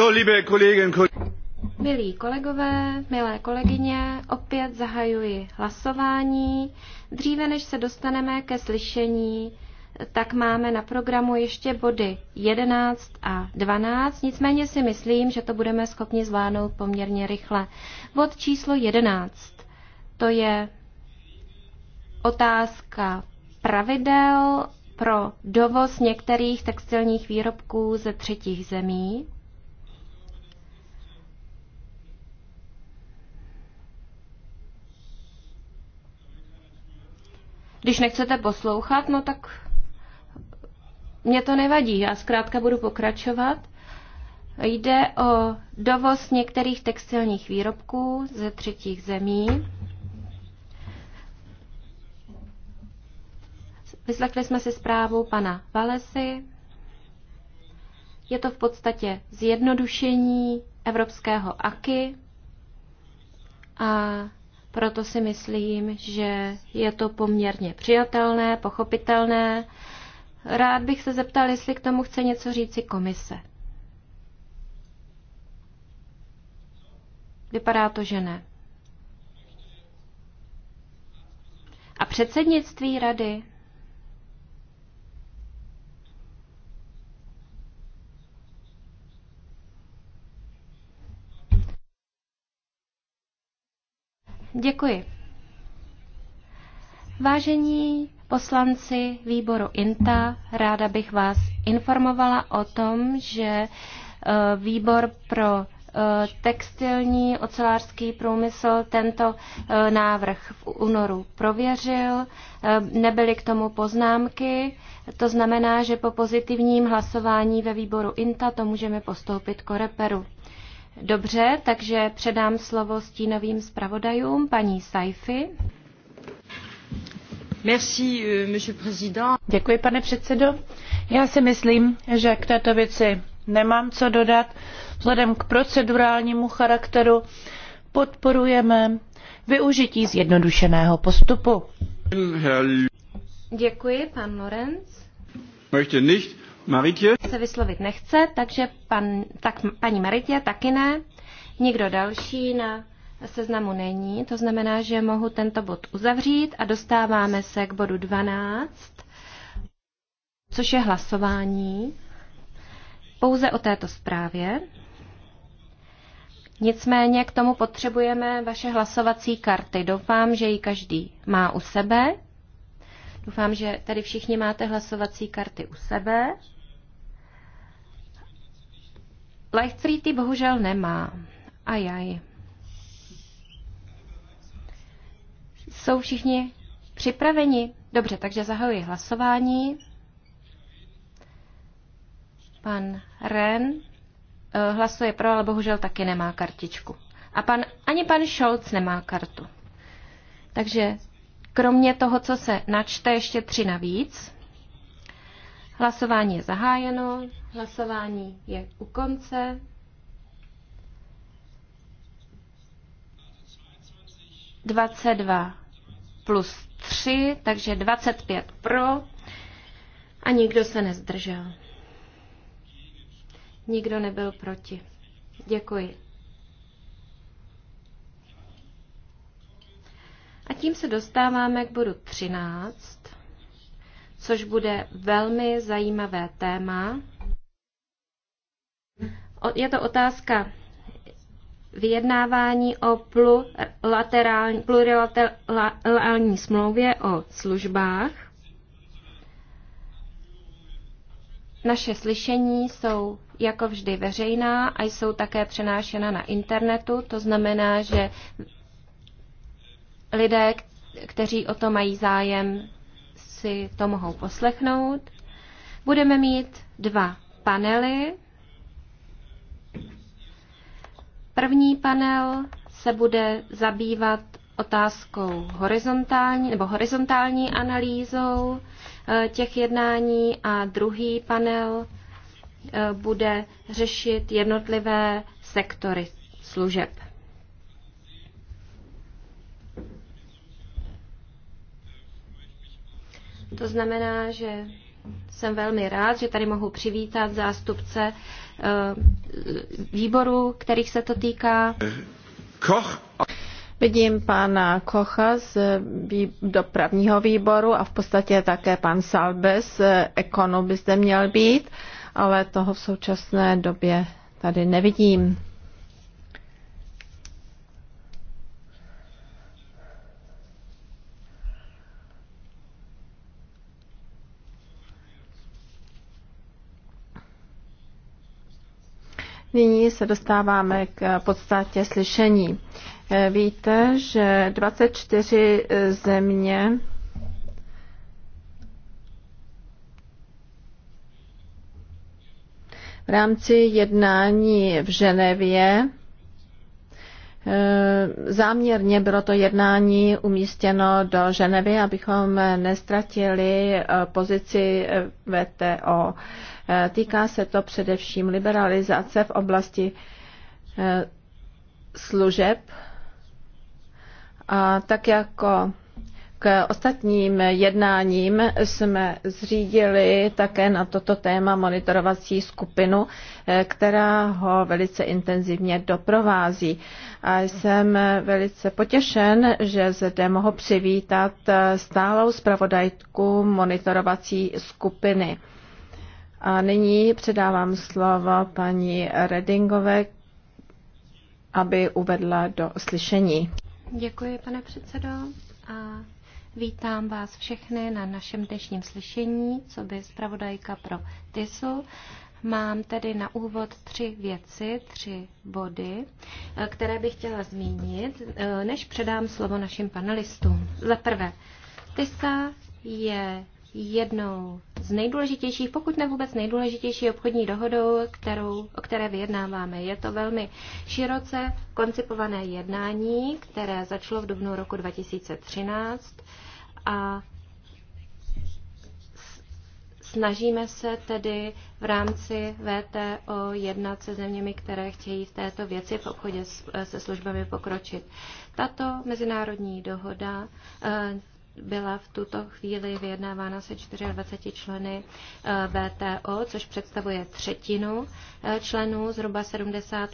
So, liebe Kolleginnen, Milí kolegové, milé kolegyně, opět zahajuji hlasování. Dříve než se dostaneme ke slyšení, tak máme na programu ještě body 11 a 12, nicméně si myslím, že to budeme schopni zvládnout poměrně rychle. Bod číslo 11, to je otázka pravidel pro dovoz některých textilních výrobků ze třetích zemí. Když nechcete poslouchat, no tak mě to nevadí. Já zkrátka budu pokračovat. Jde o dovoz některých textilních výrobků ze třetích zemí. Vyslechli jsme si zprávu pana Valesy. Je to v podstatě zjednodušení evropského AKY a proto si myslím, že je to poměrně přijatelné, pochopitelné. Rád bych se zeptal, jestli k tomu chce něco říci komise. Vypadá to, že ne. A předsednictví rady Děkuji. Vážení poslanci výboru INTA, ráda bych vás informovala o tom, že e, výbor pro e, textilní ocelářský průmysl tento e, návrh v únoru prověřil. Nebyly k tomu poznámky, to znamená, že po pozitivním hlasování ve výboru INTA to můžeme postoupit k reperu. Dobře, takže předám slovo stínovým zpravodajům, paní Saifi. Merci, euh, monsieur président. Děkuji, pane předsedo. Já si myslím, že k této věci nemám co dodat. Vzhledem k procedurálnímu charakteru podporujeme využití zjednodušeného postupu. Děkuji, pan Lorenz. Möchte nicht. Maritě? Se vyslovit nechce, takže pan, tak, paní Maritě taky ne. Nikdo další na seznamu není, to znamená, že mohu tento bod uzavřít a dostáváme se k bodu 12, což je hlasování pouze o této zprávě. Nicméně k tomu potřebujeme vaše hlasovací karty. Doufám, že ji každý má u sebe. Doufám, že tady všichni máte hlasovací karty u sebe. Life bohužel nemá. Ajaj. Jsou všichni připraveni? Dobře, takže zahajuji hlasování. Pan Ren eh, hlasuje pro, ale bohužel taky nemá kartičku. A pan, ani pan Scholz nemá kartu. Takže kromě toho, co se načte, ještě tři navíc. Hlasování je zahájeno, hlasování je u konce. 22 plus 3, takže 25 pro a nikdo se nezdržel. Nikdo nebyl proti. Děkuji. A tím se dostáváme k bodu 13, což bude velmi zajímavé téma. Je to otázka vyjednávání o plurilaterální, smlouvě o službách. Naše slyšení jsou jako vždy veřejná a jsou také přenášena na internetu. To znamená, že lidé, kteří o to mají zájem, si to mohou poslechnout. Budeme mít dva panely. První panel se bude zabývat otázkou horizontální nebo horizontální analýzou eh, těch jednání a druhý panel eh, bude řešit jednotlivé sektory služeb. To znamená, že jsem velmi rád, že tady mohu přivítat zástupce eh, výboru, kterých se to týká. Koch. Vidím pana Kocha z dopravního výboru a v podstatě také pan Salbes, ekonom by zde měl být, ale toho v současné době tady nevidím. Nyní se dostáváme k podstatě slyšení. Eh, víte, že 24 eh, země v rámci jednání v Ženevě eh, Záměrně bylo to jednání umístěno do Ženevy, abychom nestratili pozici VTO. Eh, týká se to především liberalizace v oblasti eh, služeb a tak jako k ostatním jednáním jsme zřídili také na toto téma monitorovací skupinu, eh, která ho velice intenzivně doprovází. A jsem velice potěšen, že zde mohu přivítat stálou zpravodajku monitorovací skupiny. A nyní předávám slovo paní Redingové, aby uvedla do slyšení. Děkuji, pane předsedo, a vítám vás všechny na našem dnešním slyšení, co by zpravodajka pro TISu. Mám tedy na úvod tři věci, tři body, které bych chtěla zmínit, e, než předám slovo našim panelistům. Za prvé, TISA je jednou z nejdůležitějších, pokud ne vůbec nejdůležitější obchodní dohodou, kterou, o které vyjednáváme. Je to velmi široce koncipované jednání, které začalo v dubnu roku 2013 a snažíme se tedy v rámci VTO jednat se zeměmi, které chtějí v této věci v obchodě se službami pokročit. Tato mezinárodní dohoda eh, byla v tuto chvíli vyjednávána se 24 členy eh, VTO, což představuje třetinu eh, členů, zhruba 70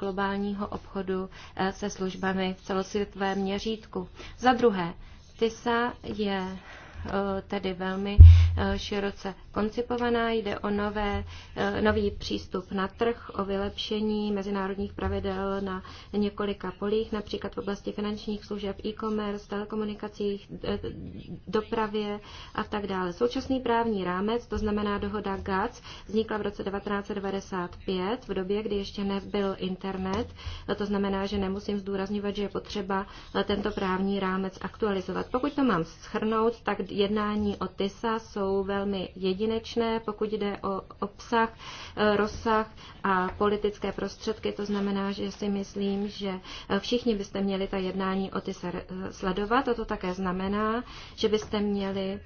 globálního obchodu eh, se službami v celosvětovém měřítku. Za druhé, TISA je Eh, tedy velmi eh, široce koncipovaná. Jde o nové, eh, nový přístup na trh, o vylepšení mezinárodních pravidel na několika polích, například v oblasti finančních služeb, e-commerce, telekomunikacích, dopravě a tak dále. Současný právní rámec, to znamená dohoda GATS, vznikla v roce 1995, v době, kdy ještě nebyl internet. To znamená, že nemusím zdůrazňovat, že je potřeba tento právní rámec aktualizovat. Pokud to mám schrnout, tak jednání o TISA jsou velmi jedinečné, pokud jde o obsah, e, rozsah a politické prostředky. To znamená, že si myslím, že e, všichni byste měli ta jednání o TISA e, sledovat. A to také znamená, že byste měli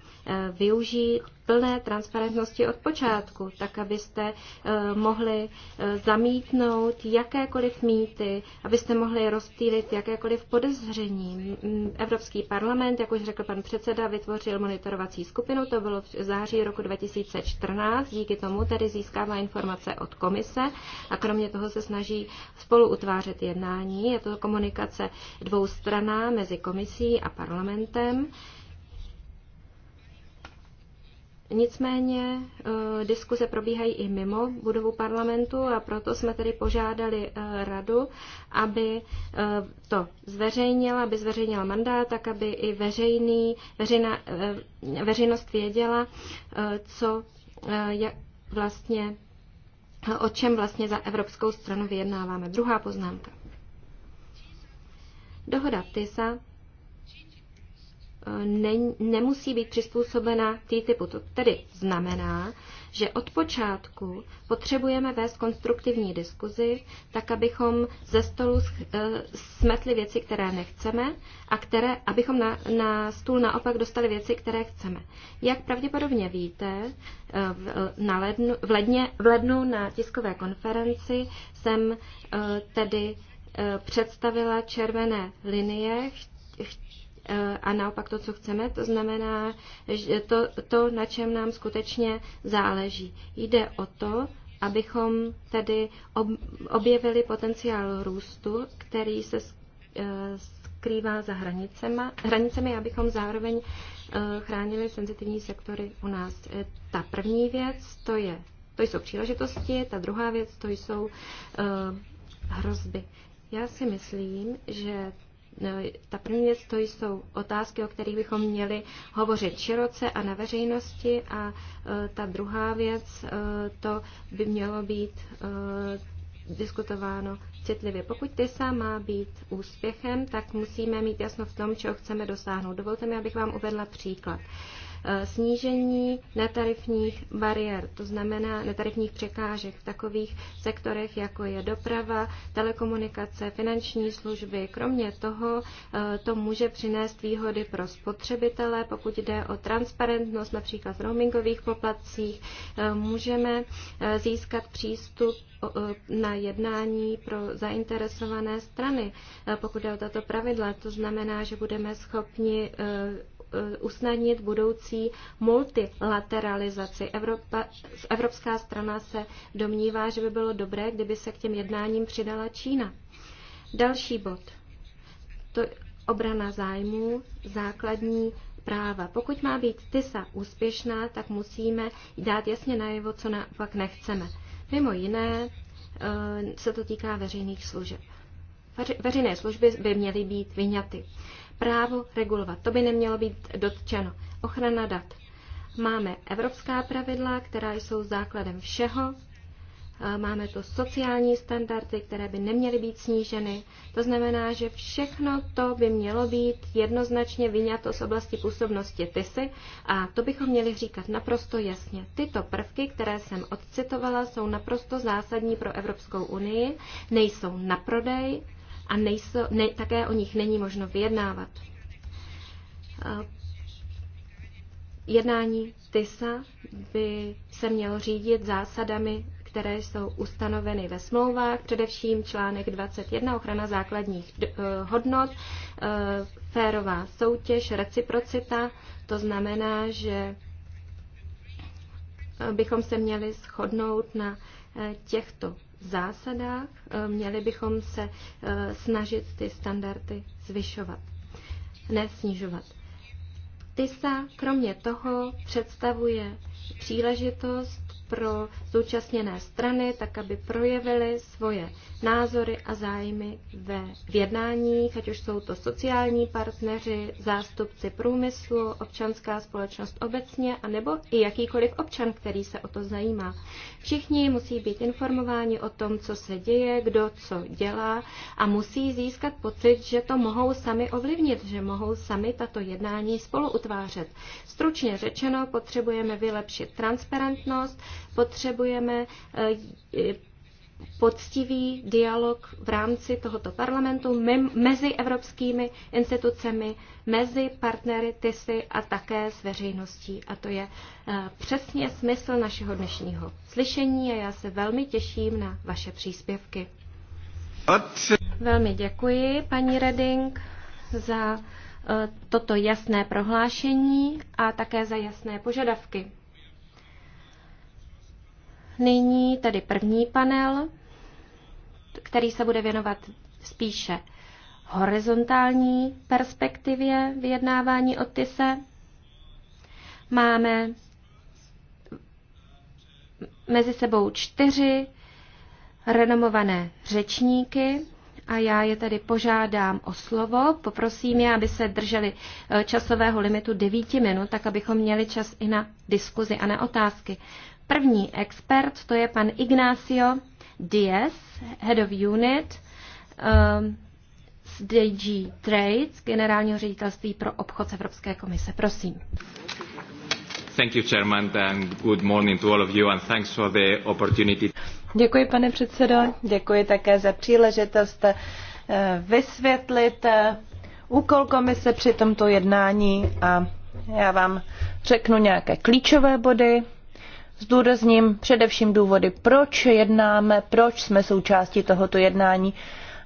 využít plné transparentnosti od počátku, tak abyste eh, mohli eh, zamítnout jakékoliv mýty, abyste mohli rozptýlit jakékoliv podezření. Evropský parlament, jak už řekl pan předseda, vytvořil monitorovací skupinu, to bylo v září roku 2014, díky tomu tedy získává informace od komise a kromě toho se snaží spolu utvářet jednání. Je to komunikace dvoustraná mezi komisí a parlamentem. Nicméně eh, diskuze probíhají i mimo budovu parlamentu a proto jsme tedy požádali eh, radu, aby eh, to zveřejnila, aby zveřejnila mandát, tak aby i veřejný, veřejna, veřejnost věděla, co jak vlastně, o čem vlastně za evropskou stranu vyjednáváme. Druhá poznámka. Dohoda TISA ne, nemusí být přizpůsobena TTIPu. To tedy znamená, že od počátku potřebujeme vést konstruktivní diskuzi, tak abychom ze stolu eh, smetli věci, které nechceme a které, abychom na, na stůl naopak dostali věci, které chceme. Jak pravděpodobně víte, eh, v, na lednu, v, ledně, v lednu na tiskové konferenci jsem eh, tedy představila červené linie a naopak to, co chceme, to znamená že to, to, na čem nám skutečně záleží. Jde o to, abychom tedy objevili potenciál růstu, který se e, skrývá za hranicemi, hranicemi abychom zároveň e, chránili senzitivní sektory u nás. E, ta první věc, to, je, to jsou příležitosti, ta druhá věc, to jsou hrozby. Já si myslím, že No, ta první věc, to jsou otázky, o kterých bychom měli hovořit široce a na veřejnosti a e, ta druhá věc, e, to by mělo být e, diskutováno citlivě. Pokud TISA má být úspěchem, tak musíme mít jasno v tom, čeho chceme dosáhnout. Dovolte mi, abych vám uvedla příklad. Eh, snížení netarifních bariér, to znamená netarifních překážek v takových sektorech, jako je doprava, telekomunikace, finanční služby. Kromě toho eh, to může přinést výhody pro spotřebitele, pokud jde o transparentnost, například v roamingových poplatcích. Eh, můžeme získat přístup na jednání pro zainteresované strany, pokud je o tato pravidla. To znamená, že budeme schopni Eh, usnadnit budoucí multilateralizaci. Evropa, evropská strana se domnívá, že by bylo dobré, kdyby se k těm jednáním přidala Čína. Další bod. To obrana zájmů, základní práva. Pokud má být TISA úspěšná, tak musíme dát jasně najevo, co naopak nechceme. Mimo jiné eh, se to týká veřejných služeb. Veřejné služby by měly být vyňaty právo regulovat. To by nemělo být dotčeno. Ochrana dat. Máme evropská pravidla, která jsou základem všeho. Eh, máme tu sociální standardy, které by neměly být sníženy. To znamená, že všechno to by mělo být jednoznačně vyňato z oblasti působnosti TISy a to bychom měli říkat naprosto jasně. Tyto prvky, které jsem odcitovala, jsou naprosto zásadní pro Evropskou unii, nejsou na prodej, a nejsou, ne, také o nich není možno vyjednávat. Eh, jednání TISA by se mělo řídit zásadami, které jsou ustanoveny ve smlouvách, především článek 21 ochrana základních eh, hodnot, eh, férová soutěž, reciprocita. To znamená, že bychom se měli shodnout na těchto zásadách. Eh, měli bychom se eh, snažit ty standardy zvyšovat, ne snižovat. TISA kromě toho představuje příležitost pro zúčastněné strany, tak aby projevily svoje názory a zájmy ve v ať už jsou to sociální partneři, zástupci průmyslu, občanská společnost obecně, anebo i jakýkoliv občan, který se o to zajímá. Všichni musí být informováni o tom, co se děje, kdo co dělá a musí získat pocit, že to mohou sami ovlivnit, že mohou sami tato jednání spolu utvářet. Stručně řečeno, potřebujeme vylepšit zlepšit transparentnost, potřebujeme eh, poctivý dialog v rámci tohoto parlamentu mezi evropskými institucemi, mezi partnery TISy a také s veřejností. A to je eh, přesně smysl našeho dnešního slyšení a já se velmi těším na vaše příspěvky. Velmi děkuji, paní Reding, za eh, toto jasné prohlášení a také za jasné požadavky nyní tedy první panel, který se bude věnovat spíše horizontální perspektivě vyjednávání o TISE. Máme mezi sebou čtyři renomované řečníky a já je tedy požádám o slovo. Poprosím je, aby se drželi eh, časového limitu 9 minut, tak abychom měli čas i na diskuzi a na otázky. První expert to je pan Ignacio Diaz, Head of Unit um, z DG Trade, Generálního ředitelství pro obchod z Evropské komise. Prosím. Thank you, Chairman, and good morning to all of you, and thanks for the opportunity. Děkuji, pane předsedo. Děkuji také za příležitost eh, vysvětlit eh, úkol komise při tomto jednání a já vám řeknu nějaké klíčové body, Zdůrazním především důvody, proč jednáme, proč jsme součástí tohoto jednání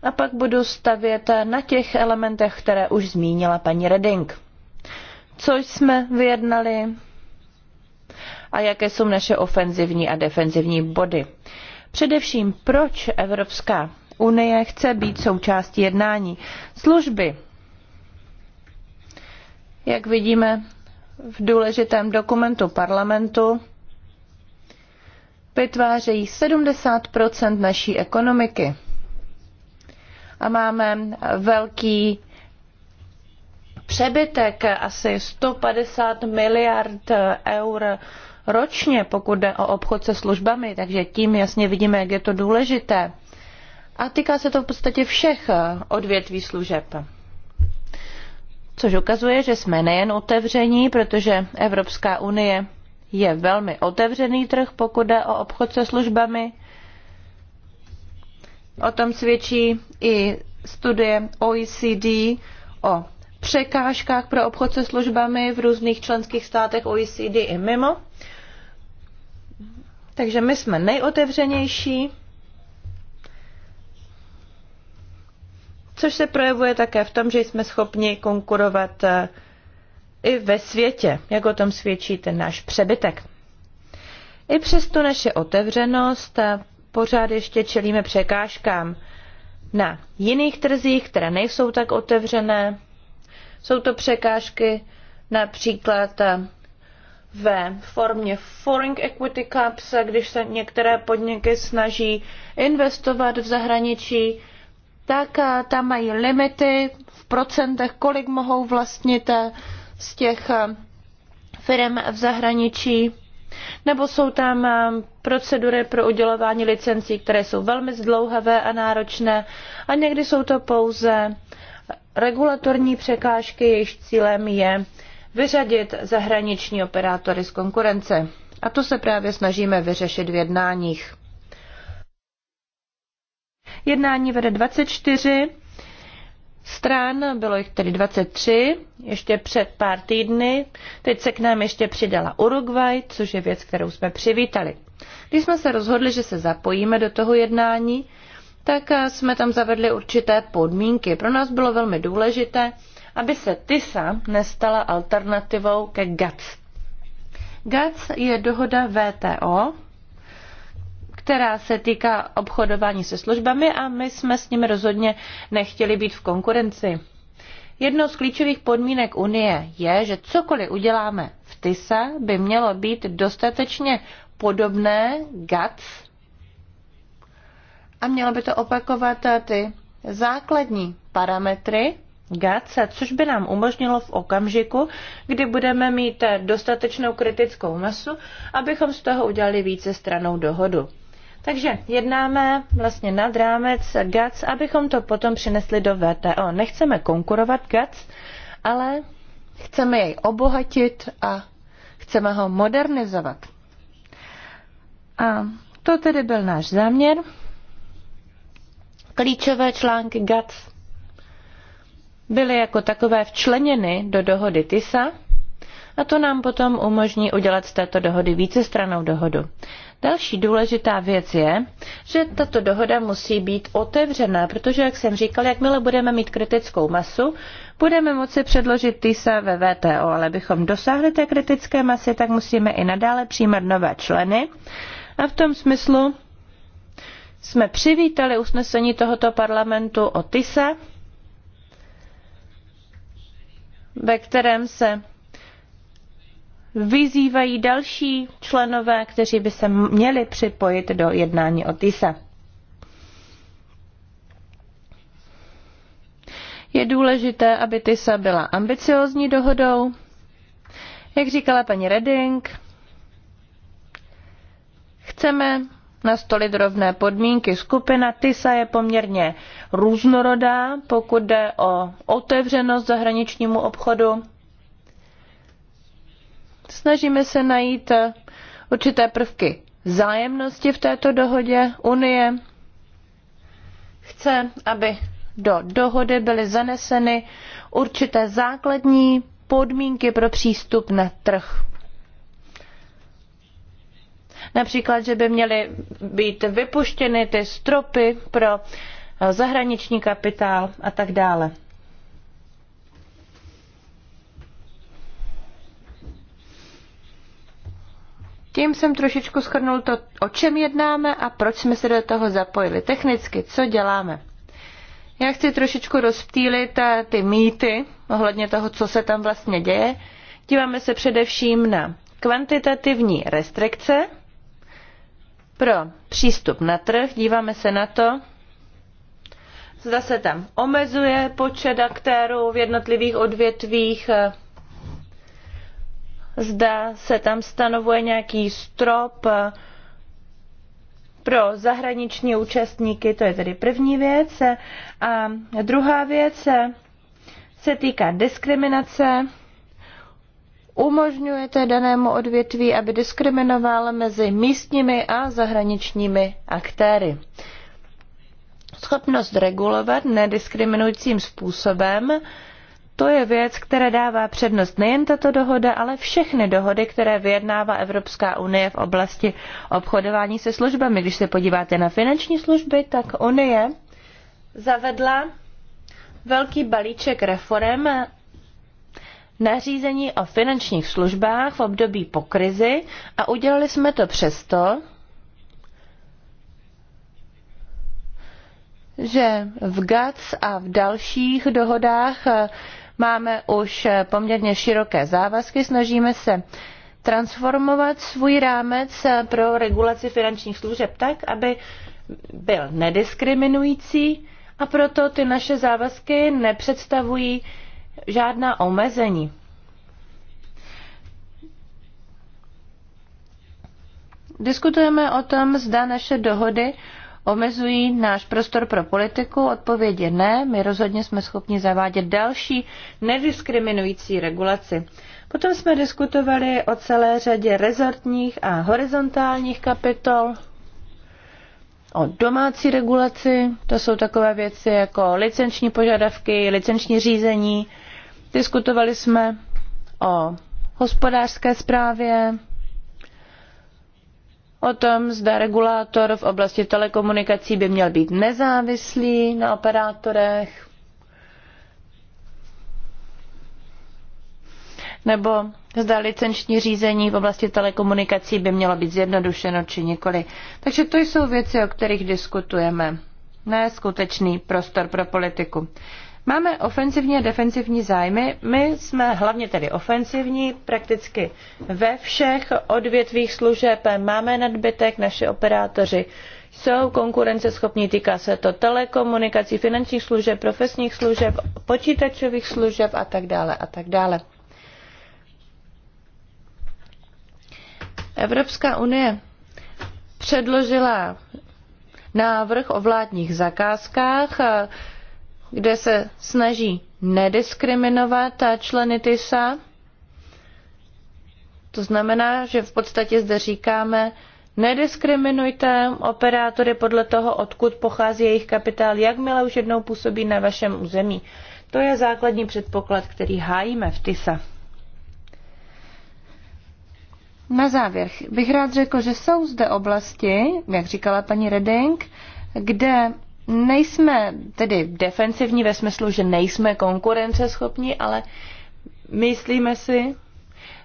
a pak budu stavět na těch elementech, které už zmínila paní Reding. Co jsme vyjednali a jaké jsou naše ofenzivní a defenzivní body. Především, proč Evropská unie chce být součástí jednání. Služby, jak vidíme v důležitém dokumentu parlamentu, vytvářejí 70 naší ekonomiky. A máme velký přebytek asi 150 miliard eur ročně, pokud jde o obchod se službami, takže tím jasně vidíme, jak je to důležité. A týká se to v podstatě všech odvětví služeb. Což ukazuje, že jsme nejen otevření, protože Evropská unie je velmi otevřený trh, pokud jde o obchod se službami. O tom svědčí i studie OECD o překážkách pro obchod se službami v různých členských státech OECD i mimo. Takže my jsme nejotevřenější, což se projevuje také v tom, že jsme schopni konkurovat i ve světě, jak o tom svědčí ten náš přebytek. I přes tu naše otevřenost pořád ještě čelíme překážkám na jiných trzích, které nejsou tak otevřené. Jsou to překážky například eh, ve formě Foreign Equity Cups, eh, když se některé podniky snaží investovat v zahraničí, tak eh, tam mají limity v procentech, kolik mohou vlastnit z těch eh, firm v zahraničí, nebo jsou tam eh, procedury pro udělování licencí, které jsou velmi zdlouhavé a náročné a někdy jsou to pouze regulatorní překážky, jejichž cílem je vyřadit zahraniční operátory z konkurence. A to se právě snažíme vyřešit v jednáních. Jednání vede 24 stran, bylo jich tedy 23, ještě před pár týdny. Teď se k nám ještě přidala Uruguay, což je věc, kterou jsme přivítali. Když jsme se rozhodli, že se zapojíme do toho jednání, tak eh, jsme tam zavedli určité podmínky. Pro nás bylo velmi důležité, aby se TISA nestala alternativou ke GATS. GATS je dohoda VTO, která se týká obchodování se službami a my jsme s nimi rozhodně nechtěli být v konkurenci. Jednou z klíčových podmínek Unie je, že cokoliv uděláme v TISA by mělo být dostatečně podobné GATS a mělo by to opakovat ty základní parametry GATS, což by nám umožnilo v okamžiku, kdy budeme mít dostatečnou kritickou masu, abychom z toho udělali více stranou dohodu. Takže jednáme vlastně nad rámec GATS, abychom to potom přinesli do VTO. Nechceme konkurovat GATS, ale chceme jej obohatit a chceme ho modernizovat. A to tedy byl náš záměr. Klíčové články GATS byly jako takové včleněny do dohody TISA a to nám potom umožní udělat z této dohody vícestranou dohodu. Další důležitá věc je, že tato dohoda musí být otevřená, protože, jak jsem říkal, jakmile budeme mít kritickou masu, budeme moci předložit TISA ve VTO, ale bychom dosáhli té kritické masy, tak musíme i nadále přijímat nové členy. A v tom smyslu jsme přivítali usnesení tohoto parlamentu o TISA, ve kterém se vyzývají další členové, kteří by se měli připojit do jednání o TISA. Je důležité, aby TISA byla ambiciozní dohodou. Jak říkala paní Reding, chceme nastolit rovné podmínky. Skupina TISA je poměrně různorodá, pokud jde o otevřenost zahraničnímu obchodu. Snažíme se najít eh, určité prvky zájemnosti v této dohodě. Unie chce, aby do dohody byly zaneseny určité základní podmínky pro přístup na trh. Například, že by měly být vypuštěny ty stropy pro eh, zahraniční kapitál a tak dále. Tím jsem trošičku schrnul to, o čem jednáme a proč jsme se do toho zapojili. Technicky, co děláme? Já chci trošičku rozptýlit eh, ty mýty ohledně toho, co se tam vlastně děje. Díváme se především na kvantitativní restrikce pro přístup na trh. Díváme se na to, zda se tam omezuje počet aktérů v jednotlivých odvětvích eh, zda se tam stanovuje nějaký strop eh, pro zahraniční účastníky, to je tedy první věc. A druhá věc eh, se týká diskriminace. Umožňujete danému odvětví, aby diskriminoval mezi místními a zahraničními aktéry. Schopnost regulovat nediskriminujícím způsobem to je věc, které dává přednost nejen tato dohoda, ale všechny dohody, které vyjednává Evropská unie v oblasti obchodování se službami. Když se podíváte na finanční služby, tak unie zavedla velký balíček reform nařízení o finančních službách v období po krizi a udělali jsme to přesto, že v GATS a v dalších dohodách Máme už eh, poměrně široké závazky, snažíme se transformovat svůj rámec eh, pro regulaci finančních služeb tak, aby byl nediskriminující a proto ty naše závazky nepředstavují žádná omezení. Diskutujeme o tom, zda naše dohody omezují náš prostor pro politiku? Odpověď je ne, my rozhodně jsme schopni zavádět další nediskriminující regulaci. Potom jsme diskutovali o celé řadě rezortních a horizontálních kapitol, o domácí regulaci, to jsou takové věci jako licenční požadavky, licenční řízení. Diskutovali jsme o hospodářské správě, o tom, zda regulátor v oblasti telekomunikací by měl být nezávislý na operátorech, nebo zda licenční řízení v oblasti telekomunikací by mělo být zjednodušeno či nikoli. Takže to jsou věci, o kterých diskutujeme. Ne skutečný prostor pro politiku. Máme ofensivní a defensivní zájmy. My jsme hlavně tedy ofensivní, prakticky ve všech odvětvích služeb máme nadbytek, naši operátoři jsou konkurenceschopní, týká se to telekomunikací, finančních služeb, profesních služeb, počítačových služeb a tak dále a tak dále. Evropská unie předložila návrh o vládních zakázkách, kde se snaží nediskriminovat členy TISA. To znamená, že v podstatě zde říkáme, nediskriminujte operátory podle toho, odkud pochází jejich kapitál, jakmile už jednou působí na vašem území. To je základní předpoklad, který hájíme v TISA. Na závěr bych rád řekl, že jsou zde oblasti, jak říkala paní Reding, kde Nejsme tedy defensivní ve smyslu, že nejsme konkurenceschopní, ale myslíme si,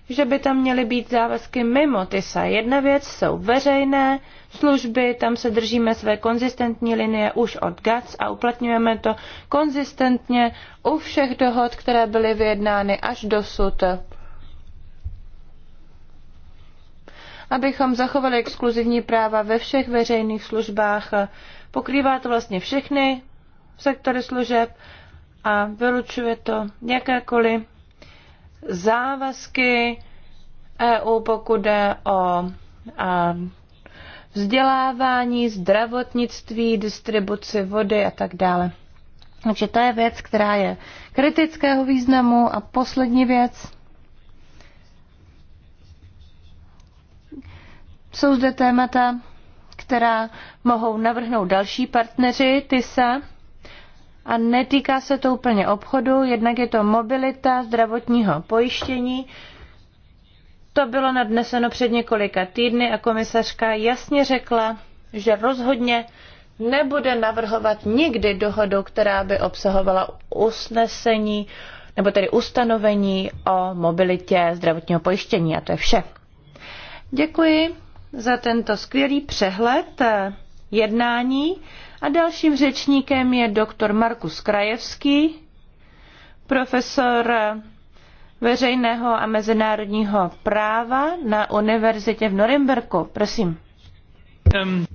že by tam měly být závazky mimo TISA. Jedna věc jsou veřejné služby, tam se držíme své konzistentní linie už od GATS a uplatňujeme to konzistentně u všech dohod, které byly vyjednány až dosud. Abychom zachovali exkluzivní práva ve všech veřejných službách, Pokrývá to vlastně všechny sektory služeb a vylučuje to jakékoliv závazky EU, pokud jde o a vzdělávání, zdravotnictví, distribuci vody a tak dále. Takže to je věc, která je kritického významu. A poslední věc. Jsou zde témata, která mohou navrhnout další partneři TISA. A netýká se to úplně obchodu, jednak je to mobilita zdravotního pojištění. To bylo nadneseno před několika týdny a komisařka jasně řekla, že rozhodně nebude navrhovat nikdy dohodu, která by obsahovala usnesení nebo tedy ustanovení o mobilitě zdravotního pojištění. A to je vše. Děkuji za tento skvělý přehled eh, jednání a dalším řečníkem je doktor Markus Krajevský, profesor eh, veřejného a mezinárodního práva na univerzitě v Norimberku. Prosím.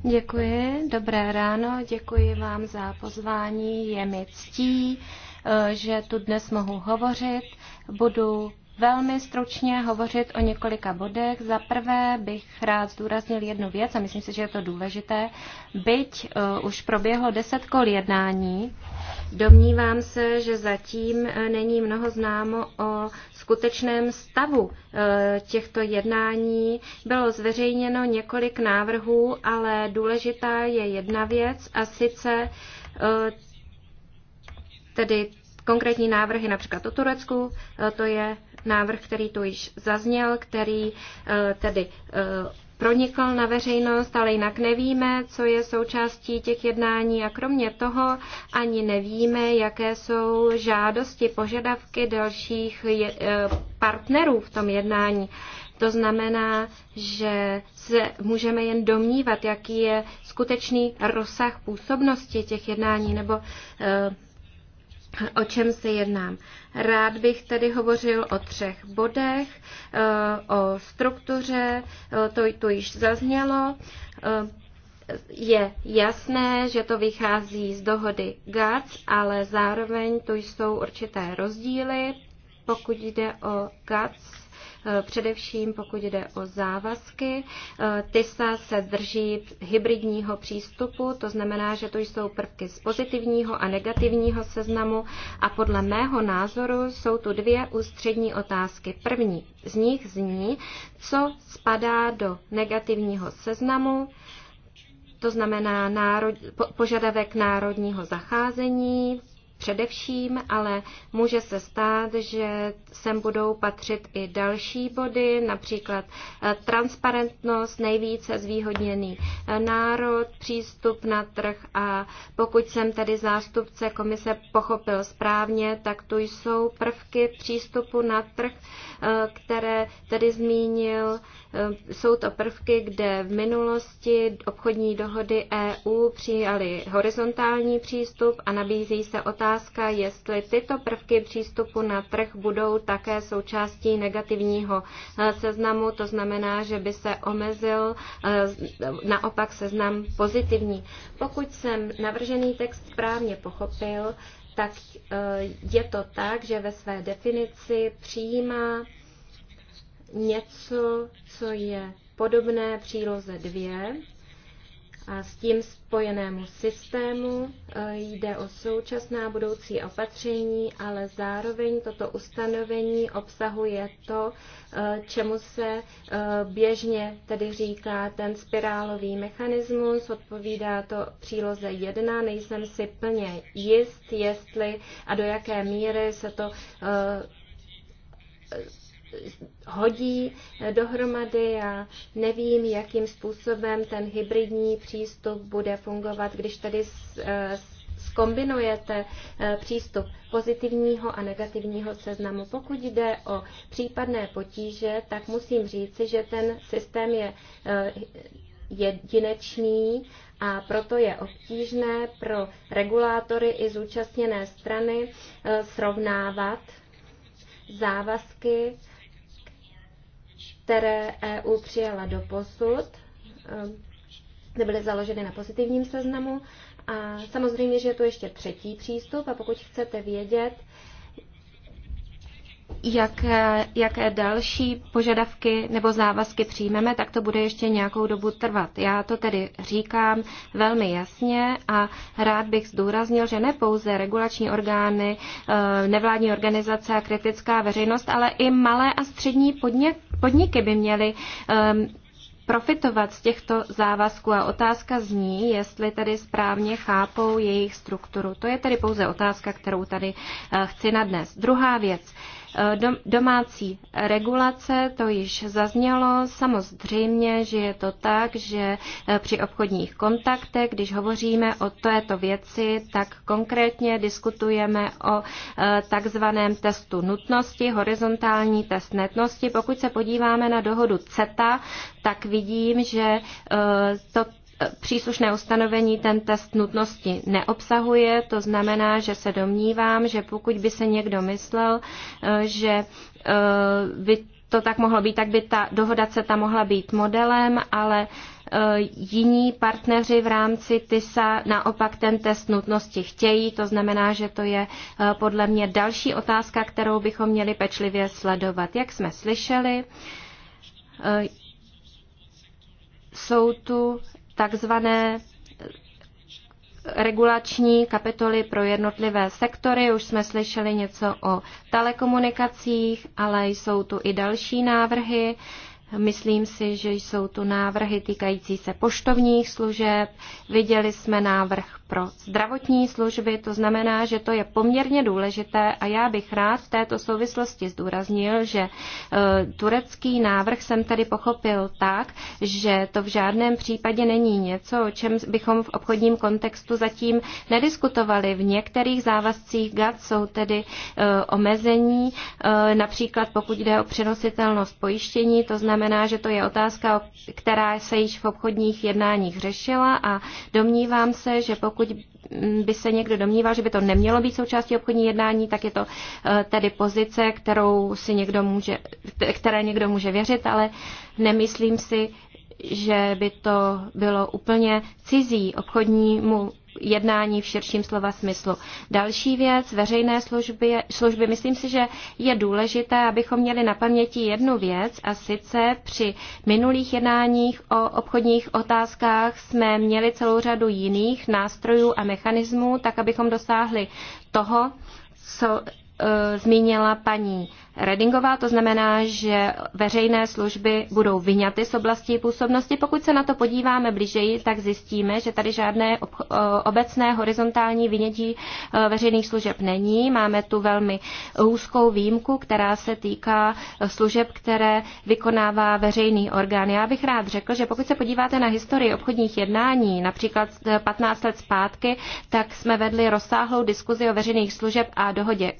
Děkuji, dobré ráno, děkuji vám za pozvání, je mi ctí, eh, že tu dnes mohu hovořit. Budu velmi stručně hovořit o několika bodech. Za prvé bych rád zdůraznil jednu věc a myslím si, že je to důležité. Byť uh, už proběhlo deset kol jednání, domnívám se, že zatím uh, není mnoho známo o skutečném stavu uh, těchto jednání. Bylo zveřejněno několik návrhů, ale důležitá je jedna věc a sice uh, tedy konkrétní návrhy například o Turecku, uh, to je návrh, který tu již zazněl, který eh, tedy eh, pronikl na veřejnost, ale jinak nevíme, co je součástí těch jednání a kromě toho ani nevíme, jaké jsou žádosti, požadavky dalších eh, partnerů v tom jednání. To znamená, že se můžeme jen domnívat, jaký je skutečný rozsah působnosti těch jednání nebo o čem se jednám. Rád bych tedy hovořil o třech bodech, eh, o struktuře, eh, to tu již zaznělo. Eh, je jasné, že to vychází z dohody GATS, ale zároveň tu jsou určité rozdíly, pokud jde o GATS Eh, především pokud jde o závazky. Eh, TISA se drží hybridního přístupu, to znamená, že to jsou prvky z pozitivního a negativního seznamu a podle mého názoru jsou tu dvě ústřední otázky. První z nich zní, co spadá do negativního seznamu, to znamená národ, požadavek národního zacházení, především, ale může se stát, že sem budou patřit i další body, například eh, transparentnost, nejvíce zvýhodněný eh, národ, přístup na trh a pokud jsem tedy zástupce komise pochopil správně, tak tu jsou prvky přístupu na trh, eh, které tedy zmínil. Jsou to prvky, kde v minulosti obchodní dohody EU přijaly horizontální přístup a nabízí se otázka, otázka, jestli tyto prvky přístupu na trh budou také součástí negativního eh, seznamu, to znamená, že by se omezil eh, naopak seznam pozitivní. Pokud jsem navržený text správně pochopil, tak eh, je to tak, že ve své definici přijímá něco, co je podobné příloze 2 a s tím spojenému systému. E, jde o současná budoucí opatření, ale zároveň toto ustanovení obsahuje to, e, čemu se e, běžně tedy říká ten spirálový mechanismus. Odpovídá to příloze 1. Nejsem si plně jist, jestli a do jaké míry se to hodí dohromady. a nevím, jakým způsobem ten hybridní přístup bude fungovat, když tady eh, skombinujete eh, přístup pozitivního a negativního seznamu. Pokud jde o případné potíže, tak musím říci, že ten systém je eh, jedinečný a proto je obtížné pro regulátory i zúčastněné strany srovnávat závazky které EU přijala do posud, ehm, nebyly založeny na pozitivním seznamu. A samozřejmě, že je tu ještě třetí přístup a pokud chcete vědět, jaké, jaké další požadavky nebo závazky přijmeme, tak to bude ještě nějakou dobu trvat. Já to tedy říkám velmi jasně a rád bych zdůraznil, že ne pouze regulační orgány, eh, nevládní organizace a kritická veřejnost, ale i malé a střední podnik, podniky by měly ehm, profitovat z těchto závazků a otázka zní, jestli tedy správně chápou jejich strukturu. To je tedy pouze otázka, kterou tady eh, chci nadnes. Druhá věc. Eh, domácí regulace, to již zaznělo, samozřejmě, že je to tak, že eh, při obchodních kontaktech, když hovoříme o této věci, tak konkrétně diskutujeme o eh, takzvaném testu nutnosti, horizontální test netnosti. Pokud se podíváme na dohodu CETA, tak vidím, že to příslušné ustanovení ten test nutnosti neobsahuje, to znamená, že se domnívám, že pokud by se někdo myslel, eh, že eh, by to tak mohlo být, tak by ta dohoda se tam mohla být modelem, ale eh, jiní partneři v rámci TISA naopak ten test nutnosti chtějí, to znamená, že to je podle mě další otázka, kterou bychom měli pečlivě sledovat. Jak jsme slyšeli, jsou tu takzvané eh, regulační kapitoly pro jednotlivé sektory. Už jsme slyšeli něco o telekomunikacích, ale jsou tu i další návrhy. Myslím si, že jsou tu návrhy týkající se poštovních služeb. Viděli jsme návrh pro zdravotní služby, to znamená, že to je poměrně důležité a já bych rád v této souvislosti zdůraznil, že e, turecký návrh jsem tady pochopil tak, že to v žádném případě není něco, o čem bychom v obchodním kontextu zatím nediskutovali. V některých závazcích GAT jsou tedy e, omezení, e, například pokud jde o přenositelnost pojištění, to znamená, že to je otázka, která se již v obchodních jednáních řešila a domnívám se, že pokud pokud by se někdo domníval, že by to nemělo být součástí obchodní jednání, tak je to eh, tedy pozice, kterou si někdo může, které někdo může věřit, ale nemyslím si, že by to bylo úplně cizí obchodnímu jednání v širším slova smyslu. Další věc, veřejné služby, služby. Myslím si, že je důležité, abychom měli na paměti jednu věc a sice při minulých jednáních o obchodních otázkách jsme měli celou řadu jiných nástrojů a mechanismů, tak abychom dosáhli toho, co e, zmínila paní Redingová, to znamená, že veřejné služby budou vyňaty z oblasti působnosti. Pokud se na to podíváme blížeji, tak zjistíme, že tady žádné obecné horizontální vynětí e, veřejných služeb není. Máme tu velmi úzkou výjimku, která se týká služeb, které vykonává veřejný orgán. Já bych rád řekl, že pokud se podíváte na historii obchodních jednání, například 15 e, let zpátky, tak jsme vedli rozsáhlou diskuzi o veřejných služeb a dohodě,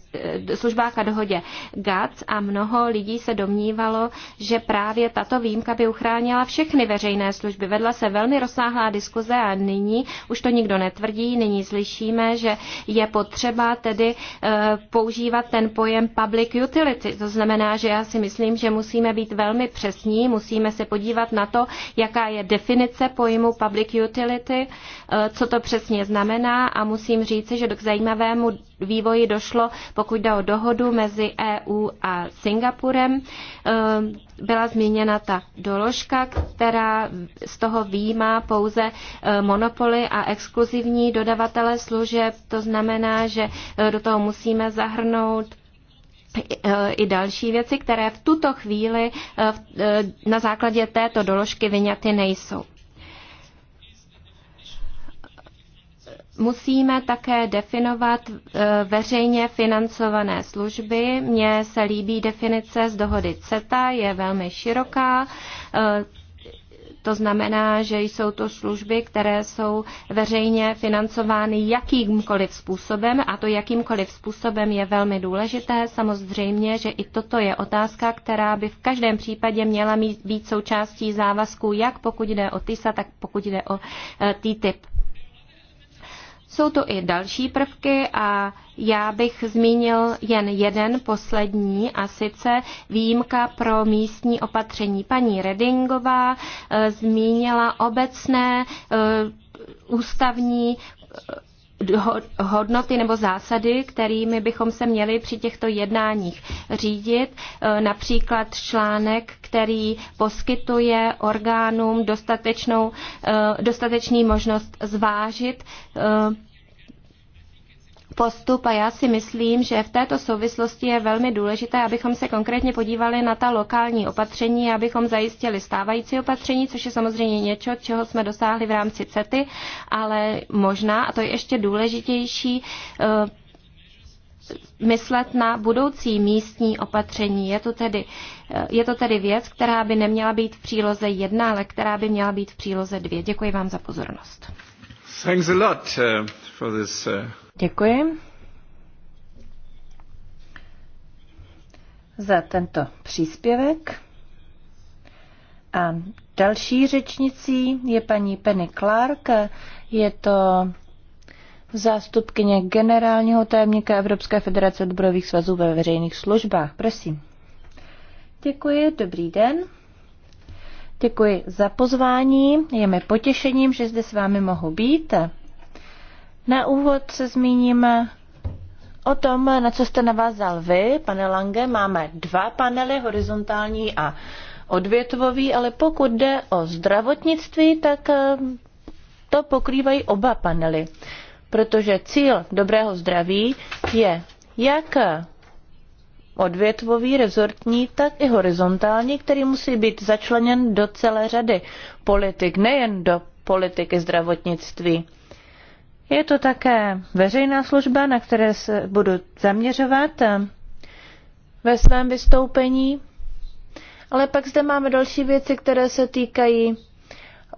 e, službách a dohodě gas plac a mnoho lidí se domnívalo, že právě tato výjimka by uchránila všechny veřejné služby. Vedla se velmi rozsáhlá diskuze a nyní už to nikdo netvrdí, nyní slyšíme, že je potřeba tedy eh, používat ten pojem public utility. To znamená, že já si myslím, že musíme být velmi přesní, musíme se podívat na to, jaká je definice pojmu public utility, eh, co to přesně znamená a musím říci, že k zajímavému vývoji došlo, pokud jde o dohodu mezi EU a Singapurem. Eh, byla změněna ta doložka, která z toho výjímá pouze eh, monopoly a exkluzivní dodavatele služeb. To znamená, že eh, do toho musíme zahrnout i další věci, které v tuto chvíli na základě této doložky vyňaty nejsou. Musíme také definovat e, veřejně financované služby. Mně se líbí definice z dohody CETA, je velmi široká. E, to znamená, že jsou to služby, které jsou veřejně financovány jakýmkoliv způsobem a to jakýmkoliv způsobem je velmi důležité. Samozřejmě, že i toto je otázka, která by v každém případě měla být součástí závazků, jak pokud jde o TISA, tak pokud jde o e, TTIP. Jsou to i další prvky a já bych zmínil jen jeden poslední a sice výjimka pro místní opatření. Paní Redingová eh, zmínila obecné eh, ústavní eh, hodnoty nebo zásady, kterými bychom se měli při těchto jednáních řídit, například článek, který poskytuje orgánům dostatečnou, dostatečný možnost zvážit postup a já si myslím, že v této souvislosti je velmi důležité, abychom se konkrétně podívali na ta lokální opatření, abychom zajistili stávající opatření, což je samozřejmě něco, čeho jsme dosáhli v rámci CETY, ale možná, a to je ještě důležitější, eh, myslet na budoucí místní opatření. Je to, tedy, eh, je to tedy věc, která by neměla být v příloze jedna, ale která by měla být v příloze dvě. Děkuji vám za pozornost. Thanks a lot eh, for this Děkuji za tento příspěvek. A další řečnicí je paní Penny Clark. Je to zástupkyně generálního tajemníka Evropské federace odborových svazů ve veřejných službách. Prosím. Děkuji, dobrý den. Děkuji za pozvání. Je mi potěšením, že zde s vámi mohu být. Na úvod se zmíníme o tom, na co jste navázal vy, pane Lange. Máme dva panely, horizontální a odvětvový, ale pokud jde o zdravotnictví, tak eh, to pokrývají oba panely, protože cíl dobrého zdraví je jak odvětvový, rezortní, tak i horizontální, který musí být začleněn do celé řady politik, nejen do politiky zdravotnictví. Je to také veřejná služba, na které se budu zaměřovat eh, ve svém vystoupení. Ale pak zde máme další věci, které se týkají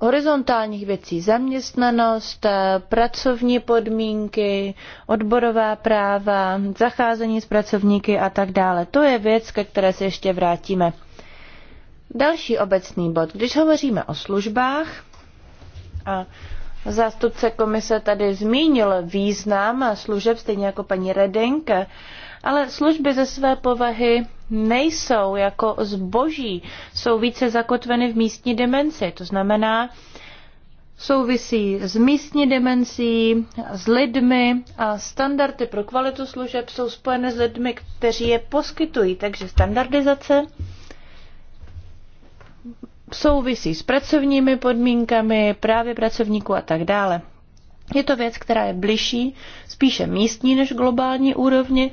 horizontálních věcí. Zaměstnanost, eh, pracovní podmínky, odborová práva, zacházení s pracovníky a tak dále. To je věc, ke které se ještě vrátíme. Další obecný bod. Když hovoříme o službách a Zástupce komise tady zmínil význam služeb, stejně jako paní Redenke, ale služby ze své povahy nejsou jako zboží, jsou více zakotveny v místní dimenzi. To znamená, souvisí s místní dimenzí, s lidmi a standardy pro kvalitu služeb jsou spojeny s lidmi, kteří je poskytují. Takže standardizace souvisí s pracovními podmínkami, právě pracovníků a tak dále. Je to věc, která je bližší, spíše místní než globální úrovni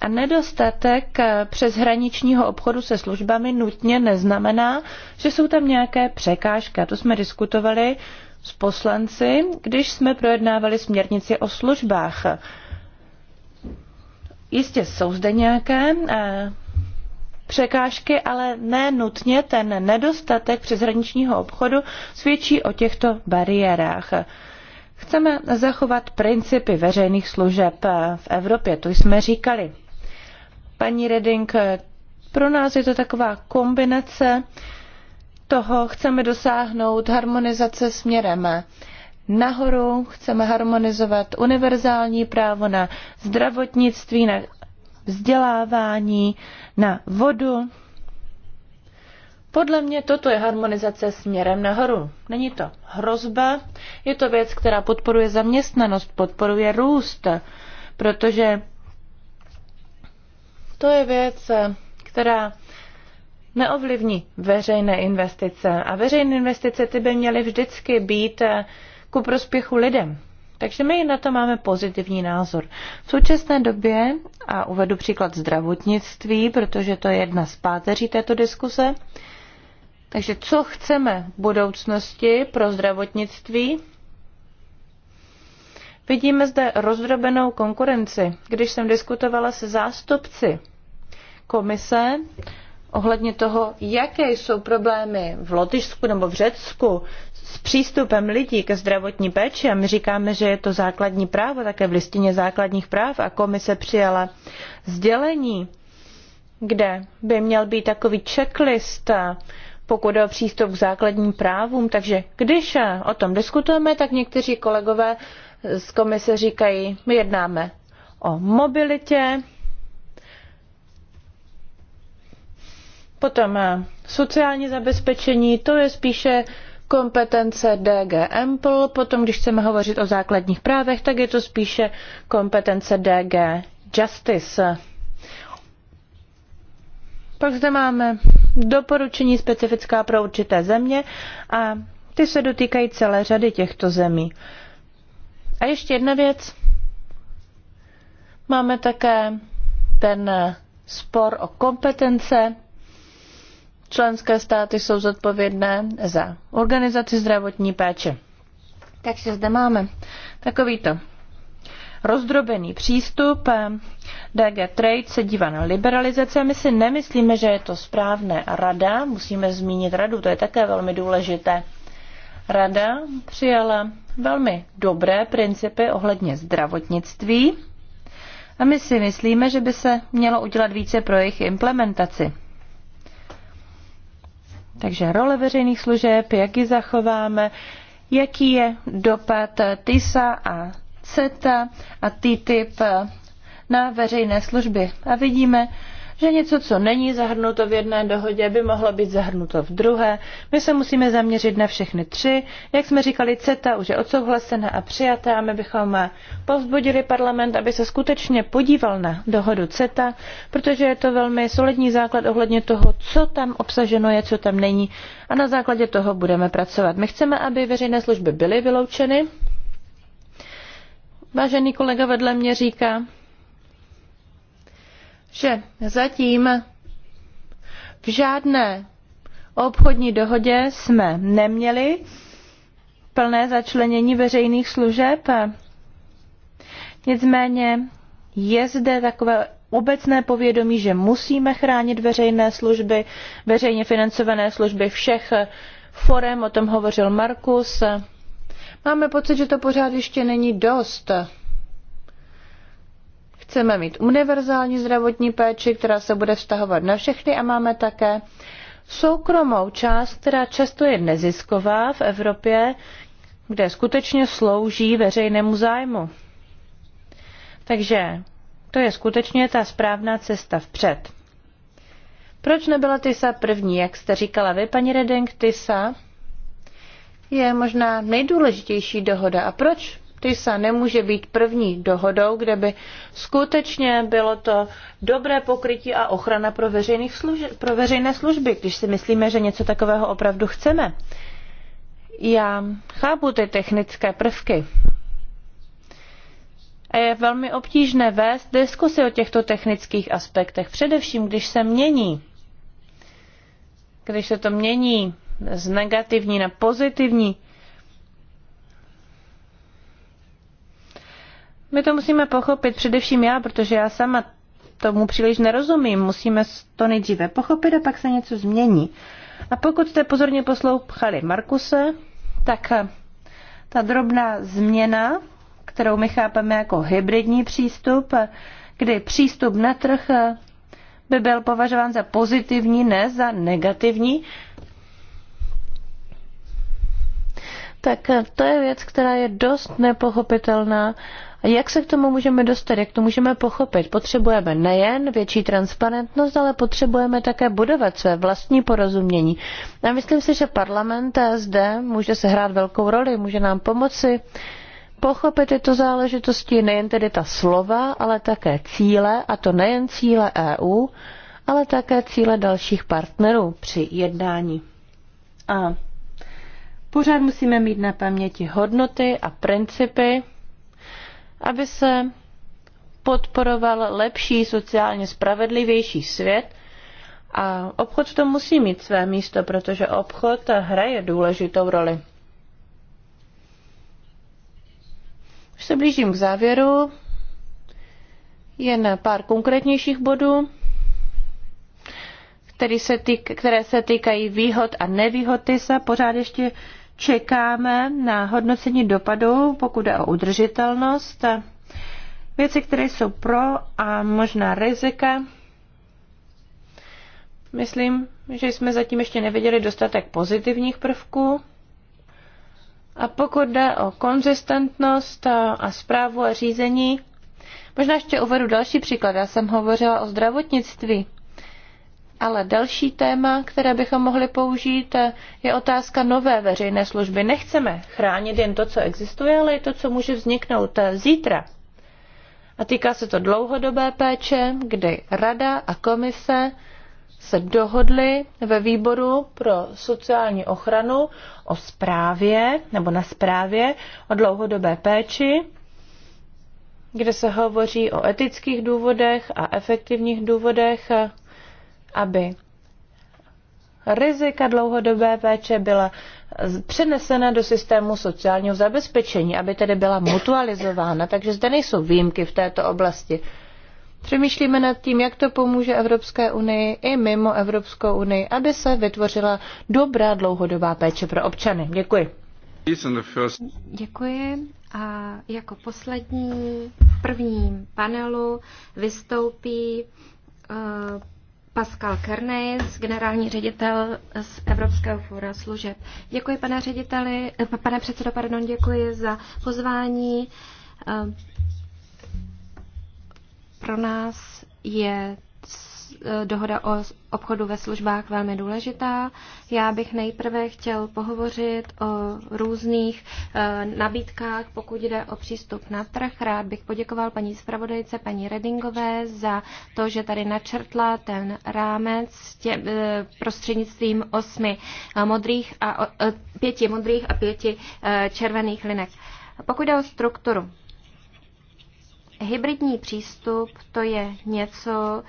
a nedostatek eh, přeshraničního obchodu se službami nutně neznamená, že jsou tam nějaké překážky. A to jsme diskutovali s poslanci, když jsme projednávali směrnici o službách. Jistě jsou zde nějaké eh, překážky, ale ne nutně ten nedostatek přeshraničního obchodu svědčí o těchto bariérách. Chceme zachovat principy veřejných služeb v Evropě, to jsme říkali. Paní Reding, pro nás je to taková kombinace toho, chceme dosáhnout harmonizace směrem nahoru, chceme harmonizovat univerzální právo na zdravotnictví, na vzdělávání, na vodu. Podle mě toto je harmonizace směrem nahoru. Není to hrozba, je to věc, která podporuje zaměstnanost, podporuje růst, protože to je věc, která neovlivní veřejné investice. A veřejné investice ty by měly vždycky být ku prospěchu lidem. Takže my na to máme pozitivní názor. V současné době, a uvedu příklad zdravotnictví, protože to je jedna z páteří této diskuse, takže co chceme v budoucnosti pro zdravotnictví? Vidíme zde rozdrobenou konkurenci. Když jsem diskutovala se zástupci komise ohledně toho, jaké jsou problémy v Lotyšsku nebo v Řecku s přístupem lidí ke zdravotní péči a my říkáme, že je to základní právo, také v listině základních práv a komise přijala sdělení, kde by měl být takový checklist, pokud je o přístup k základním právům. Takže když o tom diskutujeme, tak někteří kolegové z komise říkají, my jednáme o mobilitě, potom sociální zabezpečení, to je spíše kompetence DG Empl, potom když chceme hovořit o základních právech, tak je to spíše kompetence DG Justice. Pak zde máme doporučení specifická pro určité země a ty se dotýkají celé řady těchto zemí. A ještě jedna věc. Máme také ten spor o kompetence Členské státy jsou zodpovědné za organizaci zdravotní péče. Takže zde máme takovýto rozdrobený přístup. DG Trade se dívá na liberalizaci a my si nemyslíme, že je to správné. A rada, musíme zmínit radu, to je také velmi důležité. Rada přijala velmi dobré principy ohledně zdravotnictví a my si myslíme, že by se mělo udělat více pro jejich implementaci. Takže role veřejných služeb, jak ji zachováme, jaký je dopad TISA a CETA a e TTIP na veřejné služby. A vidíme, že něco, co není zahrnuto v jedné dohodě, by mohlo být zahrnuto v druhé. My se musíme zaměřit na všechny tři. Jak jsme říkali, CETA už je odsouhlasená a přijatá a my bychom povzbudili parlament, aby se skutečně podíval na dohodu CETA, protože je to velmi solidní základ ohledně toho, co tam obsaženo je, co tam není a na základě toho budeme pracovat. My chceme, aby veřejné služby byly vyloučeny. Vážený kolega vedle mě říká, že zatím v žádné obchodní dohodě jsme neměli plné začlenění veřejných služeb. Nicméně je zde takové obecné povědomí, že musíme chránit veřejné služby, veřejně financované služby všech forem, o tom hovořil Markus. Máme pocit, že to pořád ještě není dost. Chceme mít univerzální zdravotní péči, která se bude vztahovat na všechny a máme také soukromou část, která často je nezisková v Evropě, kde skutečně slouží veřejnému zájmu. Takže to je skutečně ta správná cesta vpřed. Proč nebyla Tysa první, jak jste říkala vy, paní Reding, Tysa? je možná nejdůležitější dohoda. A proč TISA nemůže být první dohodou, kde by skutečně bylo to dobré pokrytí a ochrana pro, veřejných služeb, pro veřejné služby, když si myslíme, že něco takového opravdu chceme. Já chápu ty technické prvky. A je velmi obtížné vést diskusy o těchto technických aspektech, především když se mění. Když se to mění z negativní na pozitivní, My to musíme pochopit, především já, protože já sama tomu příliš nerozumím. Musíme to nejdříve pochopit a pak se něco změní. A pokud jste pozorně poslouchali Markuse, tak eh, ta drobná změna, kterou my chápeme jako hybridní přístup, eh, kdy přístup na trh eh, by byl považován za pozitivní, ne za negativní, tak to je věc, která je dost nepochopitelná jak se k tomu můžeme dostat, jak to můžeme pochopit? Potřebujeme nejen větší transparentnost, ale potřebujeme také budovat své vlastní porozumění. A myslím si, že parlament zde může se hrát velkou roli, může nám pomoci pochopit tyto záležitosti, nejen tedy ta slova, ale také cíle, a to nejen cíle EU, ale také cíle dalších partnerů při jednání. A pořád musíme mít na paměti hodnoty a principy, aby se podporoval lepší, sociálně spravedlivější svět. A obchod to musí mít své místo, protože obchod hraje důležitou roli. Už se blížím k závěru. Jen pár konkrétnějších bodů, které se týkají výhod a nevýhod TISA. Pořád ještě čekáme na hodnocení dopadu, pokud je o udržitelnost, věci, které jsou pro a možná rizika. Myslím, že jsme zatím ještě neviděli dostatek pozitivních prvků. A pokud jde o konzistentnost a zprávu a řízení, možná ještě uvedu další příklad. Já jsem hovořila o zdravotnictví. Ale další téma, které bychom mohli použít, je otázka nové veřejné služby. Nechceme chránit jen to, co existuje, ale i to, co může vzniknout zítra. A týká se to dlouhodobé péče, kdy rada a komise se dohodly ve výboru pro sociální ochranu o zprávě nebo na zprávě o dlouhodobé péči, kde se hovoří o etických důvodech a efektivních důvodech aby rizika dlouhodobé péče byla přenesena do systému sociálního zabezpečení, aby tedy byla mutualizována, takže zde nejsou výjimky v této oblasti. Přemýšlíme nad tím, jak to pomůže Evropské unii i mimo Evropskou unii, aby se vytvořila dobrá dlouhodobá péče pro občany. Děkuji. Děkuji. A jako poslední v prvním panelu vystoupí uh, Pascal Kernes, generální ředitel z Evropského fóra služeb. Děkuji, pane řediteli, eh, pane předsedo, pardon, děkuji za pozvání. Eh, pro nás je Eh, dohoda o obchodu ve službách velmi důležitá. Já bych nejprve chtěl pohovořit o různých eh, nabídkách, pokud jde o přístup na trh. Rád bych poděkoval paní zpravodajce, paní Redingové za to, že tady načrtla ten rámec tě, eh, prostřednictvím osmi modrých a pěti modrých a pěti červených linek. Pokud jde o strukturu, hybridní přístup to je něco,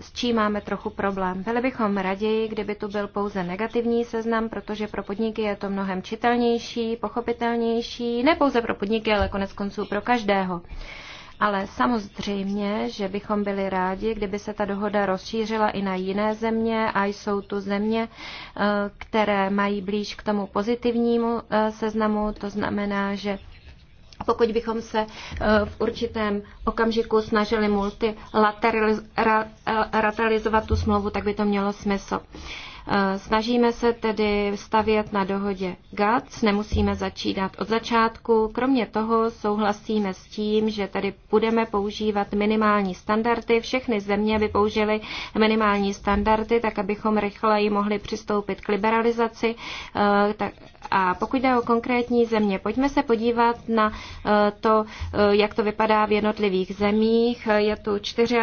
s čím máme trochu problém. Byli bychom raději, kdyby tu byl pouze negativní seznam, protože pro podniky je to mnohem čitelnější, pochopitelnější, ne pouze pro podniky, ale konec konců pro každého. Ale samozřejmě, že bychom byli rádi, kdyby se ta dohoda rozšířila i na jiné země a jsou tu země, eh, které mají blíž k tomu pozitivnímu eh, seznamu. To znamená, že pokud bychom se eh, v určitém okamžiku snažili multilateralizovat eh, tu smlouvu, tak by to mělo smysl. Eh, snažíme se tedy stavět na dohodě GATS, nemusíme začínat od začátku. Kromě toho souhlasíme s tím, že tady budeme používat minimální standardy. Všechny země by použily minimální standardy, tak abychom rychleji mohli přistoupit k liberalizaci. Eh, a pokud jde o konkrétní země, pojďme se podívat na eh, to, jak to vypadá v jednotlivých zemích. Je tu 24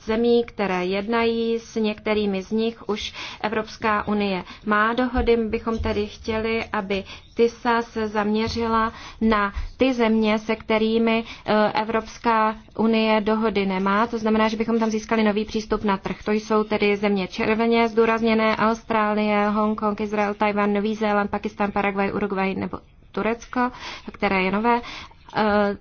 zemí, které jednají, s některými z nich už Evropské Evropská unie má dohody, my bychom tedy chtěli, aby TISA se zaměřila na ty země, se kterými eh, Evropská unie dohody nemá. To znamená, že bychom tam získali nový přístup na trh. To jsou tedy země červeně zdůrazněné, Austrálie, Hongkong, Izrael, Tajvan, Nový Zéland, Pakistan, Paraguay, Uruguay nebo Turecko, které je nové. Eh,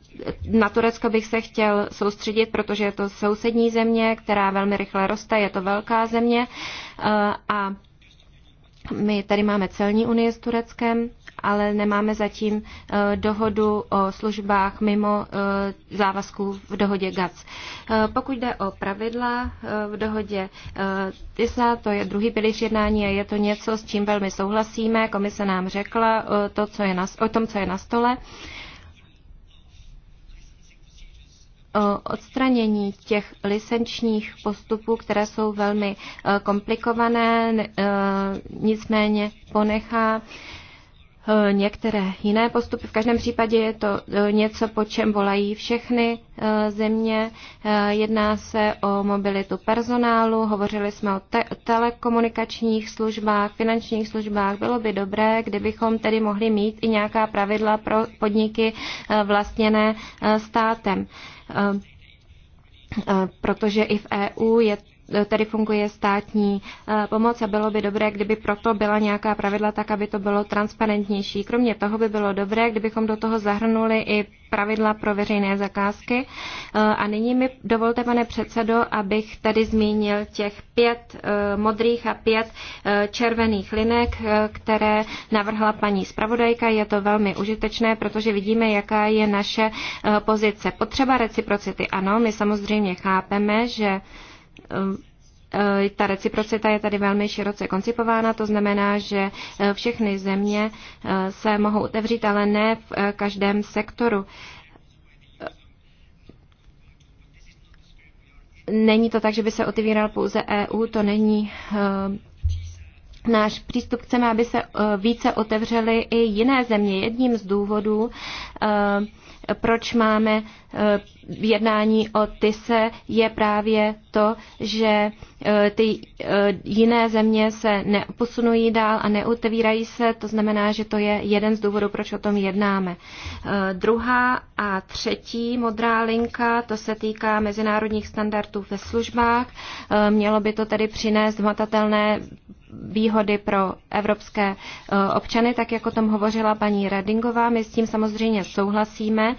na Turecko bych se chtěl soustředit, protože je to sousední země, která velmi rychle roste, je to velká země eh, a my tady máme celní unii s Tureckem, ale nemáme zatím eh, dohodu o službách mimo eh, závazků v dohodě GATS. Eh, pokud jde o pravidla v dohodě TISA, to je druhý pilíř jednání a je to něco, s čím velmi souhlasíme. Komise nám řekla to, co je na, o tom, co je na stole. odstranění těch licenčních postupů, které jsou velmi e, komplikované, e, nicméně ponechá e, některé jiné postupy. V každém případě je to něco, po čem volají všechny země. Jedná se o mobilitu personálu, hovořili jsme o te- telekomunikačních službách, finančních službách. Bylo by dobré, kdybychom tedy mohli mít i nějaká pravidla pro podniky vlastněné státem protože i v EU je tady funguje státní eh, pomoc a bylo by dobré, kdyby proto byla nějaká pravidla tak, aby to bylo transparentnější. Kromě toho by bylo dobré, kdybychom do toho zahrnuli i pravidla pro veřejné zakázky. Eh, a nyní mi dovolte, pane předsedo, abych tady zmínil těch pět eh, modrých a pět červených linek, které navrhla paní zpravodajka. Je to velmi užitečné, protože vidíme, jaká je naše pozice. Potřeba reciprocity. Ano, my samozřejmě chápeme, že Eh, ta reciprocita je tady velmi široce koncipována, to znamená, že eh, všechny země eh, se mohou otevřít, ale ne v každém sektoru. Není to tak, že by se otevíral pouze EU, to není náš přístup. Chceme, aby se více otevřely i jiné země. Jedním z důvodů proč máme eh, jednání o TISE, je právě to, že eh, ty eh, jiné země se neposunují dál a neutevírají se, to znamená, že to je jeden z důvodů, proč o tom jednáme. Druhá a třetí modrá linka, to se týká mezinárodních standardů ve službách. Mělo by to tedy přinést hmatatelné výhody pro evropské e, občany, tak jak o tom hovořila paní Redingová, My s tím samozřejmě souhlasíme.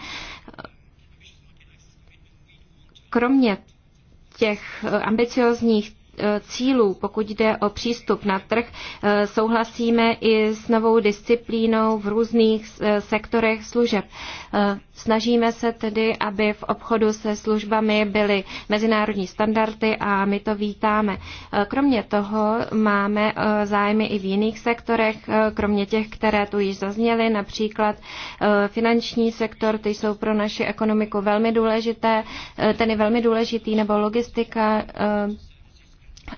Kromě těch e, ambiciozních Eh, cílů, pokud jde o přístup na trh, eh, souhlasíme i s novou disciplínou v různých eh, sektorech služeb. Snažíme se tedy, aby v obchodu se službami byly mezinárodní standardy a my to vítáme. Kromě toho máme zájmy i v jiných sektorech, kromě těch, které tu již zazněly, například finanční sektor, ty jsou pro naši ekonomiku velmi důležité, ten je velmi důležitý, nebo logistika,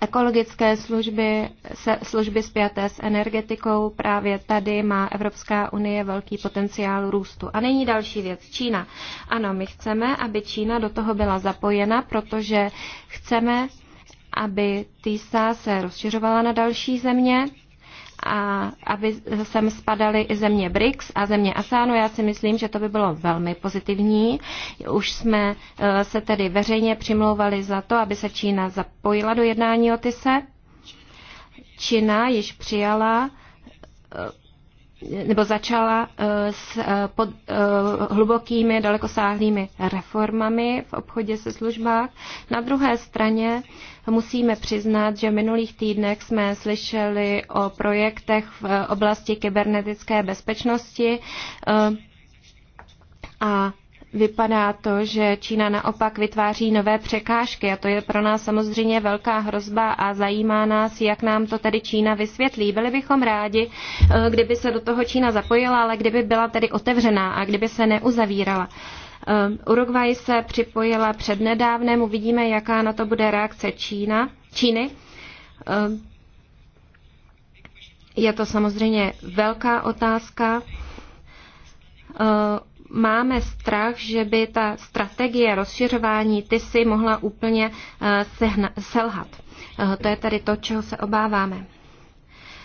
ekologické služby, se, služby spjaté s energetikou. Právě tady má Evropská unie velký potenciál růstu. A není další věc. Čína. Ano, my chceme, aby Čína do toho byla zapojena, protože chceme, aby TISA se rozšiřovala na další země a aby sem spadaly i země BRICS a země ASEANu. Já si myslím, že to by bylo velmi pozitivní. Už jsme eh, se tedy veřejně přimlouvali za to, aby se Čína zapojila do jednání o TISE. Čína již přijala eh, nebo začala eh, s eh, pod, eh, hlubokými, dalekosáhlými reformami v obchodě se službách. Na druhé straně musíme přiznat, že v minulých týdnech jsme slyšeli o projektech v oblasti kybernetické bezpečnosti a vypadá to, že Čína naopak vytváří nové překážky a to je pro nás samozřejmě velká hrozba a zajímá nás, jak nám to tedy Čína vysvětlí. Byli bychom rádi, eh, kdyby se do toho Čína zapojila, ale kdyby byla tedy otevřená a kdyby se neuzavírala. Eh, Uruguay se připojila přednedávnem, uvidíme, jaká na to bude reakce Čína, Číny. Eh, je to samozřejmě velká otázka máme strach, že by ta strategie rozšiřování TISy mohla úplně eh, selhat. Eh, to je tady to, čeho se obáváme.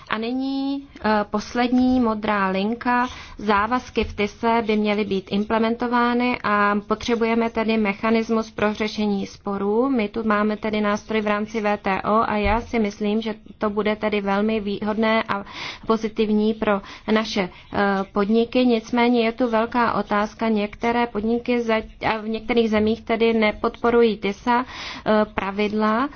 A nyní eh, poslední modrá linka. Závazky v TISE by měly být implementovány a potřebujeme tedy mechanismus pro řešení sporů. My tu máme tedy nástroj v rámci VTO a já si myslím, že to bude tedy velmi výhodné a pozitivní pro naše eh, podniky. Nicméně je tu velká otázka. Některé podniky v některých zemích tedy nepodporují TISA eh, pravidla,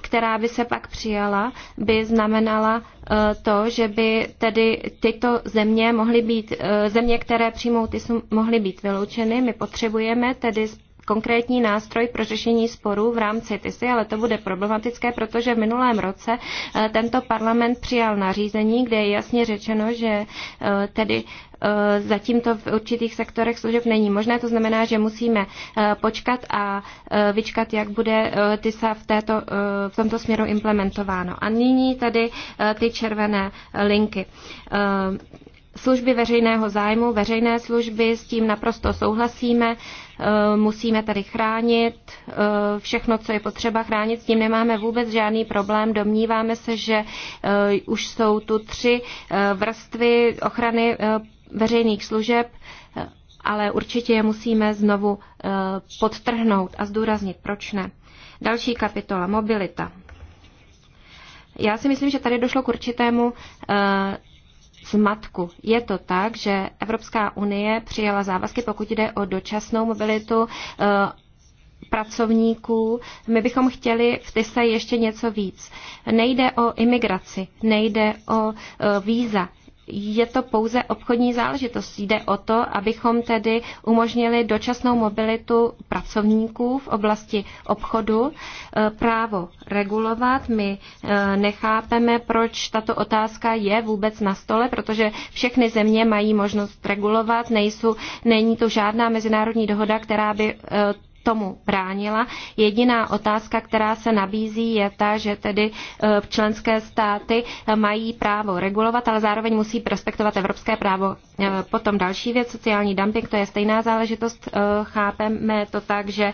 která by se pak přijala, by znamenala eh, to, že by tedy tyto země mohly být, eh, země, které přijmou ty, jsou, mohly být vyloučeny. My potřebujeme tedy konkrétní nástroj pro řešení sporů v rámci TISY, ale to bude problematické, protože v minulém roce eh, tento parlament přijal nařízení, kde je jasně řečeno, že tedy Eh, zatím to v určitých sektorech služeb není možné. To znamená, že musíme eh, počkat a eh, vyčkat, jak bude TISA v, této, v tomto směru implementováno. A nyní tady ty červené linky služby veřejného zájmu, veřejné služby, s tím naprosto souhlasíme. Musíme tady chránit všechno, co je potřeba chránit, s tím nemáme vůbec žádný problém. Domníváme se, že už jsou tu tři vrstvy ochrany veřejných služeb, ale určitě je musíme znovu eh, podtrhnout a zdůraznit, proč ne. Další kapitola, mobilita. Já si myslím, že tady došlo k určitému eh, zmatku. Je to tak, že Evropská unie přijala závazky, pokud jde o dočasnou mobilitu eh, pracovníků. My bychom chtěli v TISE ještě něco víc. Nejde o imigraci, nejde o víza, je to pouze obchodní záležitost. Jde o to, abychom tedy umožnili dočasnou mobilitu pracovníků v oblasti obchodu. E, právo regulovat my e, nechápeme, proč tato otázka je vůbec na stole, protože všechny země mají možnost regulovat, nejsou, není to žádná mezinárodní dohoda, která by e, tomu bránila. Jediná otázka, která se nabízí, je ta, že tedy eh, členské státy eh, mají právo regulovat, ale zároveň musí respektovat evropské právo. Eh, potom další věc, sociální dumping, to je stejná záležitost. Chápeme to tak, že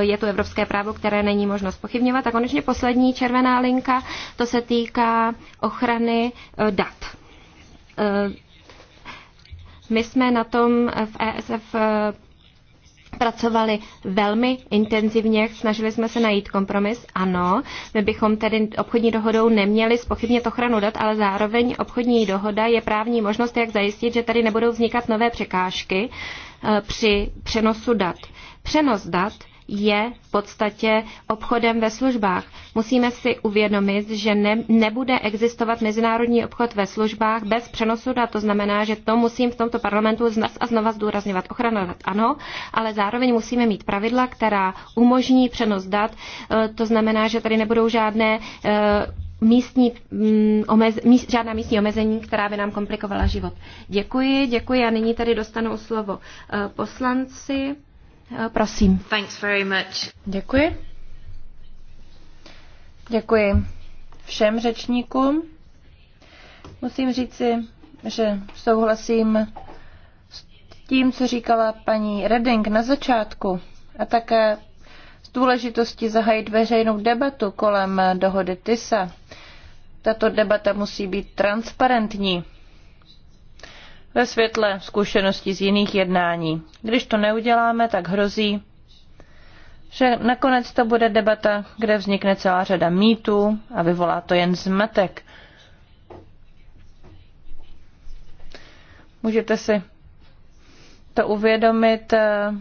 je tu evropské právo, které není možno spochybňovat. A konečně poslední červená linka, to se týká ochrany dat. My jsme na tom v ESF pracovali velmi intenzivně, snažili jsme se najít kompromis. Ano, my bychom tedy obchodní dohodou neměli spochybnit ochranu dat, ale zároveň obchodní dohoda je právní možnost, jak zajistit, že tady nebudou vznikat nové překážky eh, při přenosu dat. Přenos dat je v podstatě obchodem ve službách. Musíme si uvědomit, že ne, nebude existovat mezinárodní obchod ve službách bez přenosu dat. To znamená, že to musím v tomto parlamentu znas a znova zdůrazňovat. Ochrana dat ano, ale zároveň musíme mít pravidla, která umožní přenos dat. E, to znamená, že tady nebudou žádné e, místní, mm, míst, žádná místní omezení, která by nám komplikovala život. Děkuji, děkuji a nyní tady dostanou slovo e, poslanci. Eh, prosím. Děkuji. Děkuji všem řečníkům. Musím říci, že souhlasím s tím, co říkala paní Reding na začátku a také s důležitostí zahajit veřejnou debatu kolem dohody TISA. Tato debata musí být transparentní ve světle zkušeností z jiných jednání. Když to neuděláme, tak hrozí, že nakonec to bude debata, kde vznikne celá řada mýtů a vyvolá to jen zmetek. Můžete si to uvědomit, eh,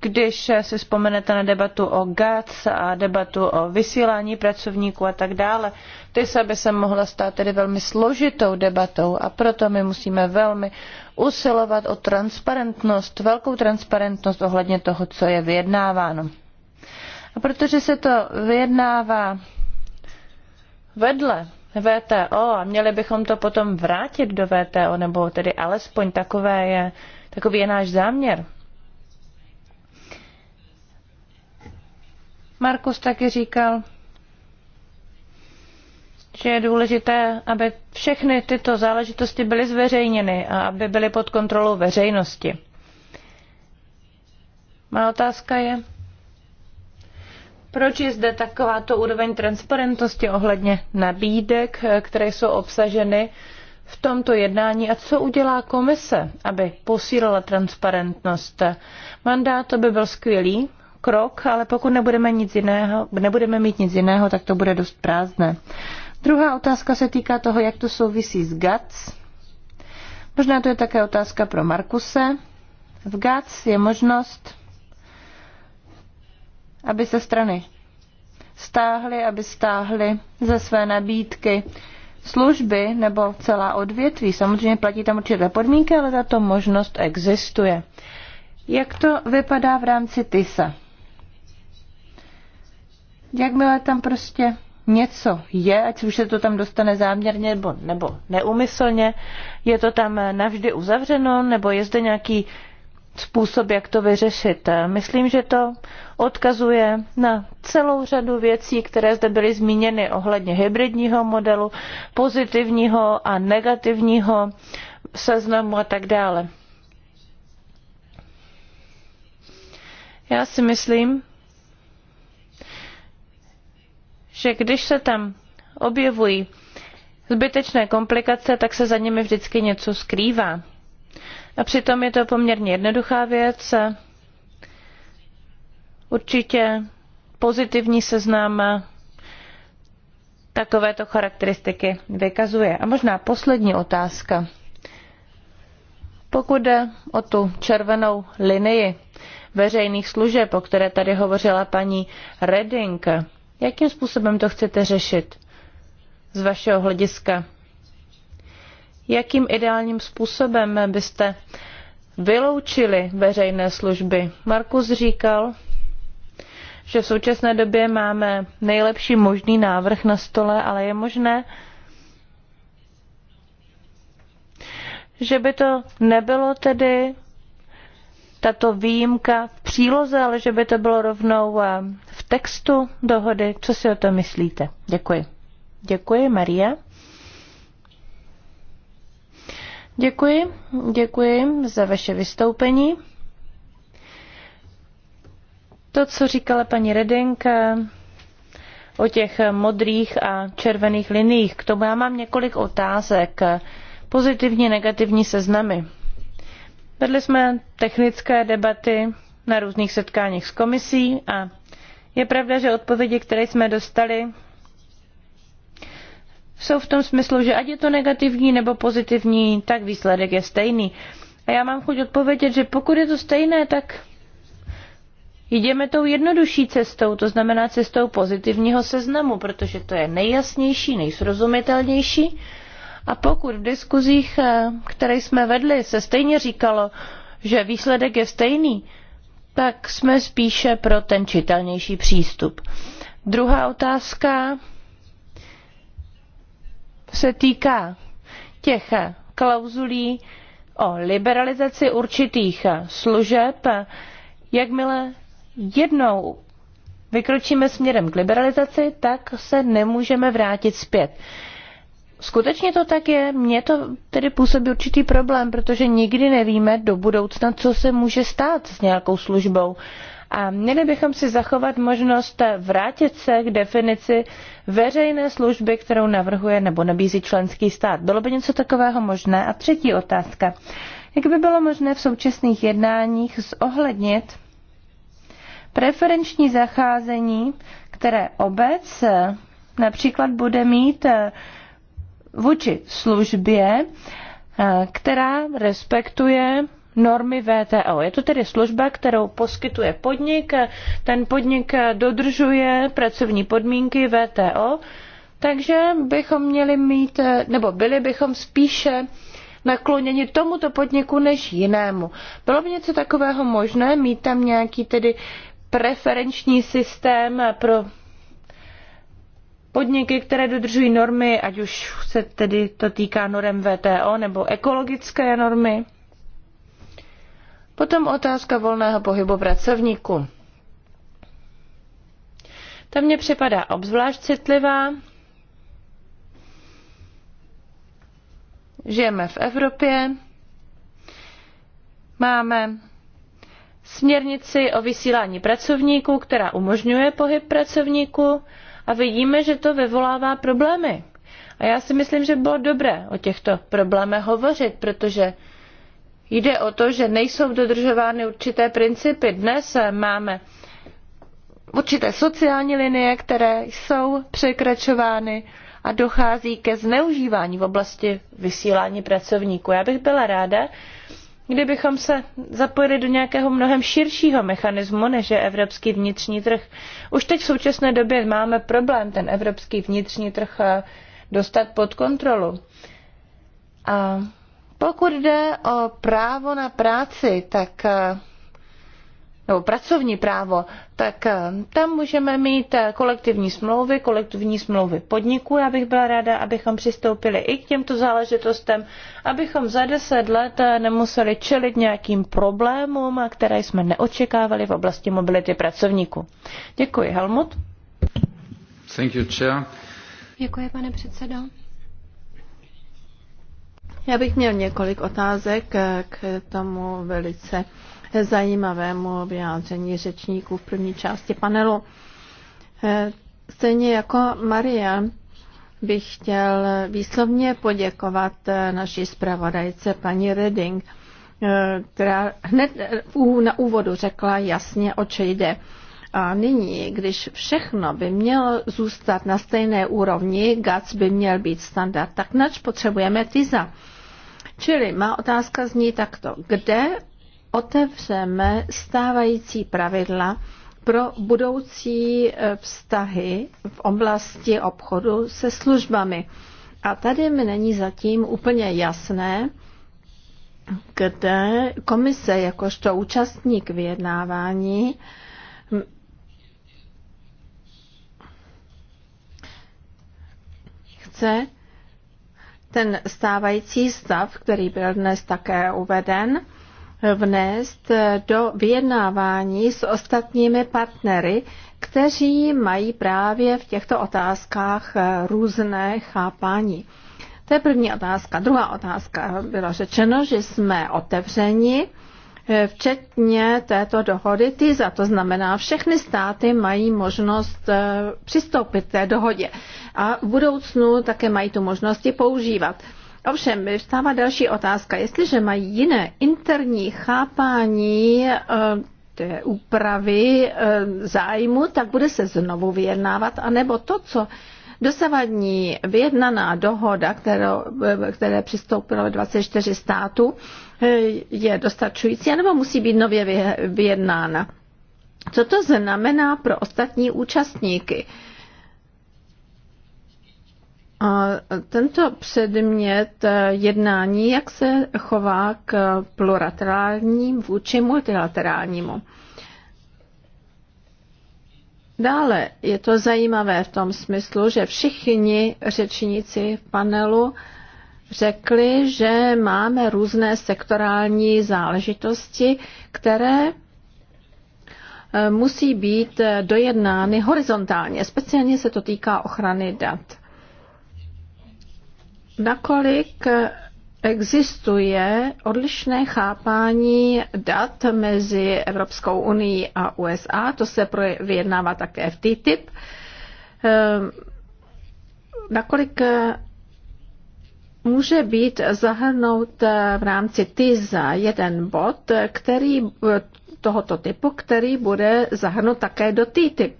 když si vzpomenete na debatu o GATS a debatu o vysílání pracovníků a tak dále. TISA by se mohla stát tedy velmi složitou debatou a proto my musíme velmi usilovat o transparentnost, velkou transparentnost ohledně toho, co je vyjednáváno. A protože se to vyjednává vedle VTO a měli bychom to potom vrátit do VTO, nebo tedy alespoň takové je, takový je náš záměr. Markus taky říkal, že je důležité, aby všechny tyto záležitosti byly zveřejněny a aby byly pod kontrolou veřejnosti. Má otázka je, proč je zde takováto úroveň transparentnosti ohledně nabídek, které jsou obsaženy v tomto jednání a co udělá komise, aby posílila transparentnost? Mandát to by byl skvělý krok, ale pokud nebudeme, nic jiného, nebudeme mít nic jiného, tak to bude dost prázdné. Druhá otázka se týká toho, jak to souvisí s GATS. Možná to je také otázka pro Markuse. V GATS je možnost, aby se strany stáhly, aby stáhly ze své nabídky služby nebo celá odvětví. Samozřejmě platí tam určité podmínky, ale tato možnost existuje. Jak to vypadá v rámci TISA? Jakmile tam prostě něco je, ať už se to tam dostane záměrně nebo, nebo neumyslně, je to tam navždy uzavřeno, nebo je zde nějaký způsob, jak to vyřešit. Myslím, že to odkazuje na celou řadu věcí, které zde byly zmíněny ohledně hybridního modelu, pozitivního a negativního seznamu a tak dále. Já si myslím, že když se tam objevují zbytečné komplikace, tak se za nimi vždycky něco skrývá. A přitom je to poměrně jednoduchá věc. Určitě pozitivní seznam takovéto charakteristiky vykazuje. A možná poslední otázka. Pokud jde o tu červenou linii veřejných služeb, o které tady hovořila paní Reding, Jakým způsobem to chcete řešit z vašeho hlediska? Jakým ideálním způsobem byste vyloučili veřejné služby? Markus říkal, že v současné době máme nejlepší možný návrh na stole, ale je možné, že by to nebylo tedy tato výjimka v příloze, ale že by to bylo rovnou eh, v textu dohody. Co si o to myslíte? Děkuji. Děkuji, Maria. Děkuji, děkuji za vaše vystoupení. To, co říkala paní Redink eh, o těch modrých a červených liniích, k tomu já mám několik otázek. Pozitivní, negativní seznamy. Vedli jsme technické debaty na různých setkáních s komisí a je pravda, že odpovědi, které jsme dostali, jsou v tom smyslu, že ať je to negativní nebo pozitivní, tak výsledek je stejný. A já mám chuť odpovědět, že pokud je to stejné, tak jdeme tou jednodušší cestou, to znamená cestou pozitivního seznamu, protože to je nejjasnější, nejsrozumitelnější a pokud v diskuzích, eh, které jsme vedli, se stejně říkalo, že výsledek je stejný, tak jsme spíše pro ten čitelnější přístup. Druhá otázka se týká těch klauzulí o liberalizaci určitých služeb. Jakmile jednou vykročíme směrem k liberalizaci, tak se nemůžeme vrátit zpět skutečně to tak je? Mně to tedy působí určitý problém, protože nikdy nevíme do budoucna, co se může stát s nějakou službou. A měli bychom si zachovat možnost vrátit se k definici veřejné služby, kterou navrhuje nebo nabízí členský stát. Bylo by něco takového možné? A třetí otázka. Jak by bylo možné v současných jednáních zohlednit preferenční zacházení, které obec například bude mít eh, vůči službě, eh, která respektuje normy VTO. Je to tedy služba, kterou poskytuje podnik, eh, ten podnik eh, dodržuje pracovní podmínky VTO, takže bychom měli mít, nebo byli bychom spíše nakloněni tomuto podniku než jinému. Bylo by něco takového možné, mít tam nějaký tedy preferenční systém pro podniky, které dodržují normy, ať už se tedy to týká norem VTO nebo ekologické normy. Potom otázka volného pohybu pracovníků. Ta mně připadá obzvlášť citlivá. Žijeme v Evropě, máme směrnici o vysílání pracovníků, která umožňuje pohyb pracovníků, a vidíme, že to vyvolává problémy. A já si myslím, že bylo dobré o těchto problémech hovořit, protože jde o to, že nejsou dodržovány určité principy. Dnes máme určité sociální linie, které jsou překračovány a dochází ke zneužívání v oblasti vysílání pracovníků. Já bych byla ráda, kdybychom se zapojili do nějakého mnohem širšího mechanismu, než je evropský vnitřní trh. Už teď v současné době máme problém ten evropský vnitřní trh eh, dostat pod kontrolu. A pokud jde o právo na práci, tak eh, nebo pracovní právo, tak eh, tam můžeme mít eh, kolektivní smlouvy, kolektivní smlouvy podniků. Já bych byla ráda, abychom přistoupili i k těmto záležitostem, abychom za deset let eh, nemuseli čelit nějakým problémům, které jsme neočekávali v oblasti mobility pracovníků. Děkuji. Helmut? Thank you, chair. Děkuji, pane předsedo. Já bych měl několik otázek k tomu velice zajímavému vyjádření řečníků v první části panelu. Eh, stejně jako Maria bych chtěl výslovně poděkovat eh, naší zpravodajce paní Redding, eh, která hned na úvodu řekla jasně, o co jde. A nyní, když všechno by mělo zůstat na stejné úrovni, GATS by měl být standard, tak nač potřebujeme TISA? Čili má otázka zní takto, kde otevřeme stávající pravidla pro budoucí e, vztahy v oblasti obchodu se službami. A tady mi není zatím úplně jasné, kde komise jakožto účastník vyjednávání chce ten stávající stav, který byl dnes také uveden, vnést do vyjednávání s ostatními partnery, kteří mají právě v těchto otázkách eh, různé chápání. To je první otázka. Druhá otázka. Bylo řečeno, že jsme otevřeni, eh, včetně této dohody TISA. To znamená, všechny státy mají možnost eh, přistoupit k té dohodě a v budoucnu také mají tu možnost ji používat. Ovšem, vystává další otázka. Jestliže mají jiné interní chápání eh, té úpravy eh, zájmu, tak bude se znovu vyjednávat, anebo to, co dosavadní vyjednaná dohoda, kterou, eh, které přistoupilo 24 států, je dostačující, anebo musí být nově vyjednána. Co to znamená pro ostatní účastníky? A tento předmět eh, jednání, jak se chová k plurilaterálním vůči multilaterálnímu. Dále je to zajímavé v tom smyslu, že všichni řečníci v panelu řekli, že máme různé sektorální záležitosti, které eh, musí být eh, dojednány horizontálně. Speciálně se to týká ochrany dat nakolik existuje odlišné chápání dat mezi Evropskou unii a USA. To se vyjednává také v TTIP. Ehm, nakolik eh, může být zahrnout eh, v rámci TISA jeden bod, který eh, tohoto typu, který bude zahrnut také do TTIP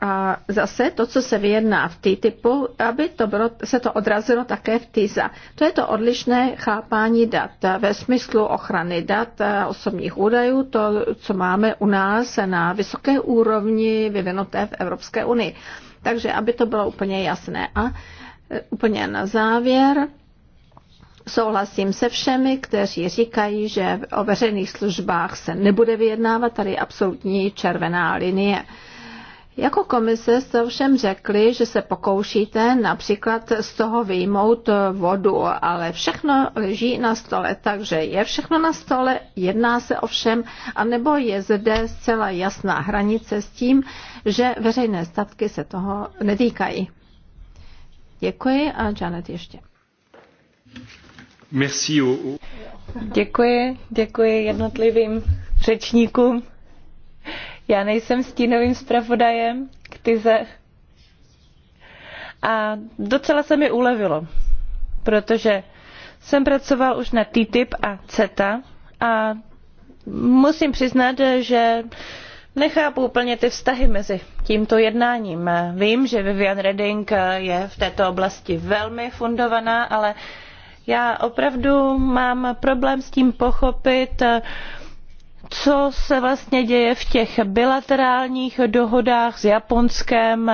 a zase to, co se vyjedná v TTIPu, aby to bylo, se to odrazilo také v TISA. To je to odlišné chápání dat ve smyslu ochrany dat osobních údajů, to, co máme u nás na vysoké úrovni vyvinuté v Evropské unii. Takže aby to bylo úplně jasné. A e, úplně na závěr souhlasím se všemi, kteří říkají, že o veřejných službách se nebude vyjednávat, tady absolutní červená linie. Jako komise jste ovšem řekli, že se pokoušíte například z toho vyjmout vodu, ale všechno leží na stole, takže je všechno na stole, jedná se ovšem, anebo je zde zcela jasná hranice s tím, že veřejné statky se toho netýkají. Děkuji a Janet ještě. Merci. Děkuji, děkuji jednotlivým řečníkům. Já nejsem stínovým zpravodajem k tyze. A docela se mi ulevilo, protože jsem pracoval už na TTIP a CETA a musím přiznat, že nechápu úplně ty vztahy mezi tímto jednáním. Vím, že Vivian Redding je v této oblasti velmi fundovaná, ale já opravdu mám problém s tím pochopit, co se vlastně děje v těch bilaterálních dohodách s Japonskem,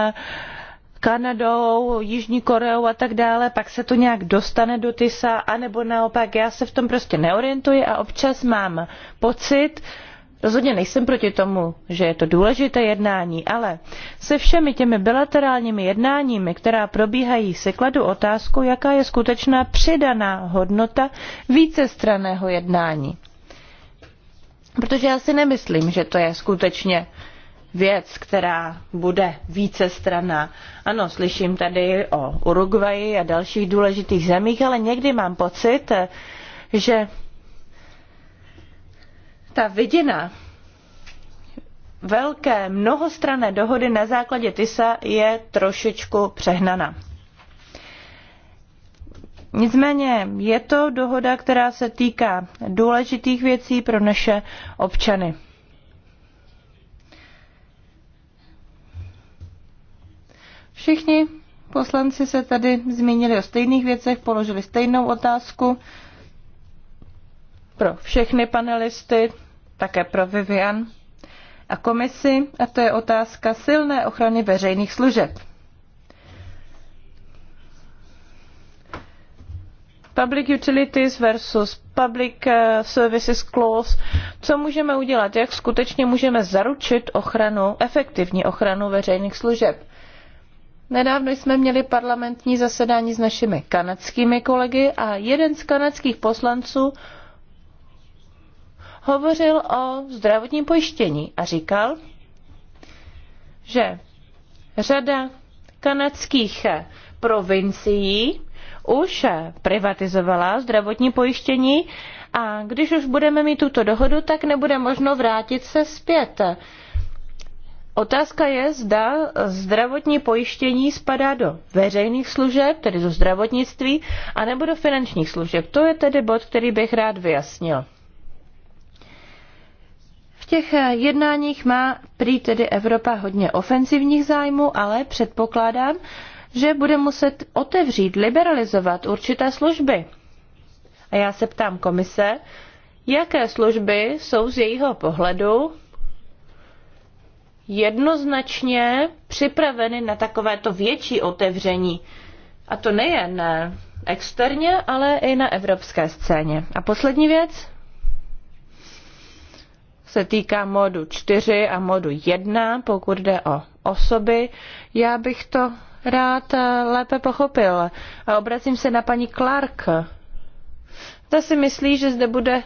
Kanadou, Jižní Koreou a tak dále, pak se to nějak dostane do TISA, anebo naopak já se v tom prostě neorientuji a občas mám pocit, Rozhodně nejsem proti tomu, že je to důležité jednání, ale se všemi těmi bilaterálními jednáními, která probíhají, se kladu otázku, jaká je skutečná přidaná hodnota vícestraného jednání. Protože já si nemyslím, že to je skutečně věc, která bude více Ano, slyším tady o Uruguayi a dalších důležitých zemích, ale někdy mám pocit, že ta vidina velké mnohostrané dohody na základě TISA je trošičku přehnaná. Nicméně je to dohoda, která se týká důležitých věcí pro naše občany. Všichni poslanci se tady zmínili o stejných věcech, položili stejnou otázku pro všechny panelisty, také pro Vivian a komisi, a to je otázka silné ochrany veřejných služeb. Public Utilities versus Public eh, Services Clause. Co můžeme udělat? Jak skutečně můžeme zaručit ochranu, efektivní ochranu veřejných služeb? Nedávno jsme měli parlamentní zasedání s našimi kanadskými kolegy a jeden z kanadských poslanců hovořil o zdravotním pojištění a říkal, že řada kanadských eh, provincií už privatizovala zdravotní pojištění a když už budeme mít tuto dohodu, tak nebude možno vrátit se zpět. Otázka je, zda zdravotní pojištění spadá do veřejných služeb, tedy do zdravotnictví, anebo do finančních služeb. To je tedy bod, který bych rád vyjasnil. V těch jednáních má prý tedy Evropa hodně ofenzivních zájmů, ale předpokládám, že bude muset otevřít, liberalizovat určité služby. A já se ptám komise, jaké služby jsou z jejího pohledu jednoznačně připraveny na takovéto větší otevření. A to nejen externě, ale i na evropské scéně. A poslední věc se týká modu 4 a modu 1, pokud jde o osoby. Já bych to rád eh, lépe pochopil. A obracím se na paní Clark. Ta si myslí, že zde bude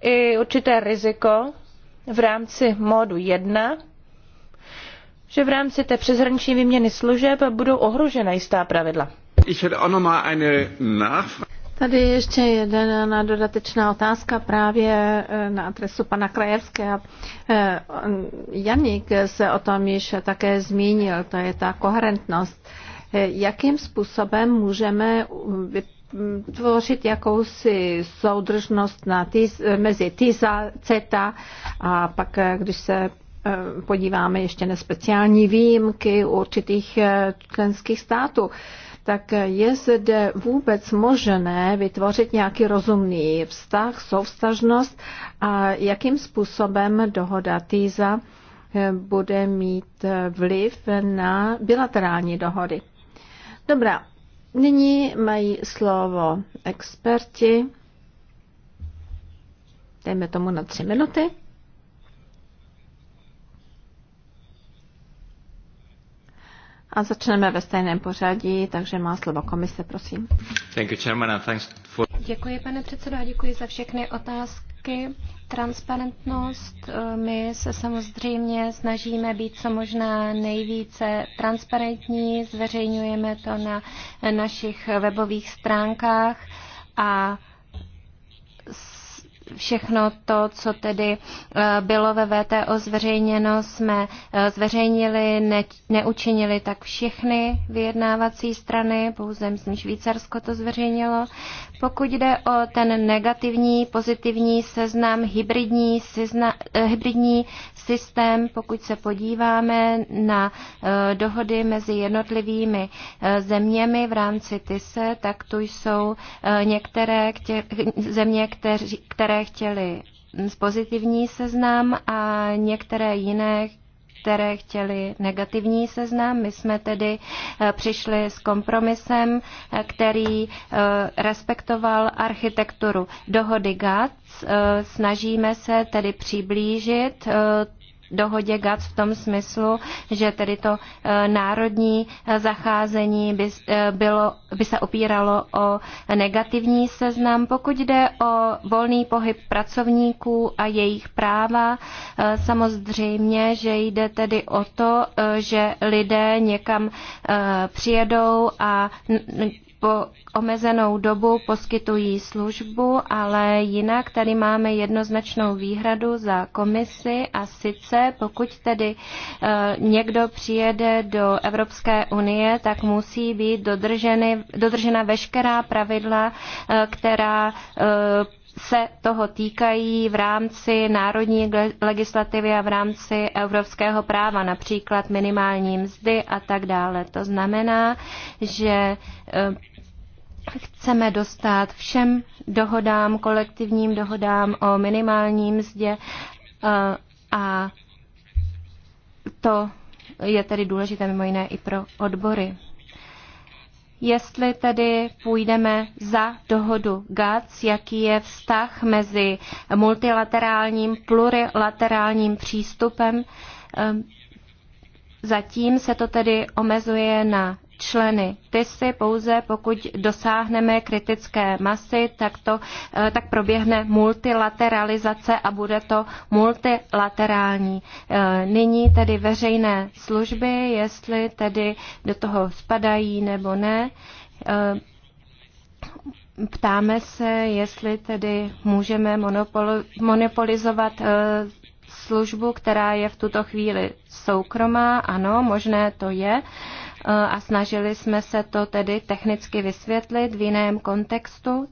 i určité riziko v rámci módu 1, že v rámci té přeshraniční výměny služeb budou ohrožena jistá pravidla. Tady ještě jedna eh, dodatečná otázka právě eh, na adresu pana Krajevského. Eh, Janik se o tom již také zmínil, to je ta koherentnost. Jakým způsobem můžeme tvořit jakousi soudržnost na TIS, mezi TISA, CETA a pak, když se podíváme ještě na speciální výjimky určitých členských států tak je zde vůbec možné vytvořit nějaký rozumný vztah, souvstažnost a jakým způsobem dohoda TISA eh, bude mít eh, vliv na bilaterální dohody. Dobrá, nyní mají slovo experti, dejme tomu na tři minuty. a začneme ve stejném pořadí, takže má slovo komise, prosím. Thank you, chairman, and thanks for... Děkuji, pane předsedo, a děkuji za všechny otázky. Transparentnost. Eh, my se samozřejmě snažíme být co možná nejvíce transparentní, zveřejňujeme to na našich webových stránkách a všechno to, co tedy eh, bylo ve VTO zveřejněno, jsme eh, zveřejnili, ne, neučinili tak všechny vyjednávací strany, pouze myslím Švýcarsko to zveřejnilo. Pokud jde o ten negativní, pozitivní seznam, hybridní, syzna, eh, hybridní systém, pokud se podíváme na dohody mezi jednotlivými zeměmi v rámci TISE, tak tu jsou některé země, které které chtěli pozitivní seznam a některé jiné, které chtěli negativní seznam. My jsme tedy eh, přišli s kompromisem, eh, který eh, respektoval architekturu dohody GATS. Snažíme se tedy přiblížit dohodě GATS v tom smyslu, že tedy to e, národní e, zacházení by, e, bylo, by se opíralo o negativní seznam. Pokud jde o volný pohyb pracovníků a jejich práva, samozřejmě, že jde tedy o to, že lidé někam přijedou a po omezenou dobu poskytují službu, ale jinak tady máme jednoznačnou výhradu za komisi a sice pokud tedy eh, někdo přijede do Evropské unie, tak musí být dodrženy, dodržena veškerá pravidla, eh, která eh, se toho týkají v rámci národní legislativy a v rámci evropského práva, například minimální mzdy a tak dále. To znamená, že eh, chceme dostat všem dohodám, kolektivním dohodám o minimální mzdě eh, a to je tedy důležité mimo jiné i pro odbory jestli tedy půjdeme za dohodu GATS, jaký je vztah mezi multilaterálním, plurilaterálním přístupem. Ehm, zatím se to tedy omezuje na členy si pouze pokud dosáhneme kritické masy, tak, to, eh, tak proběhne multilateralizace a bude to multilaterální. Eh, nyní tedy veřejné služby, jestli tedy do toho spadají nebo ne. Eh, ptáme se, jestli tedy můžeme monopolizovat službu, která je v tuto chvíli soukromá. Ano, možné to je. Uh, Eh, a snažili jsme se to tedy technicky vysvětlit v jiném kontextu.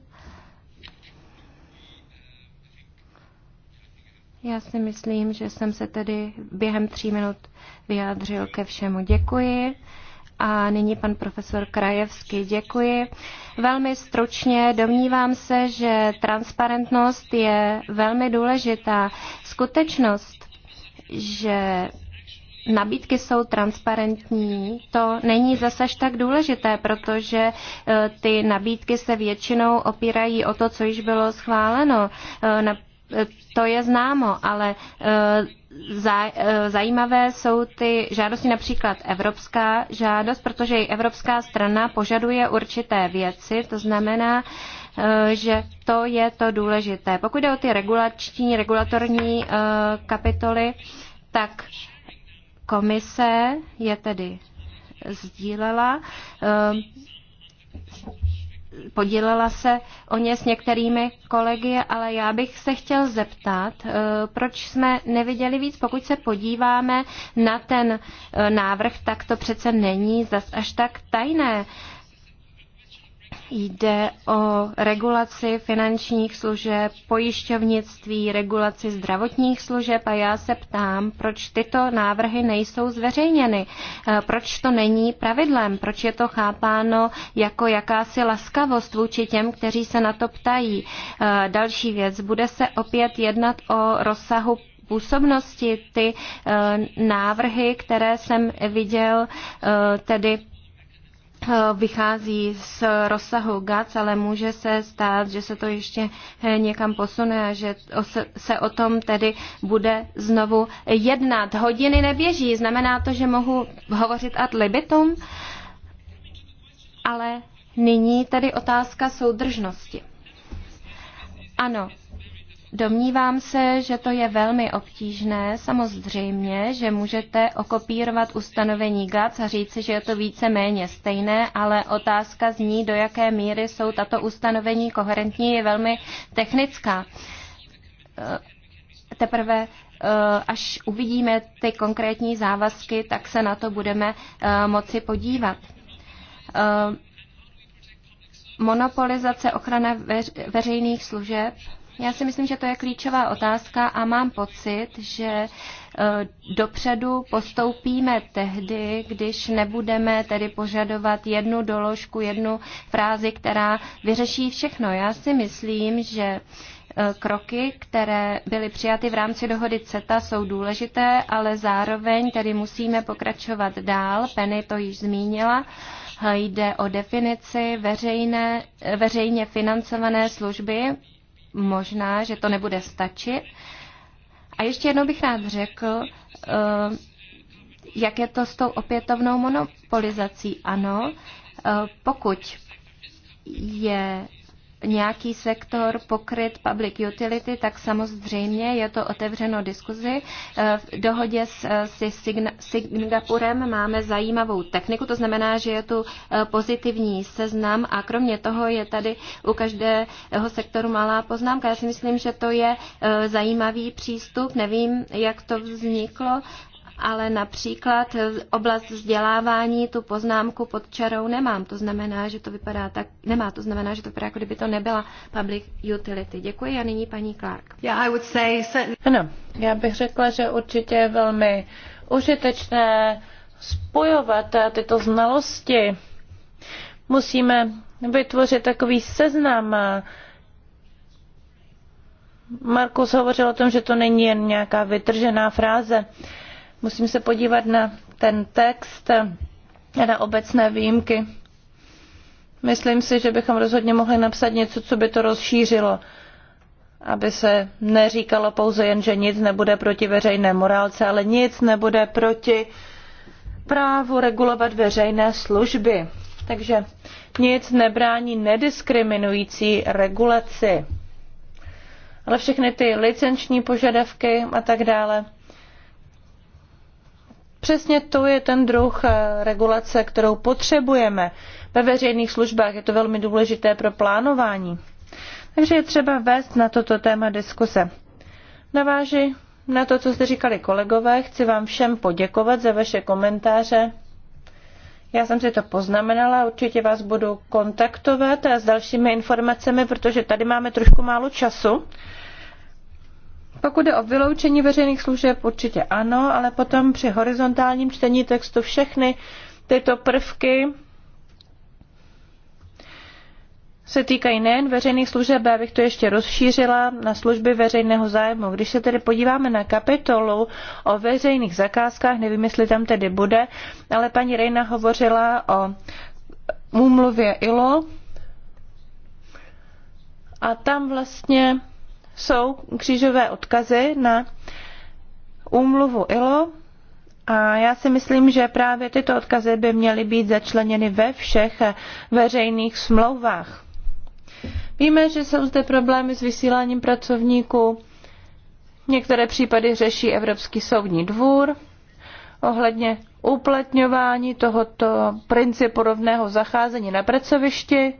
Já si myslím, že jsem se tedy během tří minut vyjádřil ke všemu. Děkuji. A nyní pan profesor Krajevský, děkuji. Velmi stručně domnívám se, že transparentnost je velmi důležitá. Skutečnost, že nabídky jsou transparentní, to není až tak důležité, protože e, ty nabídky se většinou opírají o to, co již bylo schváleno. E, e, to je známo, ale zajímavé jsou ty žádosti, například evropská žádost, protože i evropská strana požaduje určité věci, to znamená, že to je to důležité. Pokud jde o ty regulační, regulatorní kapitoly, tak uh, Komise je tedy sdílela, eh, podílela se o ně s některými kolegy, ale já bych se chtěl zeptat, eh, proč jsme neviděli víc. Pokud se podíváme na ten eh, návrh, tak to přece není zas až tak tajné. Jde o regulaci finančních služeb, pojišťovnictví, regulaci zdravotních služeb a já se ptám, proč tyto návrhy nejsou zveřejněny, eh, proč to není pravidlem, proč je to chápáno jako jakási laskavost vůči těm, kteří se na to ptají. Eh, další věc, bude se opět jednat o rozsahu působnosti ty eh, návrhy, které jsem viděl, tedy Eh, vychází z rozsahu GAC, ale může se stát, že se to ještě eh, někam posune a že se o tom tedy bude znovu jednat. Hodiny neběží, znamená to, že mohu hovořit ad libitum, ale nyní tedy otázka soudržnosti. Ano, Domnívám se, že to je velmi obtížné. Samozřejmě, že můžete okopírovat ustanovení GATS a říci, že je to více méně stejné, ale otázka zní, do jaké míry jsou tato ustanovení koherentní, je velmi technická. Eh, teprve eh, až uvidíme ty konkrétní závazky, tak se na to budeme eh, moci podívat monopolizace ochrana veřejných služeb já si myslím, že to je klíčová otázka a mám pocit, že e, dopředu postoupíme tehdy, když nebudeme tedy požadovat jednu doložku, jednu frázi, která vyřeší všechno. Já si myslím, že e, kroky, které byly přijaty v rámci dohody CETA, jsou důležité, ale zároveň tedy musíme pokračovat dál. Penny to již zmínila. Jde o definici veřejné, veřejně financované služby možná, že to nebude stačit. A ještě jednou bych rád řekl, eh, jak je to s tou opětovnou monopolizací. Ano, eh, pokud je nějaký sektor pokryt public utility, tak samozřejmě je to otevřeno diskuzi. Eh, v dohodě s, eh, s Singapurem máme zajímavou techniku, to znamená, že je tu eh, pozitivní seznam a kromě toho je tady u každého sektoru malá poznámka. Já si myslím, že to je zajímavý přístup, nevím, jak to vzniklo, ale například eh, oblast vzdělávání tu poznámku pod čarou nemám. To znamená, že to vypadá tak, nemá, to znamená, že to vypadá, jako kdyby to nebyla public utility. Děkuji a nyní paní Clark. Yeah, I would say Ano, já bych řekla, že určitě je velmi užitečné spojovat eh, tyto znalosti. Musíme vytvořit takový seznam eh. Markus hovořil o tom, že to není jen nějaká vytržená fráze. Musím se podívat na ten text a na obecné výjimky. Myslím si, že bychom rozhodně mohli napsat něco, co by to rozšířilo, aby se neříkalo pouze jen, že nic nebude proti veřejné morálce, ale nic nebude proti právu regulovat veřejné služby. Takže nic nebrání nediskriminující regulaci. Ale všechny ty licenční požadavky a tak dále, Přesně to je ten druh eh, regulace, kterou potřebujeme ve veřejných službách. Je to velmi důležité pro plánování. Takže je třeba vést na toto téma diskuse. Naváži na to, co jste říkali kolegové, chci vám všem poděkovat za vaše komentáře. Já jsem si to poznamenala, určitě vás budu kontaktovat s dalšími informacemi, protože tady máme trošku málo času. Pokud je o vyloučení veřejných služeb, určitě ano, ale potom při horizontálním čtení textu všechny tyto prvky se týkají nejen veřejných služeb, bych to ještě rozšířila na služby veřejného zájmu. Když se tedy podíváme na kapitolu o veřejných zakázkách, nevím, jestli tam tedy bude, ale paní Rejna hovořila o úmluvě ILO a tam vlastně jsou křížové odkazy na úmluvu ILO a já si myslím, že právě tyto odkazy by měly být začleněny ve všech veřejných smlouvách. Víme, že jsou zde problémy s vysíláním pracovníků. Některé případy řeší Evropský soudní dvůr ohledně uplatňování tohoto principu rovného zacházení na pracovišti.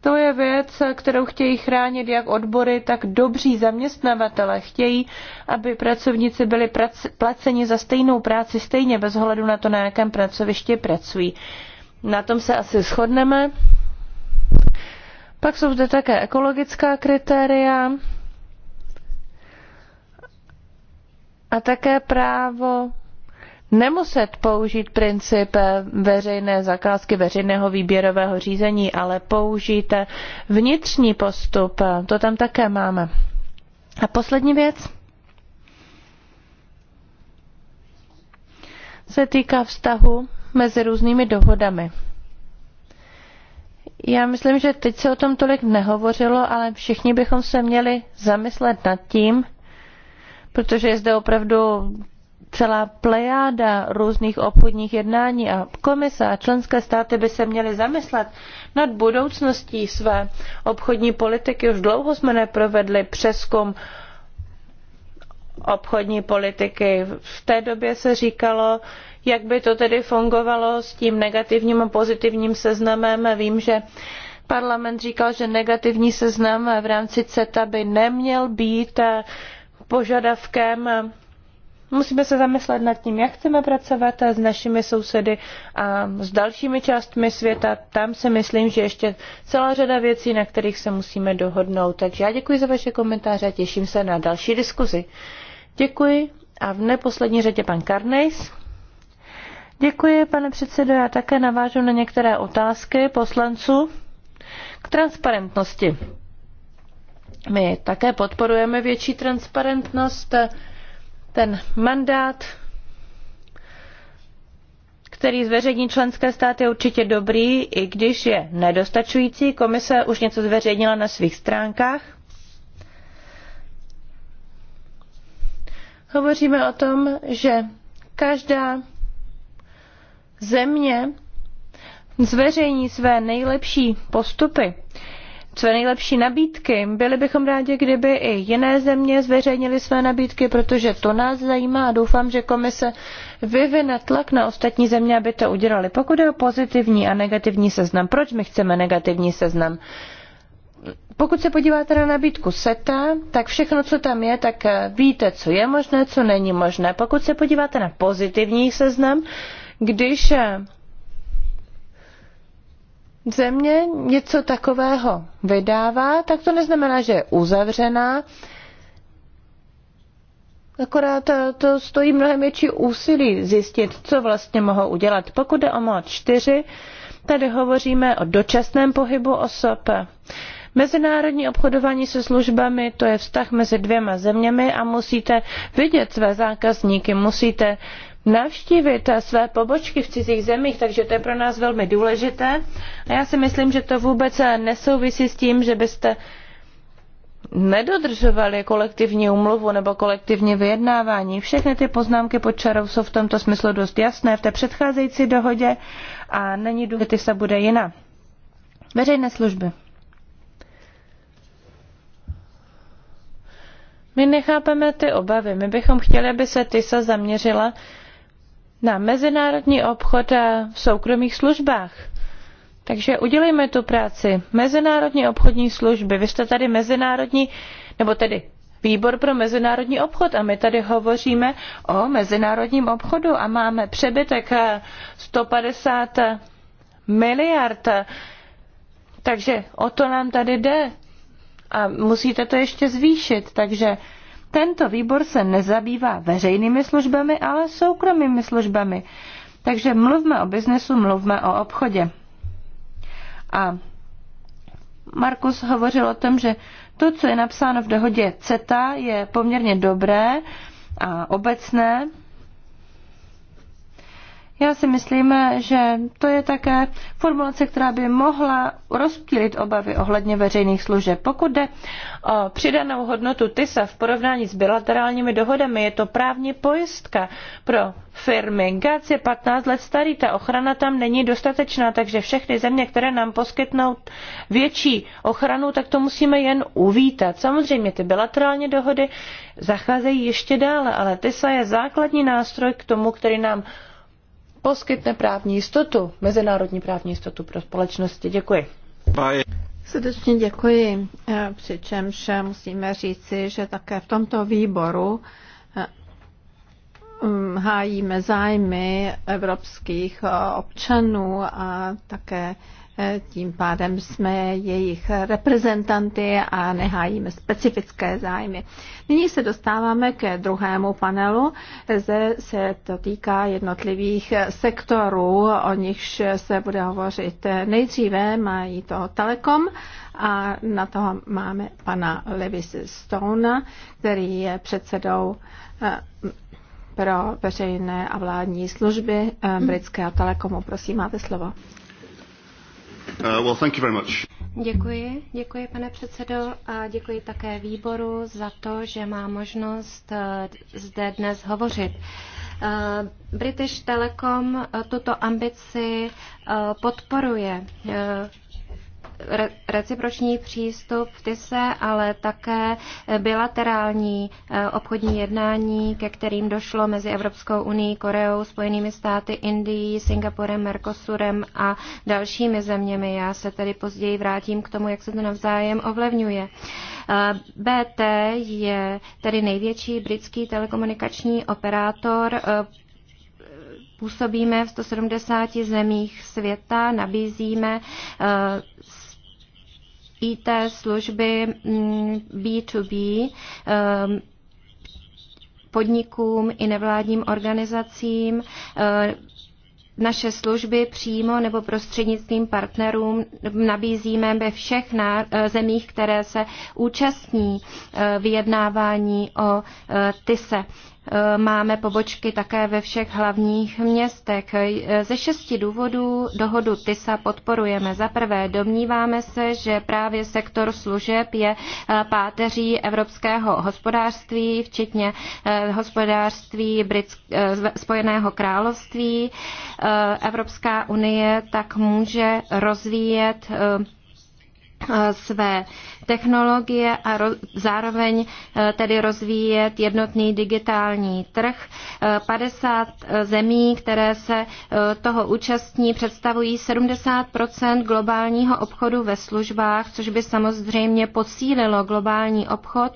To je věc, kterou chtějí chránit jak odbory, tak dobří zaměstnavatele. Chtějí, aby pracovníci byli placeni za stejnou práci stejně, bez ohledu na to, na jakém pracovišti pracují. Na tom se asi shodneme. Pak jsou zde také ekologická kritéria a také právo nemuset použít princip eh, veřejné zakázky, veřejného výběrového řízení, ale použít eh, vnitřní postup. To tam také máme. A poslední věc se týká vztahu mezi různými dohodami. Já myslím, že teď se o tom tolik nehovořilo, ale všichni bychom se měli zamyslet nad tím, protože je zde opravdu celá plejáda různých obchodních jednání a komise a členské státy by se měly zamyslet nad budoucností své obchodní politiky. Už dlouho jsme neprovedli přeskum obchodní politiky. V té době se říkalo, jak by to tedy fungovalo s tím negativním a pozitivním seznamem. Vím, že parlament říkal, že negativní seznam v rámci CETA by neměl být požadavkem Musíme se zamyslet nad tím, jak chceme pracovat s našimi sousedy a s dalšími částmi světa. Tam se myslím, že ještě celá řada věcí, na kterých se musíme dohodnout. Takže já děkuji za vaše komentáře a těším se na další diskuzi. Děkuji a v neposlední řadě pan Karnejs. Děkuji, pane předsedo. Já také navážu na některé otázky poslanců k transparentnosti. My také podporujeme větší transparentnost ten mandát, který zveřejní členské státy, je určitě dobrý, i když je nedostačující. Komise už něco zveřejnila na svých stránkách. Hovoříme o tom, že každá země zveřejní své nejlepší postupy co nejlepší nabídky. Byli bychom rádi, kdyby i jiné země zveřejnily své nabídky, protože to nás zajímá a doufám, že komise vyvine tlak na ostatní země, aby to udělali. Pokud je o pozitivní a negativní seznam, proč my chceme negativní seznam? Pokud se podíváte na nabídku SETA, tak všechno, co tam je, tak eh, víte, co je možné, co není možné. Pokud se podíváte na pozitivní seznam, když eh, země něco takového vydává, tak to neznamená, že je uzavřená, Akorát eh, to stojí mnohem větší úsilí zjistit, co vlastně mohou udělat. Pokud jde o mod 4, tady hovoříme o dočasném pohybu osob. Mezinárodní obchodování se službami to je vztah mezi dvěma zeměmi a musíte vidět své zákazníky, musíte navštívit své pobočky v cizích zemích, takže to je pro nás velmi důležité. A já si myslím, že to vůbec nesouvisí s tím, že byste nedodržovali kolektivní umluvu nebo kolektivní vyjednávání. Všechny ty poznámky pod čarou jsou v tomto smyslu dost jasné v té předcházející dohodě a není důležité, se bude jiná. Veřejné služby. My nechápeme ty obavy. My bychom chtěli, aby se TISA zaměřila na mezinárodní obchod v soukromých službách. Takže udělejme tu práci. Mezinárodní obchodní služby. Vy jste tady mezinárodní, nebo tedy Výbor pro mezinárodní obchod a my tady hovoříme o mezinárodním obchodu a máme přebytek 150 eh, eh, miliard. Takže o to nám tady jde a musíte to ještě zvýšit. Takže tento výbor se nezabývá veřejnými službami, ale soukromými službami. Takže mluvme o biznesu, mluvme o obchodě. A Markus hovořil o tom, že to, co je napsáno v dohodě CETA, je poměrně dobré a obecné, já si myslím, že to je také formulace, která by mohla rozptýlit obavy ohledně veřejných služeb. Pokud jde o přidanou hodnotu TISA v porovnání s bilaterálními dohodami, je to právní pojistka pro firmy. GAC je 15 let starý, ta ochrana tam není dostatečná, takže všechny země, které nám poskytnou větší ochranu, tak to musíme jen uvítat. Samozřejmě ty bilaterální dohody zacházejí ještě dále, ale TISA je základní nástroj k tomu, který nám poskytne právní jistotu, mezinárodní právní jistotu pro společnosti. Děkuji. Bye. Srdečně děkuji, eh, přičemž eh, musíme říci, že také v tomto výboru eh, mm, hájíme zájmy evropských občanů a také E, tím pádem jsme jejich reprezentanty a nehájíme specifické zájmy. Nyní se dostáváme ke druhému panelu. Zde se to týká jednotlivých sektorů, o nichž se bude hovořit nejdříve, mají to Telekom a na toho máme pana Levis Stone, který je předsedou e, pro veřejné a vládní služby e, hmm. britského telekomu. Prosím, máte slovo. Uh, děkuji, děkuji pane předsedo a děkuji také výboru za to, že má možnost uh, zde dnes hovořit. Uh, British Telecom tuto ambici podporuje reciproční přístup v TISE, ale také bilaterální eh, obchodní jednání, ke kterým došlo mezi Evropskou unii, Koreou, Spojenými státy, Indií, Singapurem, Mercosurem a dalšími zeměmi. Já se tedy později vrátím k tomu, jak se to navzájem ovlivňuje. Eh, BT je tedy největší britský telekomunikační operátor eh, působíme v 170 zemích světa, nabízíme IT služby B2B mm, ehm, podnikům i nevládním organizacím ehm, naše služby přímo nebo prostřednictvím partnerům nabízíme ve všech eh, zemích, které se účastní eh, vyjednávání o eh, TISE. Eh, máme pobočky také ve všech hlavních městech. Eh, ze šesti důvodů dohodu TISA podporujeme. Za prvé, domníváme se, že právě sektor služeb je eh, páteří evropského hospodářství, včetně hospodářství Britsk- Spojeného království. Evropská unie tak může rozvíjet své technologie a ro- zároveň e, tedy rozvíjet jednotný digitální trh. 50 e, e, zemí, které se toho účastní, představují 70 globálního obchodu ve službách, což by samozřejmě posílilo globální obchod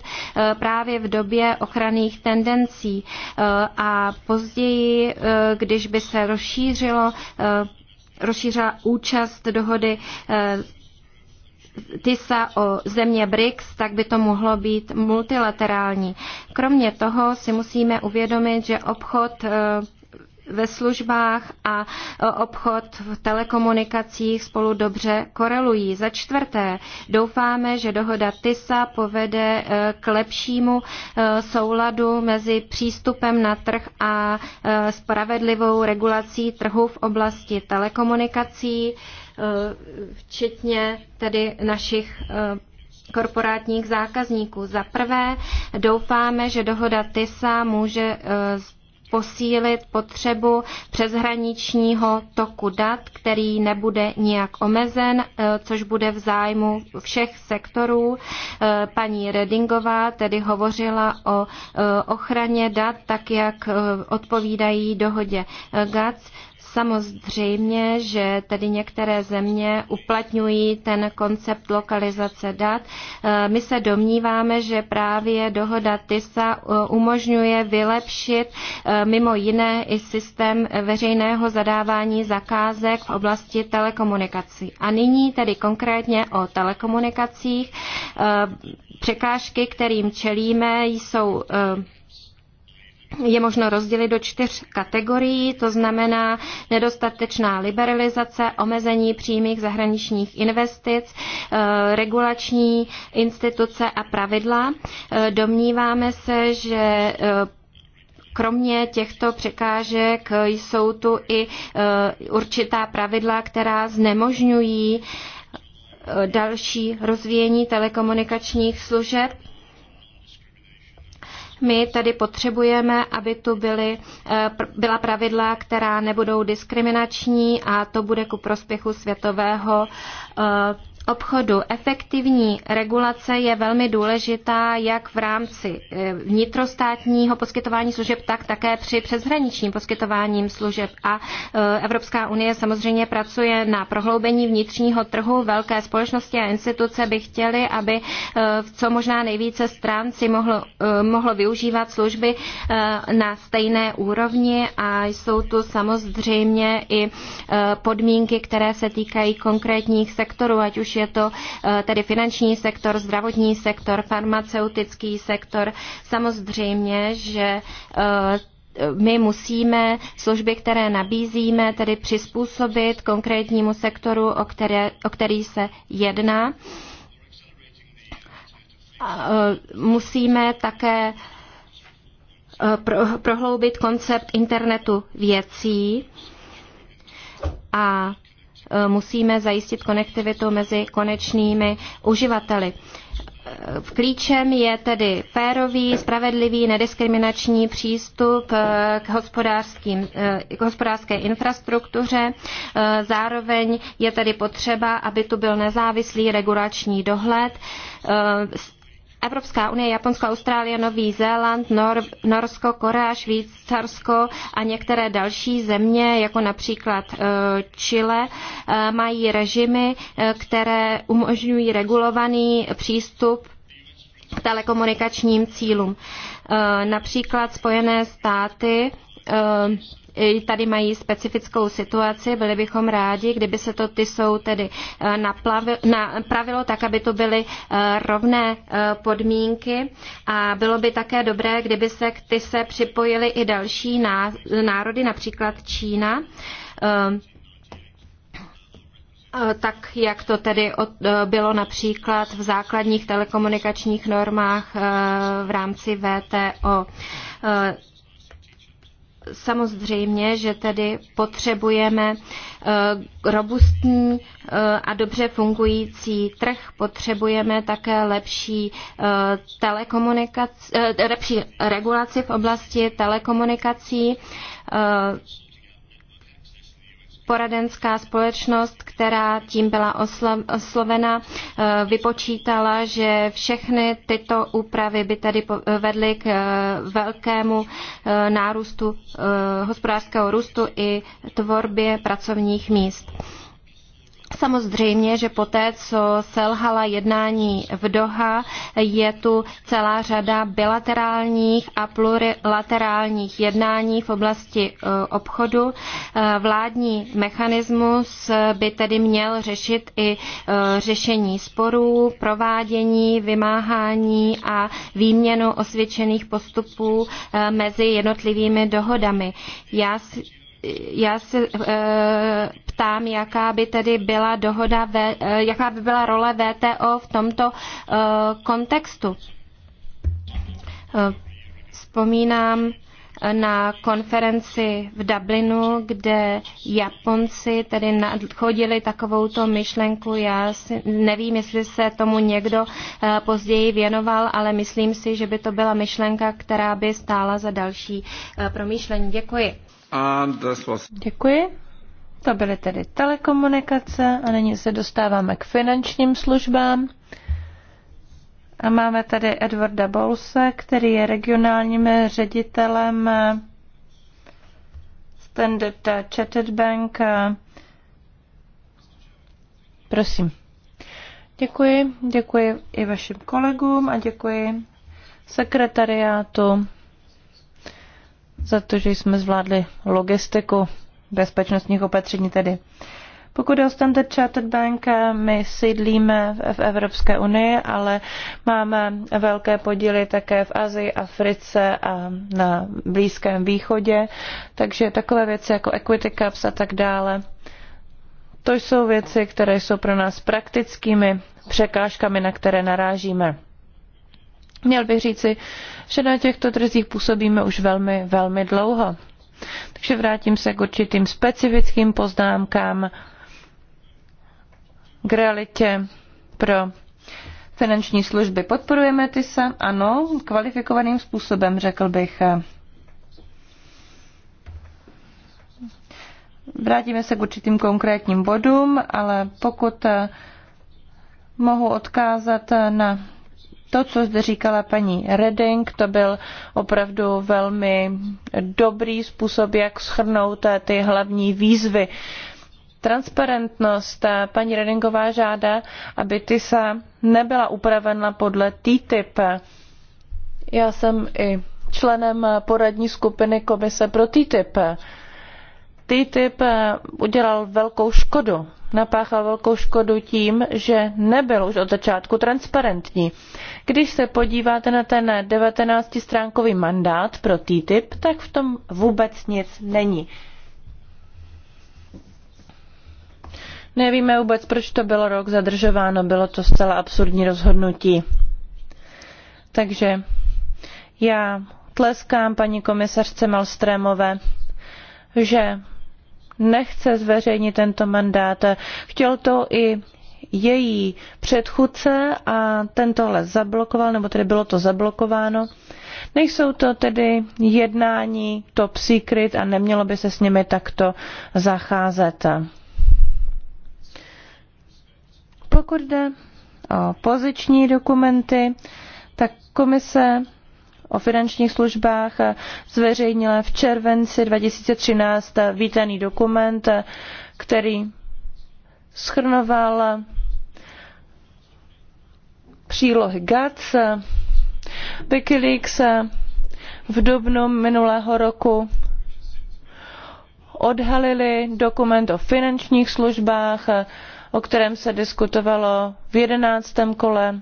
právě v době ochranných tendencí. A později, když by se rozšířilo rozšířila účast dohody TISA o země BRICS, tak by to mohlo být multilaterální. Kromě toho si musíme uvědomit, že obchod eh, ve službách a eh, obchod v telekomunikacích spolu dobře korelují. Za čtvrté, doufáme, že dohoda TISA povede eh, k lepšímu souladu mezi přístupem na trh a spravedlivou regulací trhu v oblasti telekomunikací. Eh, včetně tedy našich eh, korporátních zákazníků. Za prvé doufáme, že dohoda TISA může eh, posílit potřebu přeshraničního toku dat, který nebude nijak omezen, což bude v zájmu všech sektorů. Paní Redingová tedy hovořila o ochraně dat, tak jak odpovídají dohodě GATS. Samozřejmě, že tedy některé země uplatňují ten koncept lokalizace dat. Eh, my se domníváme, že právě dohoda TISA eh, umožňuje vylepšit eh, mimo jiné i systém veřejného zadávání zakázek v oblasti telekomunikací. A nyní tedy konkrétně o telekomunikacích. Překážky, kterým čelíme, jsou je možno rozdělit do čtyř kategorií, to znamená nedostatečná liberalizace, omezení přímých zahraničních investic, eh, regulační instituce a pravidla. Eh, domníváme se, že eh, kromě těchto překážek jsou tu i určitá pravidla, která znemožňují další rozvíjení telekomunikačních služeb my tedy potřebujeme, aby tu byly, eh, byla pravidla, která nebudou diskriminační a to bude ku prospěchu světového eh, obchodu. Efektivní regulace je velmi důležitá jak v rámci eh, vnitrostátního poskytování služeb, tak také při přeshraničním poskytování služeb. A eh, Evropská unie samozřejmě pracuje na prohloubení vnitřního trhu. Velké společnosti a instituce by chtěly, aby eh, v co možná nejvíce stran si mohlo, mohlo využívat služby na stejné úrovni a jsou tu samozřejmě i podmínky, které se týkají konkrétních sektorů, ať už je to eh, tedy finanční sektor, zdravotní sektor, farmaceutický sektor. Samozřejmě, že eh, my musíme služby, které nabízíme, tedy přizpůsobit konkrétnímu sektoru, o, které, o který se jedná. Eh, musíme také prohloubit koncept internetu věcí a Eh, musíme zajistit konektivitu mezi konečnými uživateli. V klíčem je tedy férový, spravedlivý, nediskriminační přístup eh, k, hospodářským, eh, k hospodářské infrastruktuře. Zároveň je tedy potřeba, aby tu byl nezávislý regulační dohled Evropská unie, Japonsko, Austrálie, Nový Zéland, Nor- Norsko, Korea, Švýcarsko a některé další země, jako například eh, Chile, eh, mají režimy, eh, které umožňují regulovaný přístup k telekomunikačním cílům. Například Spojené státy tady mají specifickou situaci. Byli bychom rádi, kdyby se to ty jsou tedy eh, napravilo tak, aby to byly eh, rovné eh, podmínky a bylo by také dobré, kdyby se k ty se připojily i další národy, například Čína tak jak to tedy bylo například v základních telekomunikačních normách v rámci VTO. Samozřejmě, že tedy potřebujeme eh, robustní eh, a dobře fungující trh, potřebujeme také lepší, eh, telekomunikaci, lepší regulaci v oblasti telekomunikací poradenská společnost, která tím byla oslovena, eh, vypočítala, že všechny tyto úpravy by tedy vedly k eh, velkému eh, nárůstu hospodářského růstu i tvorbě pracovních míst. Samozřejmě, že poté, co selhala jednání v Doha, je tu celá řada bilaterálních a plurilaterálních jednání v oblasti e, obchodu. E, vládní mechanismus by tedy měl řešit i e, řešení sporů, provádění, vymáhání a výměnu osvědčených postupů mezi jednotlivými dohodami. Já si já se eh, ptám, jaká by tedy byla dohoda, eh, jaká by byla role VTO v tomto eh, kontextu. Vzpomínám na konferenci v Dublinu, kde Japonci tedy nadchodili takovouto myšlenku. Já si, nevím, jestli se tomu někdo později věnoval, ale myslím si, že by to byla myšlenka, která by stála za další promýšlení. Děkuji. Děkuji. To byly tedy telekomunikace a nyní se dostáváme k finančním službám. A máme tady Edwarda Bouse, který je regionálním ředitelem Standard Chatted Bank. Prosím. Děkuji, děkuji i vašim kolegům a děkuji sekretariátu za to, že jsme zvládli logistiku bezpečnostních opatření tedy. Pokud je o Standard Chartered Bank, my sídlíme v Evropské unii, ale máme velké podíly také v Azii, Africe a na Blízkém východě, takže takové věci jako equity cups a tak dále, to jsou věci, které jsou pro nás praktickými překážkami, na které narážíme. Měl bych říci, že na těchto trzích působíme už velmi, velmi dlouho. Takže vrátím se k určitým specifickým poznámkám k realitě pro finanční služby. Podporujeme ty se? Ano, kvalifikovaným způsobem, řekl bych. Vrátíme se k určitým konkrétním bodům, ale pokud mohu odkázat na to, co zde říkala paní Redding, to byl opravdu velmi dobrý způsob, jak schrnout ty hlavní výzvy. Transparentnost. Paní Redingová žádá, aby TISA nebyla upravena podle TTIP. Já jsem i členem poradní skupiny Komise pro TTIP. TTIP udělal velkou škodu napáchal velkou škodu tím, že nebyl už od začátku transparentní. Když se podíváte na ten 19-stránkový mandát pro TTIP, tak v tom vůbec nic není. Nevíme vůbec, proč to bylo rok zadržováno, bylo to zcela absurdní rozhodnutí. Takže já tleskám paní komisařce Malstrémové, že nechce zveřejnit tento mandát. Chtěl to i její předchůdce a tento les zablokoval, nebo tedy bylo to zablokováno. Nejsou to tedy jednání top secret a nemělo by se s nimi takto zacházet. Pokud jde o poziční dokumenty, tak komise o finančních službách zveřejnila v červenci 2013 vítaný dokument, který schrnoval přílohy GATS, Wikileaks v dubnu minulého roku odhalili dokument o finančních službách, o kterém se diskutovalo v jedenáctém kole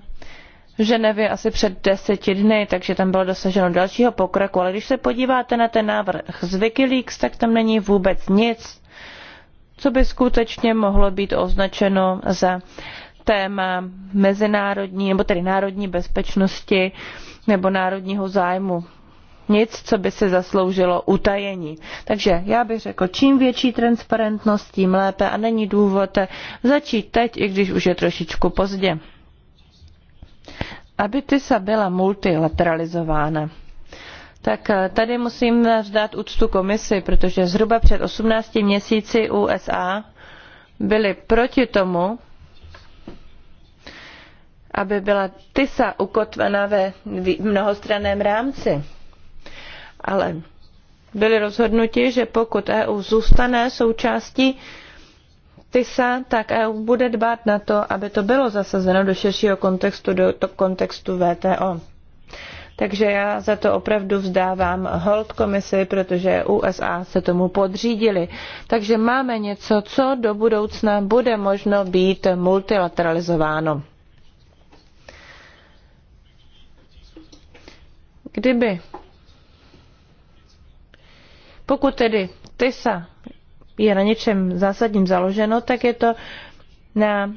Ženevě asi před deseti dny, takže tam bylo dosaženo dalšího pokroku. Ale když se podíváte na ten návrh z Wikileaks, tak tam není vůbec nic, co by skutečně mohlo být označeno za téma mezinárodní, nebo tedy národní bezpečnosti nebo národního zájmu. Nic, co by se zasloužilo utajení. Takže já bych řekl, čím větší transparentnost, tím lépe a není důvod začít teď, i když už je trošičku pozdě aby TISA byla multilateralizována, tak eh, tady musím vzdát úctu komisi, protože zhruba před 18 měsíci USA byli proti tomu, aby byla TISA ukotvena ve mnohostraném rámci. Ale byli rozhodnuti, že pokud EU zůstane součástí TISA, tak EU bude dbát na to, aby to bylo zasazeno do širšího kontextu, do to kontextu VTO. Takže já za to opravdu vzdávám hold komisi, protože USA se tomu podřídili. Takže máme něco, co do budoucna bude možno být multilateralizováno. Kdyby. Pokud tedy TISA je na něčem zásadním založeno, tak je to na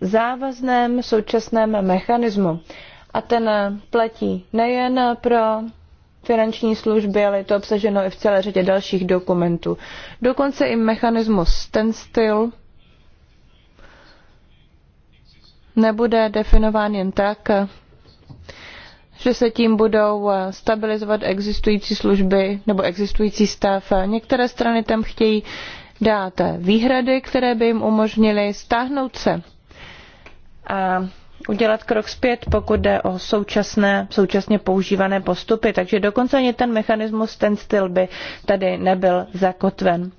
závazném současném mechanismu. A ten platí nejen pro finanční služby, ale je to obsaženo i v celé řadě dalších dokumentů. Dokonce i mechanismus standstill nebude definován jen tak, že se tím budou eh, stabilizovat existující služby nebo existující stav. Některé strany tam chtějí dát eh, výhrady, které by jim umožnily stáhnout se a udělat krok zpět, pokud jde o současné, současně používané postupy. Takže dokonce ani ten mechanismus, ten styl by tady nebyl zakotven.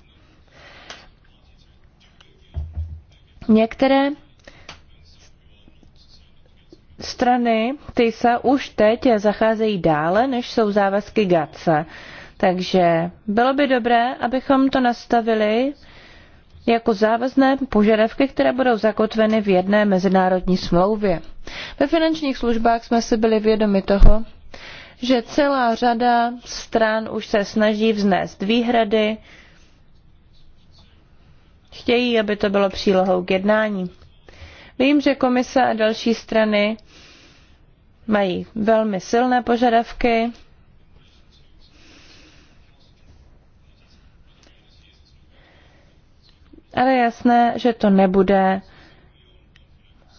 Některé strany, ty se už teď zacházejí dále, než jsou závazky GATS. Takže bylo by dobré, abychom to nastavili jako závazné požadavky, které budou zakotveny v jedné mezinárodní smlouvě. Ve finančních službách jsme si byli vědomi toho, že celá řada stran už se snaží vznést výhrady, chtějí, aby to bylo přílohou k jednání. Vím, že komise a další strany mají velmi silné požadavky. Ale jasné, že to nebude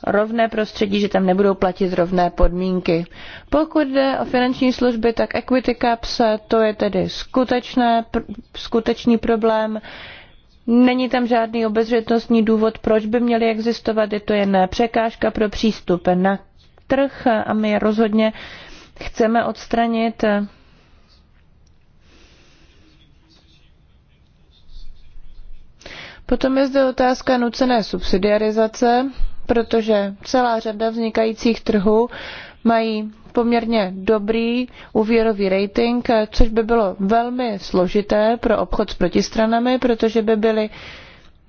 rovné prostředí, že tam nebudou platit rovné podmínky. Pokud jde o finanční služby, tak equity caps, to je tedy skutečné, pr- skutečný problém. Není tam žádný obezřetnostní důvod, proč by měly existovat, je to jen překážka pro přístup na trh a my rozhodně chceme odstranit. Eh, Potom je zde otázka nucené subsidiarizace, protože celá řada vznikajících trhů mají poměrně dobrý úvěrový rating, eh, což by bylo velmi složité pro obchod s protistranami, protože by byly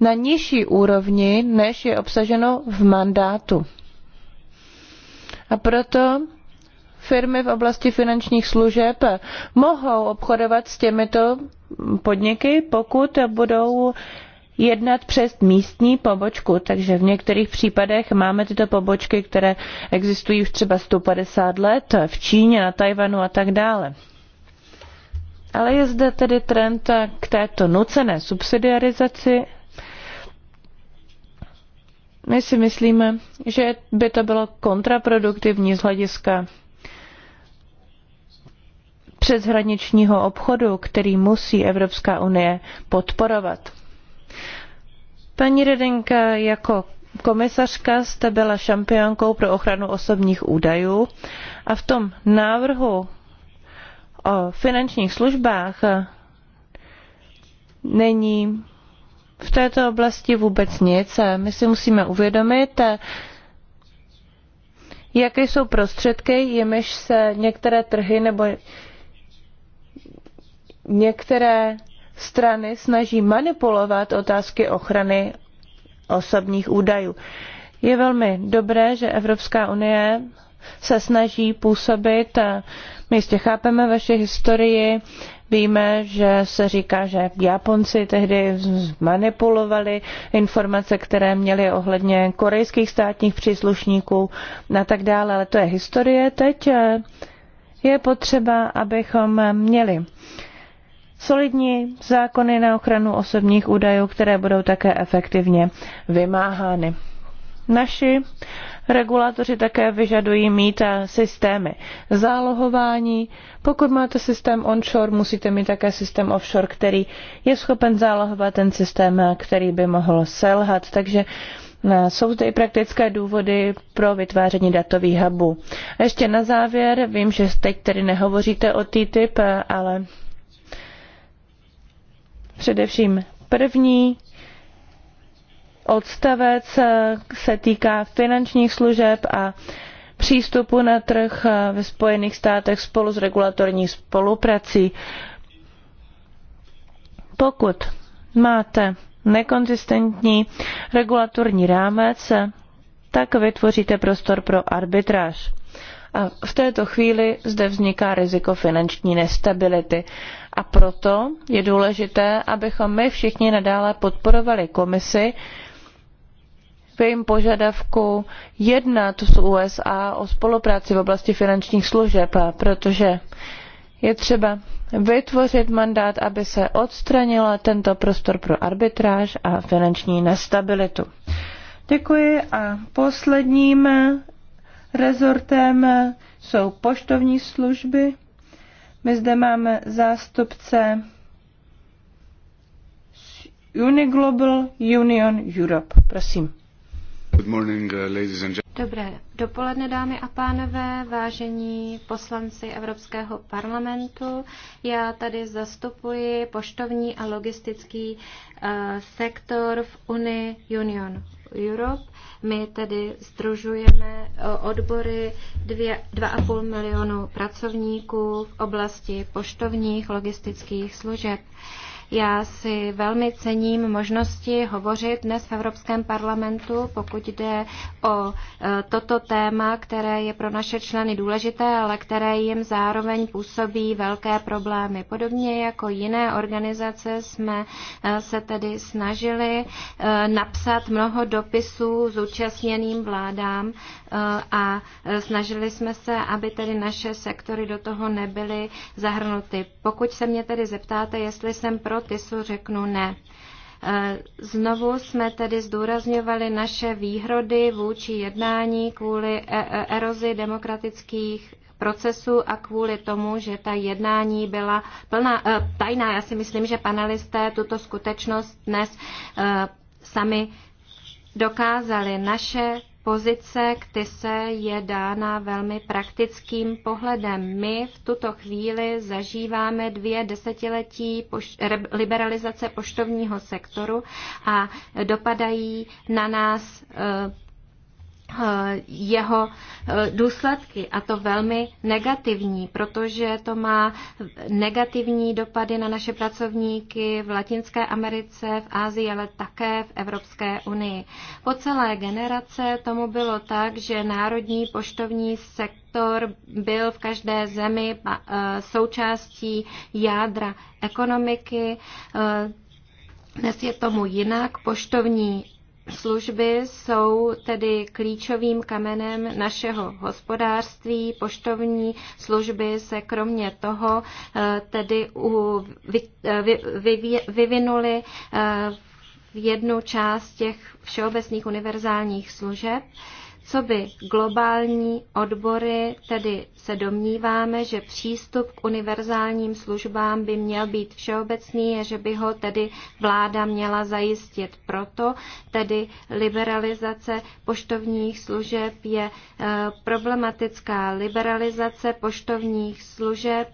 na nižší úrovni, než je obsaženo v mandátu. A proto firmy v oblasti finančních služeb mohou obchodovat s těmito podniky, pokud budou jednat přes místní pobočku. Takže v některých případech máme tyto pobočky, které existují už třeba 150 let v Číně, na Tajvanu a tak dále. Ale je zde tedy trend k této nucené subsidiarizaci my si myslíme, že by to bylo kontraproduktivní z hlediska přeshraničního obchodu, který musí Evropská unie podporovat. Paní Redenka jako komisařka jste byla šampionkou pro ochranu osobních údajů a v tom návrhu o finančních službách není v této oblasti vůbec nic. My si musíme uvědomit, jaké jsou prostředky, jimiž se některé trhy nebo některé strany snaží manipulovat otázky ochrany osobních údajů. Je velmi dobré, že Evropská unie se snaží působit, my jistě chápeme vaše historii, Víme, že se říká, že Japonci tehdy manipulovali informace, které měli ohledně korejských státních příslušníků a tak dále, ale to je historie. Teď eh, je potřeba, abychom eh, měli solidní zákony na ochranu osobních údajů, které budou také efektivně vymáhány. Naši Regulátoři také vyžadují mít eh, systémy zálohování. Pokud máte systém onshore, musíte mít také systém offshore, který je schopen zálohovat ten systém, eh, který by mohl selhat. Takže eh, jsou zde i praktické důvody pro vytváření datových hubů. A ještě na závěr, vím, že teď tedy nehovoříte o TTIP, ale především první odstavec eh, se týká finančních služeb a přístupu na trh eh, ve Spojených státech spolu s regulatorní spoluprací. Pokud máte nekonzistentní regulatorní rámec, eh, tak vytvoříte prostor pro arbitráž. A v této chvíli zde vzniká riziko finanční nestability. A proto je důležité, abychom my všichni nadále podporovali komisi, v jejím požadavku jednat s USA o spolupráci v oblasti finančních služeb, protože je třeba vytvořit mandát, aby se odstranila tento prostor pro arbitráž a finanční nestabilitu. Děkuji a posledním rezortem jsou poštovní služby. My zde máme zástupce Uniglobal Union Europe. Prosím. Uh, Dobré dopoledne, dámy a pánové, vážení poslanci Evropského parlamentu. Já tady zastupuji poštovní a logistický uh, sektor v Unii Union Europe. My tedy združujeme eh, odbory 2,5 milionu pracovníků v oblasti poštovních logistických služeb. Uh, já si velmi cením možnosti hovořit dnes v Evropském parlamentu, pokud jde o e, toto téma, které je pro naše členy důležité, ale které jim zároveň působí velké problémy. Podobně jako jiné organizace jsme e, se tedy snažili e, napsat mnoho dopisů zúčastněným vládám a snažili jsme se, aby tedy naše sektory do toho nebyly zahrnuty. Pokud se mě tedy zeptáte, jestli jsem pro dopisu řeknu ne. E, znovu jsme tedy zdůrazňovali naše výhrody vůči jednání kvůli e, e, erozi demokratických procesu a kvůli tomu, že ta jednání byla plná, tajná. Já si myslím, že panelisté tuto skutečnost dnes sami dokázali. Naše pozice k TISE je dána velmi praktickým pohledem. My v tuto chvíli zažíváme dvě desetiletí poš- liberalizace poštovního sektoru a dopadají na nás e, Eh, jeho eh, důsledky a to velmi negativní, protože to má negativní dopady na naše pracovníky v Latinské Americe, v Ázii, ale také v Evropské unii. Po celé generace tomu bylo tak, že národní poštovní sektor byl v každé zemi eh, součástí jádra ekonomiky. Dnes je tomu jinak. Poštovní Služby jsou tedy klíčovým kamenem našeho hospodářství. Poštovní služby se kromě toho eh, tedy eh, vyvinuly eh, v jednu část těch všeobecných univerzálních služeb. Co by globální odbory, tedy se domníváme, že přístup k univerzálním službám by měl být všeobecný a že by ho tedy vláda měla zajistit. Proto tedy liberalizace poštovních služeb je e, problematická. Liberalizace poštovních služeb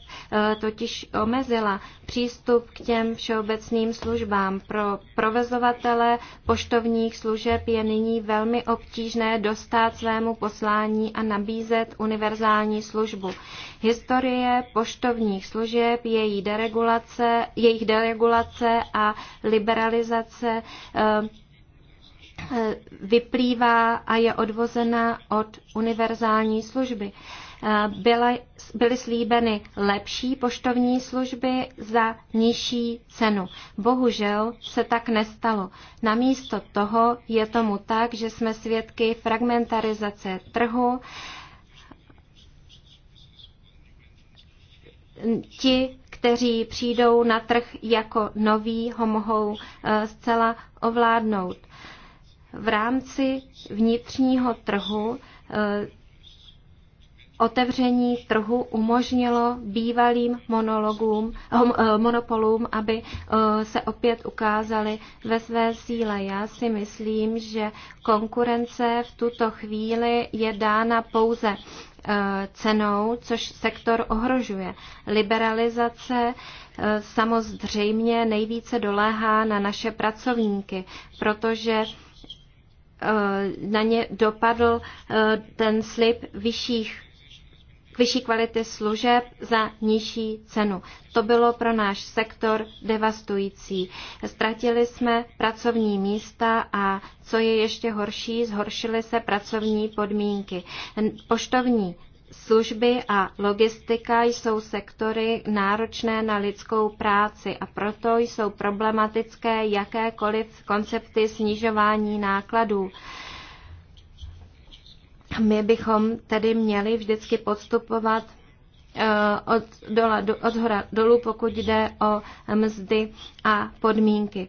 e, totiž omezila přístup k těm všeobecným službám. Pro provozovatele poštovních služeb je nyní velmi obtížné dostat dostat svému poslání a nabízet univerzální službu. Historie poštovních služeb, její deregulace, jejich deregulace a liberalizace eh, eh, vyplývá a je odvozena od univerzální služby. Eh, byla, byly slíbeny lepší poštovní služby za nižší cenu. Bohužel se tak nestalo. Namísto toho je tomu tak, že jsme svědky fragmentarizace trhu. Ti, kteří přijdou na trh jako noví, ho mohou eh, zcela ovládnout. V rámci vnitřního trhu eh, otevření trhu umožnilo bývalým monologům, eh, monopolům, aby eh, se opět ukázali ve své síle. Já si myslím, že konkurence v tuto chvíli je dána pouze eh, cenou, což sektor ohrožuje. Liberalizace samozřejmě nejvíce doléhá na naše pracovníky, protože na ně dopadl ten slib vyšších k vyšší kvality služeb za nižší cenu. To bylo pro náš sektor devastující. Ztratili jsme pracovní místa a co je ještě horší, zhoršily se pracovní podmínky. Poštovní Služby a logistika jsou sektory náročné na lidskou práci a proto jsou problematické jakékoliv koncepty snižování nákladů my bychom tedy měli vždycky podstupovat eh, od, dola, od hora dolů, pokud jde o mzdy a podmínky.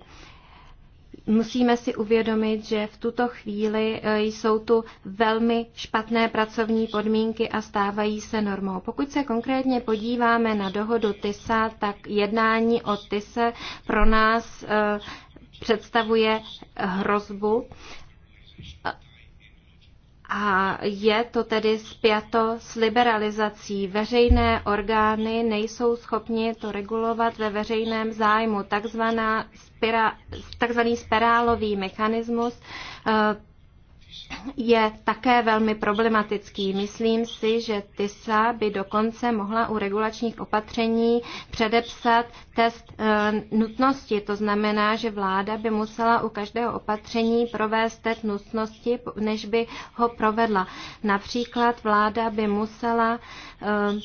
Musíme si uvědomit, že v tuto chvíli eh, jsou tu velmi špatné pracovní podmínky a stávají se normou. Pokud se konkrétně podíváme na dohodu TISA, tak jednání o TISE pro nás eh, představuje hrozbu a je to tedy zpěto s liberalizací. Veřejné orgány nejsou schopni to regulovat ve veřejném zájmu. Takzvaná spira, takzvaný spirálový mechanismus eh, je také velmi problematický. Myslím si, že TISA by dokonce mohla u regulačních opatření předepsat test e, nutnosti. To znamená, že vláda by musela u každého opatření provést test nutnosti, než by ho provedla. Například vláda by musela e,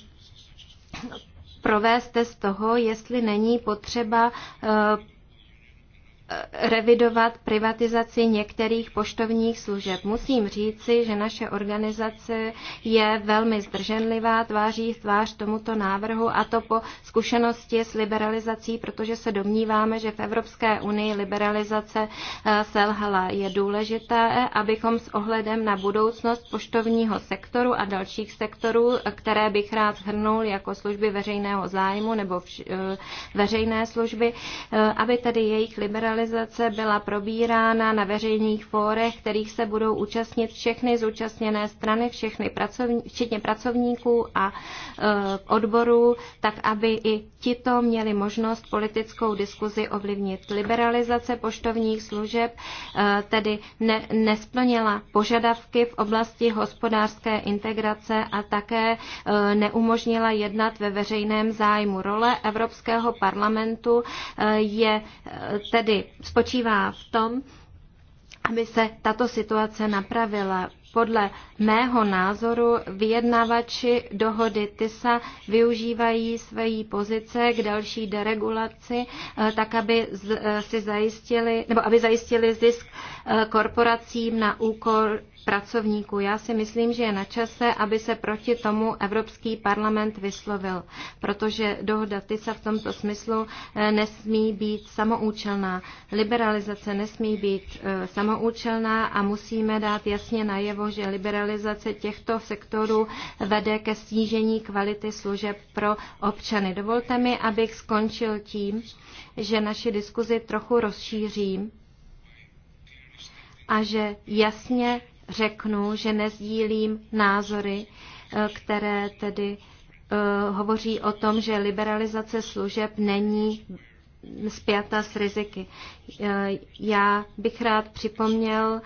provést test toho, jestli není potřeba e, revidovat privatizaci některých poštovních služeb. Musím říci, že naše organizace je velmi zdrženlivá tváří v tvář tomuto návrhu a to po zkušenosti s liberalizací, protože se domníváme, že v Evropské unii liberalizace eh, selhala. Je důležité, abychom s ohledem na budoucnost poštovního sektoru a dalších sektorů, které bych rád zhrnul jako služby veřejného zájmu nebo eh, veřejné služby, eh, aby tedy jejich liberalizace racionalizace byla probírána na veřejných fórech, kterých se budou účastnit všechny zúčastněné strany, všechny pracovní, včetně pracovníků a e, odborů, tak aby i tito měli možnost politickou diskuzi ovlivnit. Liberalizace poštovních služeb e, tedy ne, nesplnila požadavky v oblasti hospodářské integrace a také e, neumožnila jednat ve veřejném zájmu. Role Evropského parlamentu e, je e, tedy spočívá v tom, aby se tato situace napravila. Podle mého názoru vyjednavači dohody TISA využívají své pozice k další deregulaci, eh, tak aby eh, si zajistili, nebo aby zajistili zisk eh, korporacím na úkor pracovníků. Já si myslím, že je na čase, aby se proti tomu Evropský parlament vyslovil, protože dohoda TISA v tomto smyslu eh, nesmí být samoučelná. Liberalizace nesmí být eh, samoučelná a musíme dát jasně najevo, že liberalizace těchto sektorů vede ke snížení kvality služeb pro občany. Dovolte mi, abych skončil tím, že naši diskuzi trochu rozšířím a že jasně řeknu, že nezdílím názory, eh, které tedy eh, hovoří o tom, že liberalizace služeb není spjata s riziky. Eh, já bych rád připomněl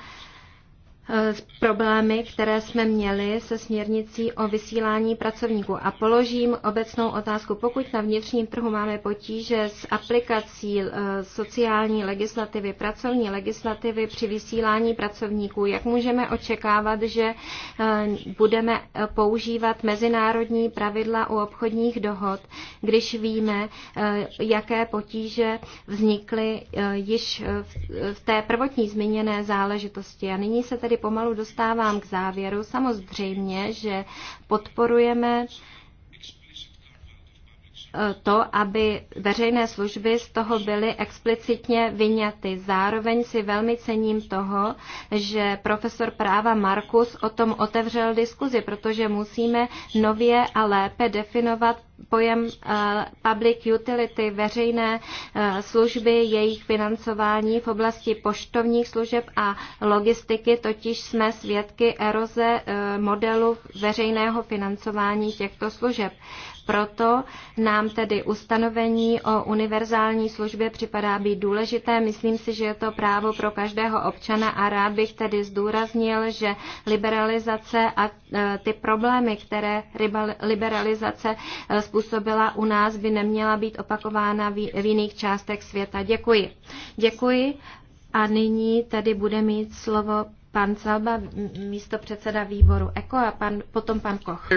Eh, problémy, které jsme měli se směrnicí o vysílání pracovníků. A položím obecnou otázku. Pokud na vnitřním trhu máme potíže s aplikací eh, sociální legislativy, pracovní legislativy při vysílání pracovníků, jak můžeme očekávat, že eh, budeme používat mezinárodní pravidla u obchodních dohod, když víme, jaké potíže vznikly již v té prvotní zmíněné záležitosti. A nyní se tedy pomalu dostávám k závěru. Samozřejmě, že podporujeme to, aby veřejné služby z toho byly explicitně vyňaty. Zároveň si velmi cením toho, že profesor práva Markus o tom otevřel diskuzi, protože musíme nově a lépe definovat pojem eh, public utility, veřejné eh, služby, jejich financování v oblasti poštovních služeb a logistiky, totiž jsme svědky eroze eh, modelu veřejného financování těchto služeb proto nám tedy ustanovení o univerzální službě připadá být důležité. Myslím si, že je to právo pro každého občana a rád bych tedy zdůraznil, že liberalizace a e, ty problémy, které liberalizace e, způsobila u nás, by neměla být opakována v jiných částech světa. Děkuji. Děkuji. A nyní tedy bude mít slovo pan Salba, místo předseda výboru ECO a pan, potom pan Koch.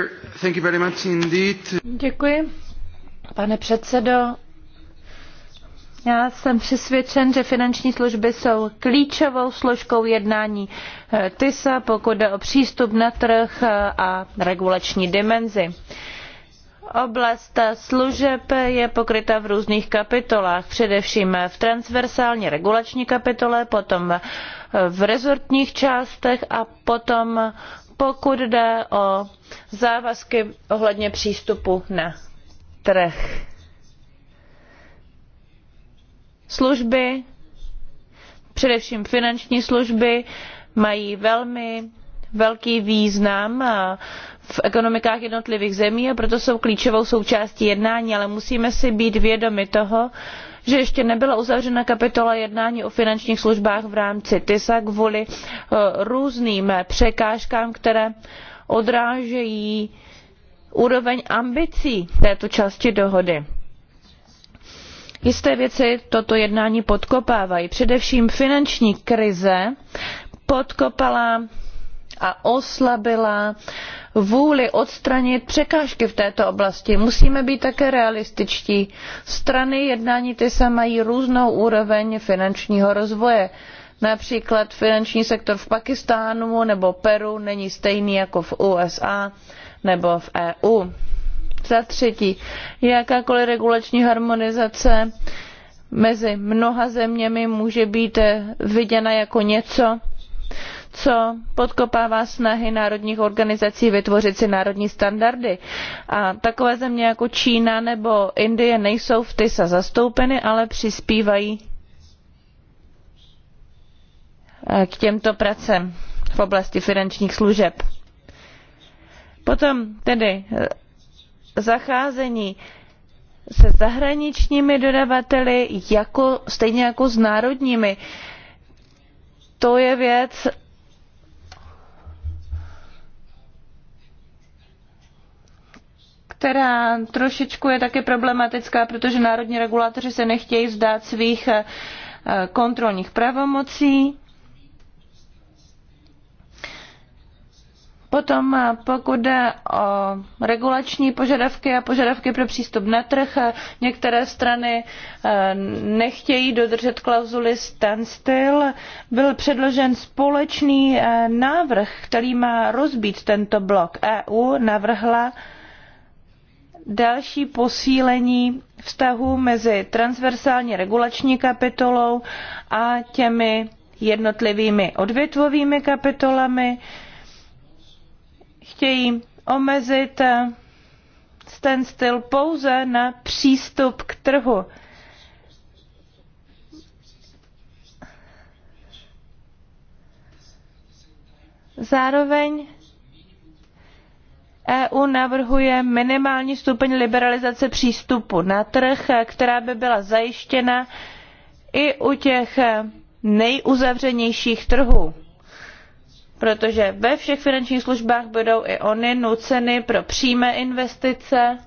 Thank you very much indeed. Děkuji. Pane předsedo, já jsem přesvědčen, že finanční služby jsou klíčovou složkou jednání eh, TISA, pokud jde o přístup na trh eh, a regulační dimenzi. Oblast služeb je pokryta v různých kapitolách, především v transversální regulační kapitole, potom v rezortních částech a potom pokud jde o závazky ohledně přístupu na trh. Služby, především finanční služby, mají velmi velký význam a v ekonomikách jednotlivých zemí a proto jsou klíčovou součástí jednání ale musíme si být vědomi toho že ještě nebyla uzavřena kapitola jednání o finančních službách v rámci tisa kvůli eh, různým překážkám které odrážejí úroveň ambicí této části dohody. jisté věci toto jednání podkopávají především finanční krize podkopala a oslabila vůli odstranit překážky v této oblasti. Musíme být také realističtí. Strany jednání TISA mají různou úroveň finančního rozvoje. Například finanční sektor v Pakistánu nebo Peru není stejný jako v USA nebo v EU. Za třetí, jakákoliv regulační harmonizace mezi mnoha zeměmi může být viděna jako něco, co podkopává snahy národních organizací vytvořit si národní standardy. A takové země jako Čína nebo Indie nejsou v TISA zastoupeny, ale přispívají eh, k těmto pracem v oblasti finančních služeb. Potom tedy eh, zacházení se zahraničními dodavateli jako, stejně jako s národními. To je věc, která trošičku je také problematická, protože národní regulátoři se nechtějí vzdát svých eh, kontrolních pravomocí. Potom eh, pokud jde o regulační požadavky a požadavky pro přístup na trh, eh, některé strany nechtějí dodržet klauzuly standstill. Byl předložen společný návrh, který má rozbít tento blok. EU navrhla další posílení vztahu mezi transversální regulační kapitolou a těmi jednotlivými odvětvovými kapitolami. Chtějí omezit eh, styl pouze na přístup k trhu. Zároveň EU navrhuje minimální stupeň liberalizace přístupu na trh, která by byla zajištěna i u těch nejuzavřenějších trhů. Protože ve všech finančních službách budou i ony nuceny pro přímé investice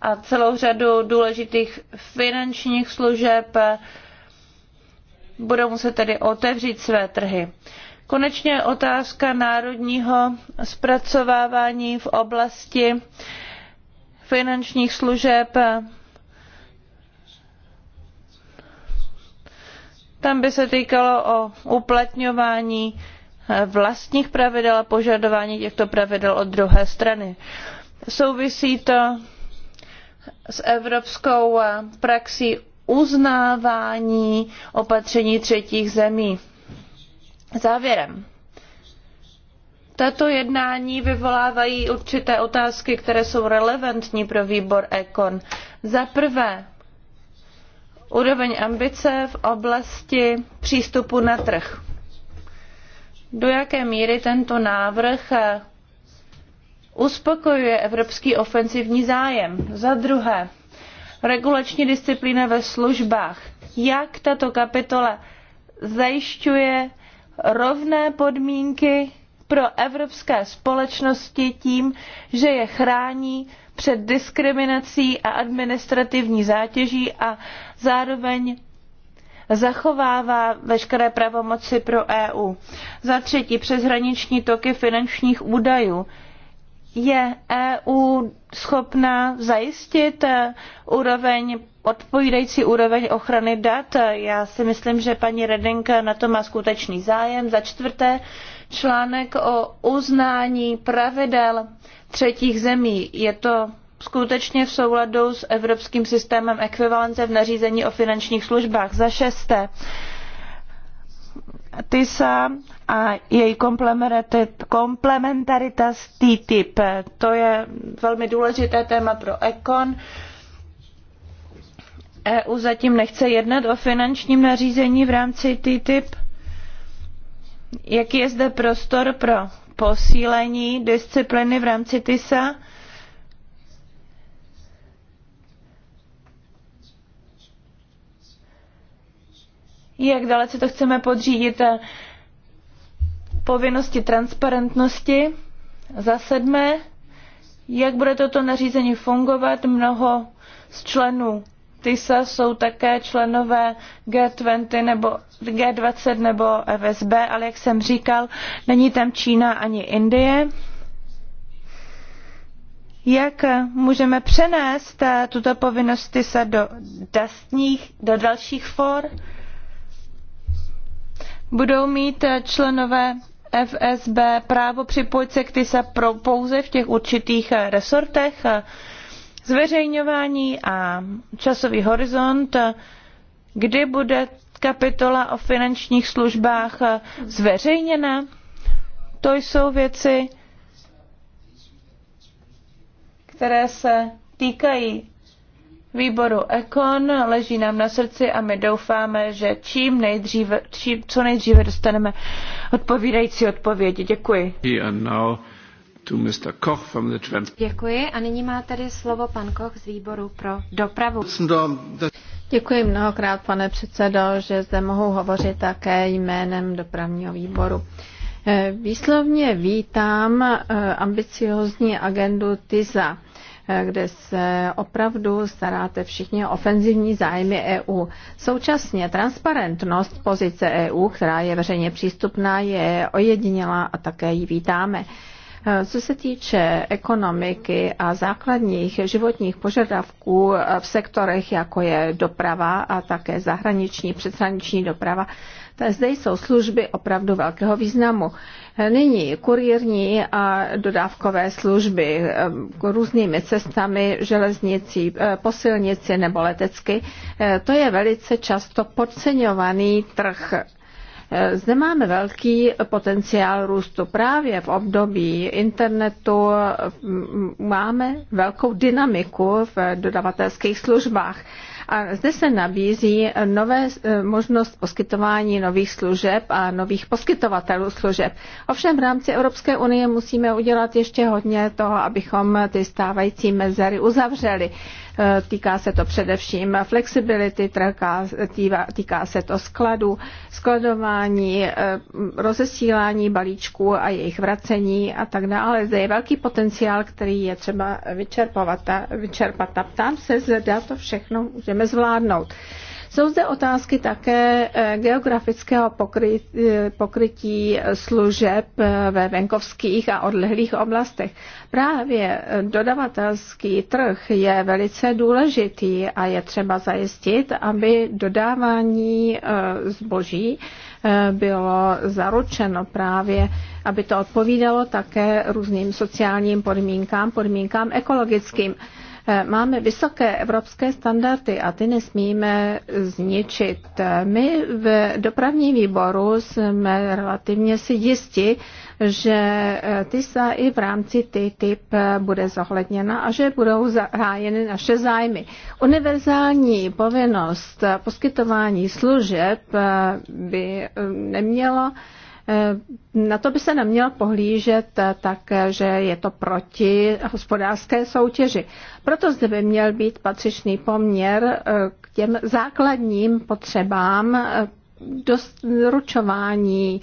a celou řadu důležitých finančních služeb budou muset tedy otevřít své trhy. Konečně otázka národního zpracovávání v oblasti finančních služeb. Tam by se týkalo o uplatňování vlastních pravidel a požadování těchto pravidel od druhé strany. Souvisí to s evropskou praxí uznávání opatření třetích zemí. Závěrem. Tato jednání vyvolávají určité otázky, které jsou relevantní pro výbor Ekon. Za prvé, úroveň ambice v oblasti přístupu na trh. Do jaké míry tento návrh uspokojuje evropský ofenzivní zájem? Za druhé, regulační disciplína ve službách. Jak tato kapitola zajišťuje rovné podmínky pro evropské společnosti tím, že je chrání před diskriminací a administrativní zátěží a zároveň zachovává veškeré pravomoci pro EU. Za třetí, přeshraniční toky finančních údajů. Je EU schopna zajistit eh, úroveň odpovídající úroveň ochrany dat. Já si myslím, že paní Reding na to má skutečný zájem. Za čtvrté, článek o uznání pravidel třetích zemí. Je to skutečně v souladu s evropským systémem ekvivalence v nařízení o finančních službách. Za šesté, TISA a její komplementarita s TTIP. To je velmi důležité téma pro Econ. EU zatím nechce jednat o finančním nařízení v rámci TTIP? Jaký je zde prostor pro posílení disciplíny v rámci TISA? Jak dalece to chceme podřídit eh, povinnosti transparentnosti? Za sedmé, jak bude toto nařízení fungovat? Mnoho z členů TISA jsou také členové G20 nebo, G20 nebo FSB, ale jak jsem říkal, není tam Čína ani Indie. Jak můžeme přenést eh, tuto povinnost TISA do, dastních, do dalších for? Budou mít eh, členové FSB právo připojit se k TISA pro pouze v těch určitých eh, resortech? zveřejňování a časový horizont, kdy bude kapitola o finančních službách zveřejněna. To jsou věci, které se týkají výboru Ekon, leží nám na srdci a my doufáme, že čím nejdříve, čím, co nejdříve dostaneme odpovídající odpovědi. Děkuji to Mr. Koch from the trans- Děkuji a nyní má tady slovo pan Koch z výboru pro dopravu. Děkuji mnohokrát, pane předsedo, že zde mohu hovořit také jménem dopravního výboru. Eh, výslovně vítám eh, ambiciozní agendu TISA eh, kde se opravdu staráte všichni o ofenzivní zájmy EU. Současně transparentnost pozice EU, která je veřejně přístupná, je ojedinělá a také ji vítáme. Eh, co se týče ekonomiky a základních životních požadavků eh, v sektorech, jako je doprava a také zahraniční, přeshraniční doprava, zde jsou služby opravdu velkého významu. Eh, nyní kurírní a dodávkové služby různými cestami, železnicí, po silnici nebo letecky, to je velice často podceňovaný trh zde máme velký potenciál růstu. Právě v období internetu máme velkou dynamiku v dodavatelských službách. A zde se nabízí nové eh, možnost poskytování nových služeb a nových poskytovatelů služeb. Ovšem v rámci Evropské unie musíme udělat ještě hodně toho, abychom ty stávající mezery uzavřeli týká se to především flexibility, týká se to skladu, skladování, eh, rozesílání balíčků a jejich vracení a tak dále. Zde je velký potenciál, který je třeba vyčerpat. A ptám se, zda to všechno můžeme zvládnout. Jsou zde otázky také eh, geografického eh, pokrytí služeb eh, ve venkovských a odlehlých oblastech. Právě dodavatelský trh je velice důležitý a je třeba zajistit, aby dodávání zboží bylo zaručeno právě, aby to odpovídalo také různým sociálním podmínkám, podmínkám ekologickým. Eh, máme vysoké evropské standardy a ty nesmíme zničit. My v dopravním výboru jsme relativně si jisti, že eh, se i v rámci typ eh, bude zohledněna a že budou zahájeny naše zájmy. Univerzální povinnost poskytování služeb by neměla Eh, na to by se neměl pohlížet eh, tak, eh, že je to proti hospodářské soutěži. Proto zde by měl být patřičný poměr k těm základním potřebám doručování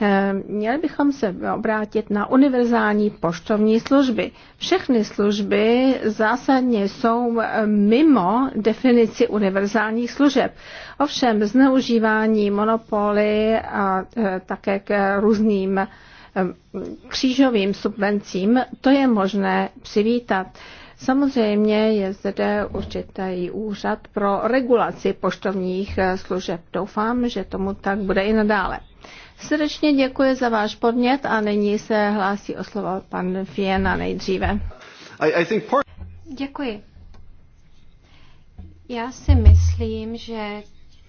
Eh, měli bychom se obrátit na univerzální poštovní služby. Všechny služby zásadně jsou mimo definici univerzálních služeb. Ovšem zneužívání monopoly a eh, také k různým eh, křížovým subvencím, to je možné přivítat. Samozřejmě je zde určitý úřad pro regulaci poštovních eh, služeb. Doufám, že tomu tak bude i nadále. Srdečně děkuji za váš podnět a nyní se hlásí o slovo pan Fiena nejdříve. Děkuji. Já si myslím, že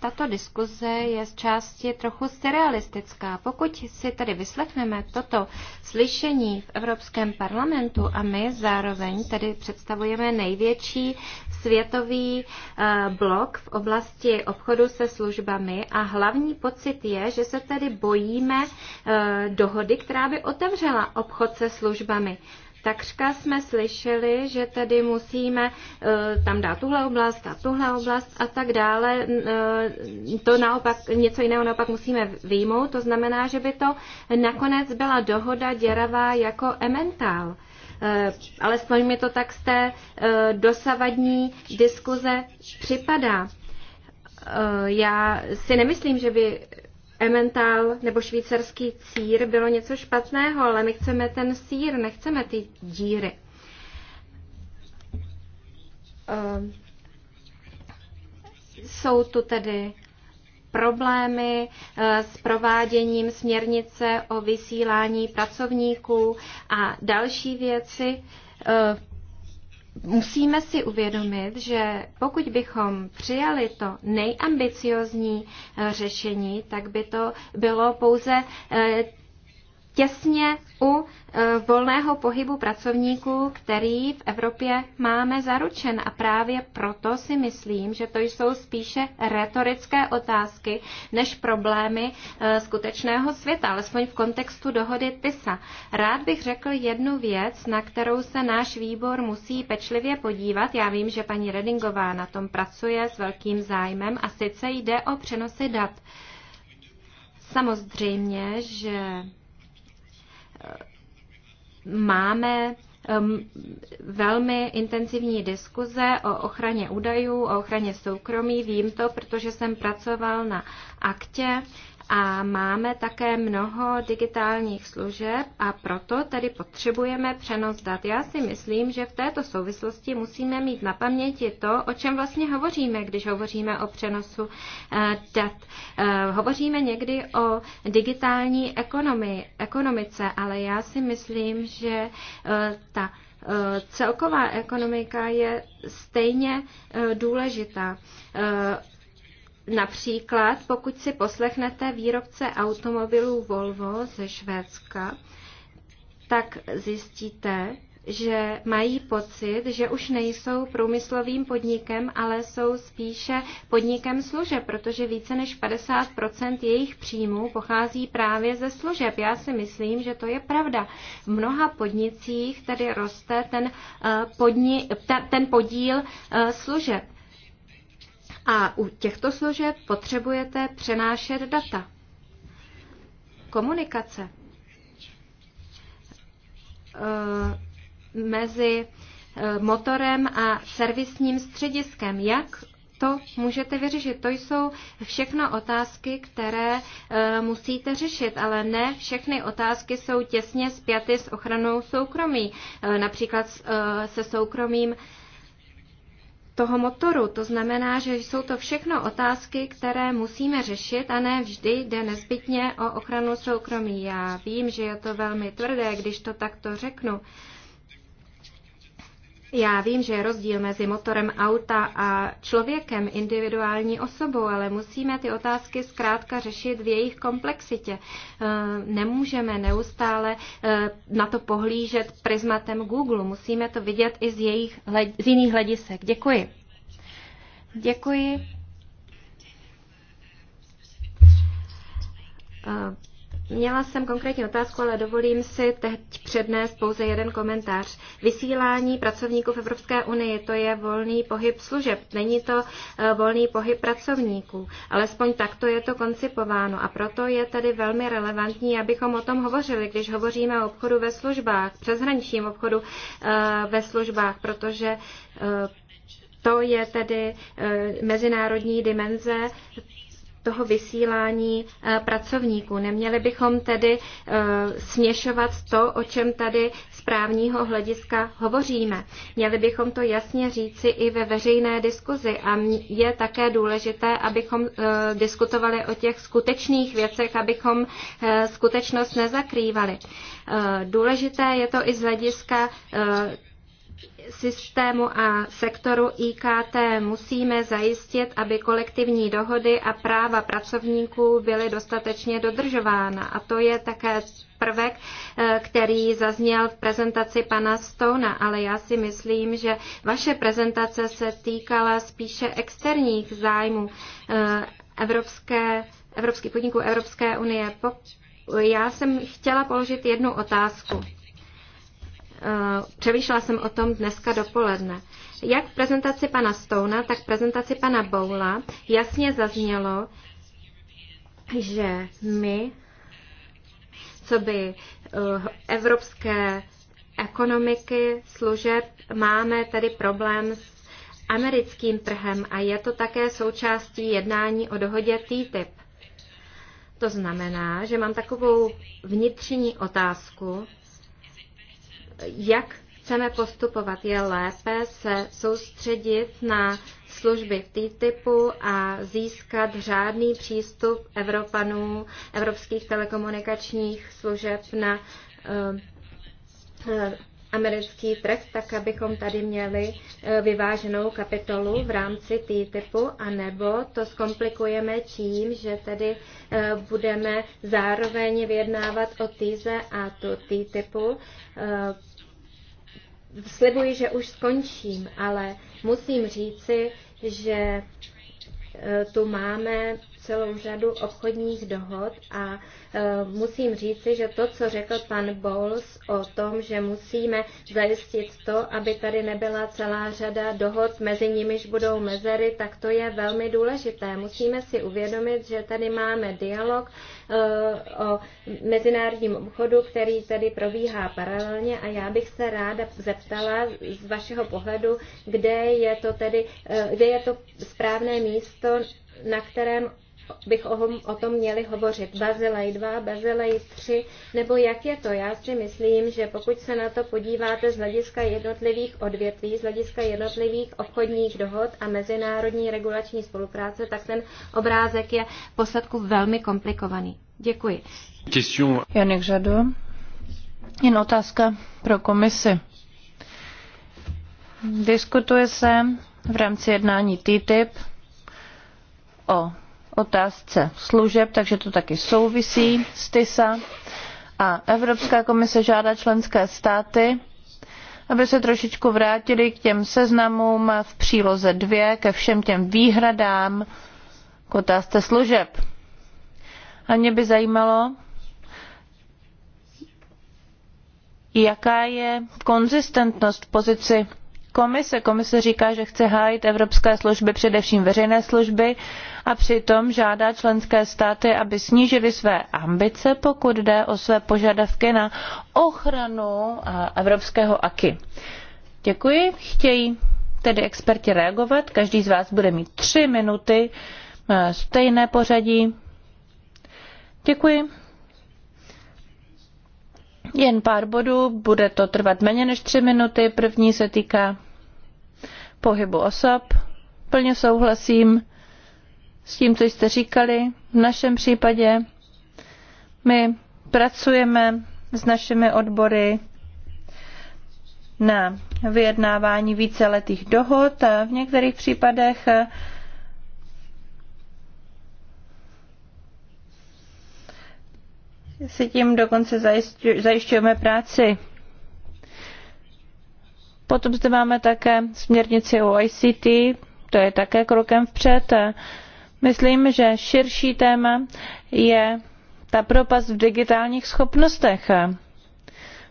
tato diskuze je z části trochu surrealistická. Pokud si tedy vyslechneme toto slyšení v Evropském parlamentu a my zároveň tedy představujeme největší světový eh, blok v oblasti obchodu se službami a hlavní pocit je, že se tedy bojíme eh, dohody, která by otevřela obchod se službami takřka jsme slyšeli, že tedy musíme eh, tam dát tuhle oblast a tuhle oblast a tak dále. Eh, to naopak, něco jiného naopak musíme výjmout, to znamená, že by to nakonec byla dohoda děravá jako ementál eh, Ale mi to tak z té dosavadní diskuze připadá. Já si nemyslím, že by Emmental nebo švýcarský cír bylo něco špatného, ale my chceme ten sír, nechceme ty díry. Eh, jsou tu tedy problémy eh, s prováděním směrnice o vysílání pracovníků a další věci. Eh, Musíme si uvědomit, že pokud bychom přijali to nejambiciozní eh, řešení, tak by to bylo pouze eh, těsně u e, volného pohybu pracovníků, který v Evropě máme zaručen. A právě proto si myslím, že to jsou spíše retorické otázky než problémy e, skutečného světa, alespoň v kontextu dohody TISA. Rád bych řekl jednu věc, na kterou se náš výbor musí pečlivě podívat. Já vím, že paní Redingová na tom pracuje s velkým zájmem a sice jde o přenosy dat. Samozřejmě, že máme um, velmi intenzivní diskuze o ochraně údajů, o ochraně soukromí. Vím to, protože jsem pracoval na aktě, a máme také mnoho digitálních služeb a proto tedy potřebujeme přenos dat. Já si myslím, že v této souvislosti musíme mít na paměti to, o čem vlastně hovoříme, když hovoříme o přenosu eh, dat. Eh, hovoříme někdy o digitální ekonomii, ekonomice, ale já si myslím, že eh, ta celková ekonomika je stejně důležitá. Například, pokud si poslechnete výrobce automobilů Volvo ze Švédska, tak zjistíte, že mají pocit, že už nejsou průmyslovým podnikem, ale jsou spíše podnikem služeb, protože více než 50 jejich příjmů pochází právě ze služeb. Já si myslím, že to je pravda. V mnoha podnicích tedy roste ten, eh, podni, ten podíl eh, služeb. A u těchto služeb potřebujete přenášet data. Komunikace eh, mezi eh, motorem a servisním střediskem. Jak to můžete vyřešit. To jsou všechno otázky, které e, musíte řešit, ale ne všechny otázky jsou těsně spjaty s ochranou soukromí, e, například s, e, se soukromím toho motoru. To znamená, že jsou to všechno otázky, které musíme řešit a ne vždy jde nezbytně o ochranu soukromí. Já vím, že je to velmi tvrdé, když to takto řeknu, já vím, že je rozdíl mezi motorem auta a člověkem, individuální osobou, ale musíme ty otázky zkrátka řešit v jejich komplexitě. Eh, nemůžeme neustále eh, na to pohlížet prismatem Google. Musíme to vidět i z, jejich, z jiných hledisek. Děkuji. Děkuji. Eh, Měla jsem konkrétní otázku, ale dovolím si teď přednést pouze jeden komentář. Vysílání pracovníků v Evropské unii, to je volný pohyb služeb, není to eh, volný pohyb pracovníků. Alespoň takto je to koncipováno a proto je tady velmi relevantní, abychom o tom hovořili, když hovoříme o obchodu ve službách, přeshraničním obchodu eh, ve službách, protože eh, to je tedy mezinárodní dimenze toho vysílání eh, pracovníků. Neměli bychom tedy eh, směšovat to, o čem tady z právního hlediska hovoříme. Měli bychom to jasně říci i ve veřejné diskuzi a je také důležité, abychom eh, diskutovali o těch skutečných věcech, abychom skutečnost nezakrývali. Důležité je to i z hlediska systému a sektoru IKT musíme zajistit, aby kolektivní dohody a práva pracovníků byly dostatečně dodržována. A to je také prvek, eh, který zazněl v prezentaci pana Stona, ale já si myslím, že vaše prezentace se týkala spíše externích zájmů eh, Evropské, evropských podniků Evropské unie. Já jsem chtěla položit jednu otázku. Eh, přemýšlela jsem o tom dneska dopoledne. Jak v prezentaci pana Stouna, tak v prezentaci pana Boula jasně zaznělo, že my, co by eh, evropské ekonomiky, služeb, máme tady problém s americkým trhem a je to také součástí jednání o dohodě TTIP. To znamená, že mám takovou vnitřní otázku, jak chceme postupovat, je lépe se soustředit na služby v TTIPu a získat řádný přístup Evropanů, evropských telekomunikačních služeb na eh, eh, americký trh, tak abychom tady měli e, vyváženou kapitolu v rámci TTIPu, anebo to zkomplikujeme tím, že tedy e, budeme zároveň vyjednávat o TISE a tu TTIPu. E, slibuji, že už skončím, ale musím říci, že tu máme celou řadu obchodních dohod a e, musím říci, že to, co řekl pan Bowles o tom, že musíme zajistit to, aby tady nebyla celá řada dohod, mezi nimiž budou mezery, tak to je velmi důležité. Musíme si uvědomit, že tady máme dialog e, o mezinárodním obchodu, který tady probíhá paralelně a já bych se ráda zeptala z vašeho pohledu, kde je to tedy, e, kde je to správné místo, na kterém bych o tom měli hovořit. Bazilej 2, Bazilej 3, nebo jak je to? Já si myslím, že pokud se na to podíváte z hlediska jednotlivých odvětví, z hlediska jednotlivých obchodních dohod a mezinárodní regulační spolupráce, tak ten obrázek je v posledku velmi komplikovaný. Děkuji. Janek Žado. Jen otázka pro komisi. Diskutuje se v rámci jednání TTIP o otázce služeb, takže to taky souvisí s TISA. A Evropská komise žádá členské státy, aby se trošičku vrátili k těm seznamům v příloze 2, ke všem těm výhradám k otázce služeb. A mě by zajímalo, jaká je konzistentnost v pozici komise. Komise říká, že chce hájit evropské služby, především veřejné služby, a přitom žádá členské státy, aby snížily své ambice, pokud jde o své požadavky na ochranu eh, evropského acquis. Děkuji. Chtějí tedy experti reagovat. Každý z vás bude mít tři minuty. Eh, stejné pořadí. Děkuji. Jen pár bodů, bude to trvat méně než tři minuty. První se týká pohybu osob. Plně souhlasím s tím, co jste říkali. V našem případě my pracujeme s našimi odbory na vyjednávání víceletých dohod a v některých případech si tím dokonce zajišťujeme práci. Potom zde máme také směrnici o ICT, to je také krokem vpřed. A Myslím, že širší téma je ta propast v digitálních schopnostech.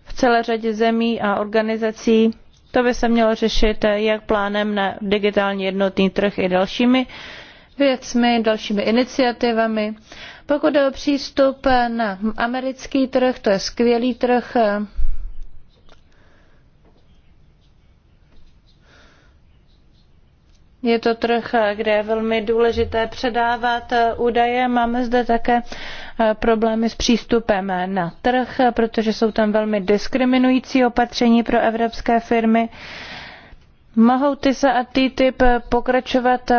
V celé řadě zemí a organizací to by se mělo řešit jak plánem na digitální jednotný trh i dalšími věcmi, dalšími iniciativami. Pokud jde o přístup na americký trh, to je skvělý trh, Je to trh, kde je velmi důležité předávat eh, údaje. Máme zde také eh, problémy s přístupem na trh, protože jsou tam velmi diskriminující opatření pro evropské firmy. Mohou TISA a TTIP eh, pokračovat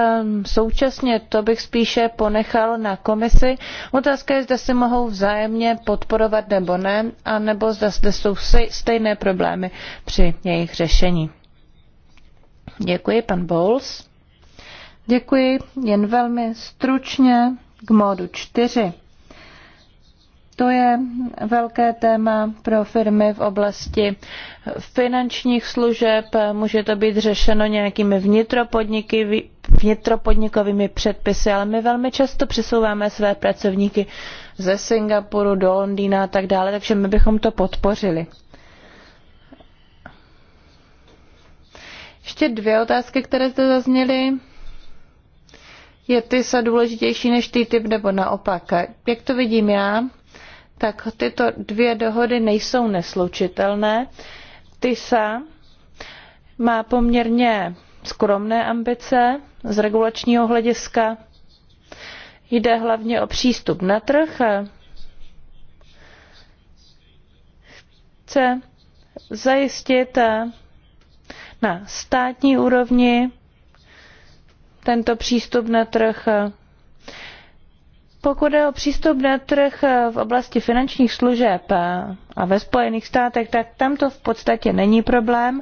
současně, to bych spíše ponechal na komisi. Otázka je, zda si mohou vzájemně podporovat nebo ne, anebo zda zde jsou stejné problémy při jejich řešení. Děkuji, pan Bowles. Děkuji jen velmi stručně k módu 4. To je velké téma pro firmy v oblasti finančních služeb. Může to být řešeno nějakými vnitropodniky, vnitropodnikovými předpisy, ale my velmi často přesouváme své pracovníky ze Singapuru do Londýna a tak dále, takže my bychom to podpořili. Ještě dvě otázky, které zde zazněly je TISA důležitější než TTIP nebo naopak. Jak to vidím já, tak tyto dvě dohody nejsou neslučitelné. TISA má poměrně skromné ambice z regulačního hlediska. Jde hlavně o přístup na trh. Chce zajistit na státní úrovni tento přístup na trh. Pokud je o přístup na trh v oblasti finančních služeb a ve Spojených státech, tak tam to v podstatě není problém.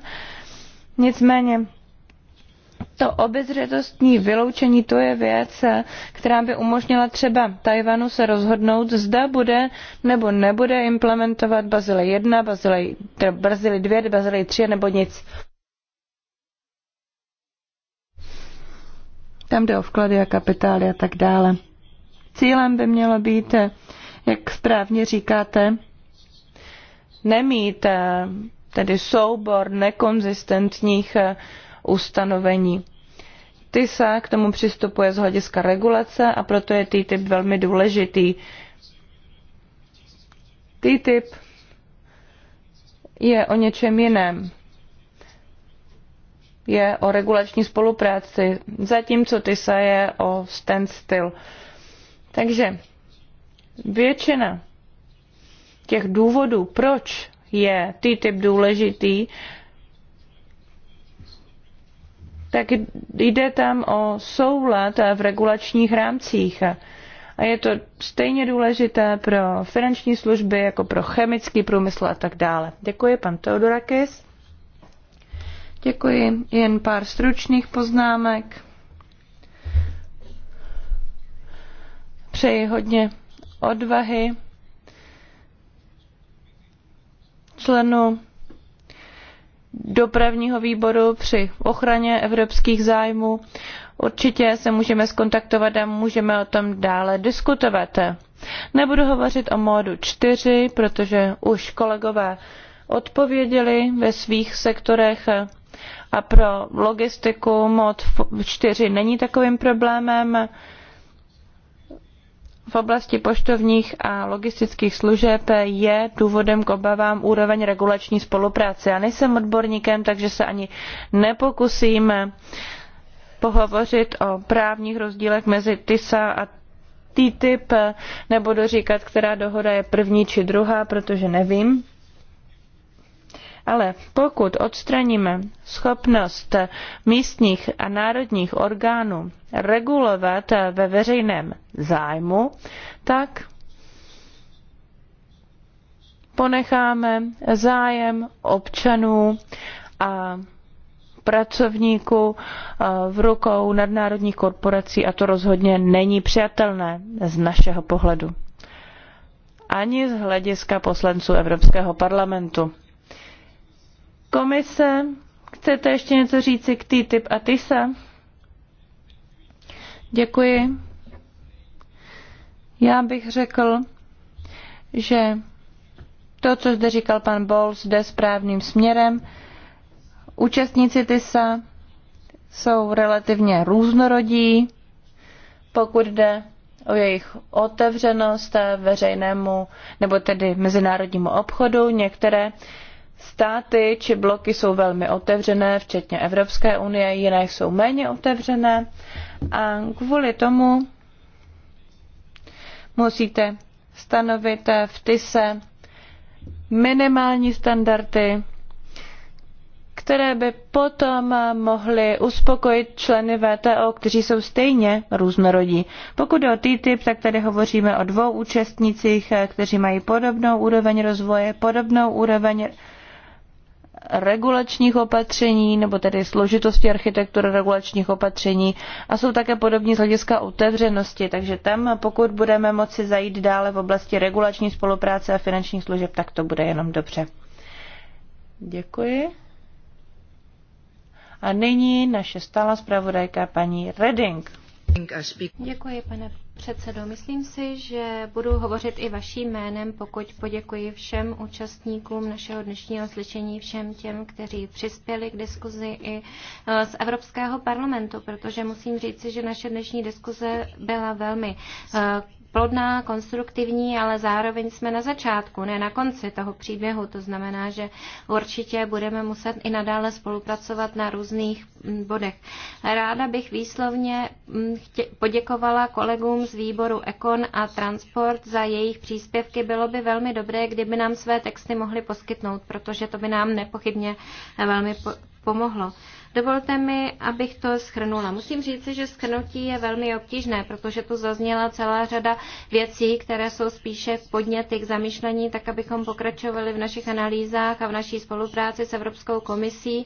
Nicméně to obezřetostní vyloučení, to je věc, která by umožnila třeba Tajvanu se rozhodnout, zda bude nebo nebude implementovat Bazile 1, Bazile, II, 2, Bazile 3 nebo nic. Tam jde o vklady a kapitály a tak dále. Cílem by mělo být, jak správně říkáte, nemít eh, tedy soubor nekonzistentních eh, ustanovení. TISA k tomu přistupuje z hlediska regulace a proto je TTIP velmi důležitý. TTIP je o něčem jiném je o regulační spolupráci, zatímco TISA je o standstill. Takže většina těch důvodů, proč je TTIP důležitý, tak jde tam o soulad v regulačních rámcích. A je to stejně důležité pro finanční služby, jako pro chemický průmysl a tak dále. Děkuji, pan Teodorakis. Děkuji. Jen pár stručných poznámek. Přeji hodně odvahy členů dopravního výboru při ochraně evropských zájmů. Určitě se můžeme skontaktovat a můžeme o tom dále diskutovat. Nebudu hovořit o módu 4, protože už kolegové odpověděli ve svých sektorech a pro logistiku mod 4 není takovým problémem. V oblasti poštovních a logistických služeb je důvodem k obavám úroveň regulační spolupráce. Já nejsem odborníkem, takže se ani nepokusím pohovořit o právních rozdílech mezi TISA a TTIP. Nebudu říkat, která dohoda je první či druhá, protože nevím. Ale pokud odstraníme schopnost místních a národních orgánů regulovat ve veřejném zájmu, tak ponecháme zájem občanů a pracovníků eh, v rukou nadnárodních korporací a to rozhodně není přijatelné z našeho pohledu ani z hlediska poslanců Evropského parlamentu. Komise, chcete ještě něco říci k TTIP a TISA? Děkuji. Já bych řekl, že to, co zde říkal pan Bowles, jde správným směrem. Účastníci TISA jsou relativně různorodí, pokud jde o jejich otevřenost veřejnému nebo tedy mezinárodnímu obchodu. Některé státy či bloky jsou velmi otevřené, včetně Evropské unie, jiné jsou méně otevřené a kvůli tomu musíte stanovit v TISE minimální standardy, které by potom mohly uspokojit členy VTO, kteří jsou stejně různorodí. Pokud jde o TTIP, tak tady hovoříme o dvou účastnících, kteří mají podobnou úroveň rozvoje, podobnou úroveň regulačních opatření, nebo tedy složitosti architektury regulačních opatření a jsou také podobní z hlediska otevřenosti, takže tam, pokud budeme moci zajít dále v oblasti regulační spolupráce a finančních služeb, tak to bude jenom dobře. Děkuji. A nyní naše stála zpravodajka paní Redding. Děkuji, pane předsedo. Myslím si, že budu hovořit i vaším jménem, pokud poděkuji všem účastníkům našeho dnešního slyšení, všem těm, kteří přispěli k diskuzi i e, z Evropského parlamentu, protože musím říci, že naše dnešní diskuze byla velmi e, plodná, konstruktivní, ale zároveň jsme na začátku, ne na konci toho příběhu. To znamená, že určitě budeme muset i nadále spolupracovat na různých mm, bodech. Ráda bych výslovně mm, poděkovala kolegům z výboru Ekon a Transport za jejich příspěvky. Bylo by velmi dobré, kdyby nám své texty mohli poskytnout, protože to by nám nepochybně velmi pomohlo. Dovolte mi, abych to schrnula. Musím říct, že schrnutí je velmi obtížné, protože tu zazněla celá řada věcí, které jsou spíše podněty k zamýšlení, tak abychom pokračovali v našich analýzách a v naší spolupráci s Evropskou komisí.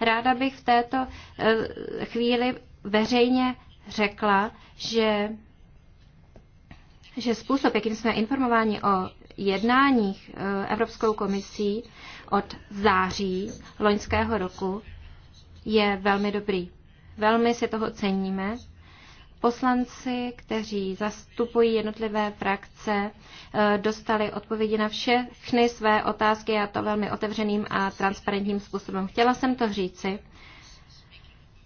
Ráda bych v této eh, chvíli veřejně řekla, že že způsob, jakým jsme informováni o jednáních eh, Evropskou komisí od září loňského roku, je velmi dobrý. Velmi si toho ceníme. Poslanci, kteří zastupují jednotlivé frakce, eh, dostali odpovědi na všechny své otázky a to velmi otevřeným a transparentním způsobem. Chtěla jsem to říci,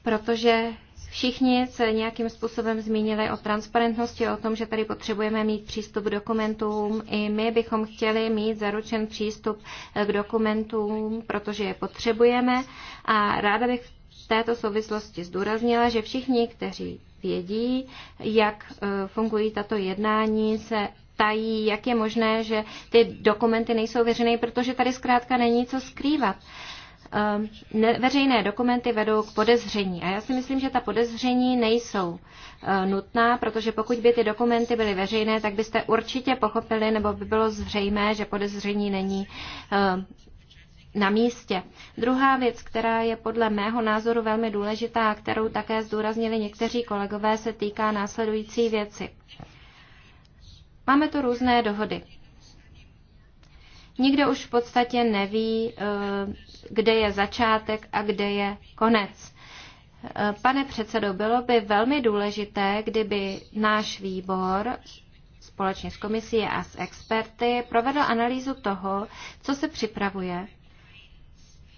protože Všichni se nějakým způsobem zmínili o transparentnosti, o tom, že tady potřebujeme mít přístup k dokumentům. I my bychom chtěli mít zaručen přístup k dokumentům, protože je potřebujeme. A ráda bych v této souvislosti zdůraznila, že všichni, kteří vědí, jak e, fungují tato jednání, se tají, jak je možné, že ty dokumenty nejsou veřejné, protože tady zkrátka není co skrývat. Ehm, veřejné dokumenty vedou k podezření. A já si myslím, že ta podezření nejsou eh, nutná, protože pokud by ty dokumenty byly veřejné, tak byste určitě pochopili, nebo by bylo zřejmé, že podezření není ehm, na místě. Druhá věc, která je podle mého názoru velmi důležitá a kterou také zdůraznili někteří kolegové, se týká následující věci. Máme tu různé dohody. Nikdo už v podstatě neví, ehm, kde je začátek a kde je konec. Pane předsedo, bylo by velmi důležité, kdyby náš výbor společně s komisí a s experty provedl analýzu toho, co se připravuje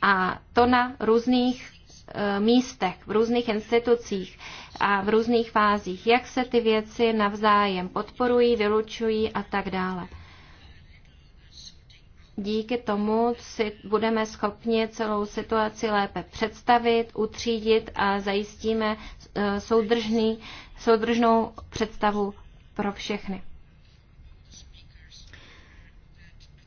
a to na různých e, místech, v různých institucích a v různých fázích, jak se ty věci navzájem podporují, vylučují a tak dále díky tomu si budeme schopni celou situaci lépe představit, utřídit a zajistíme eh, soudržný, soudržnou představu pro všechny.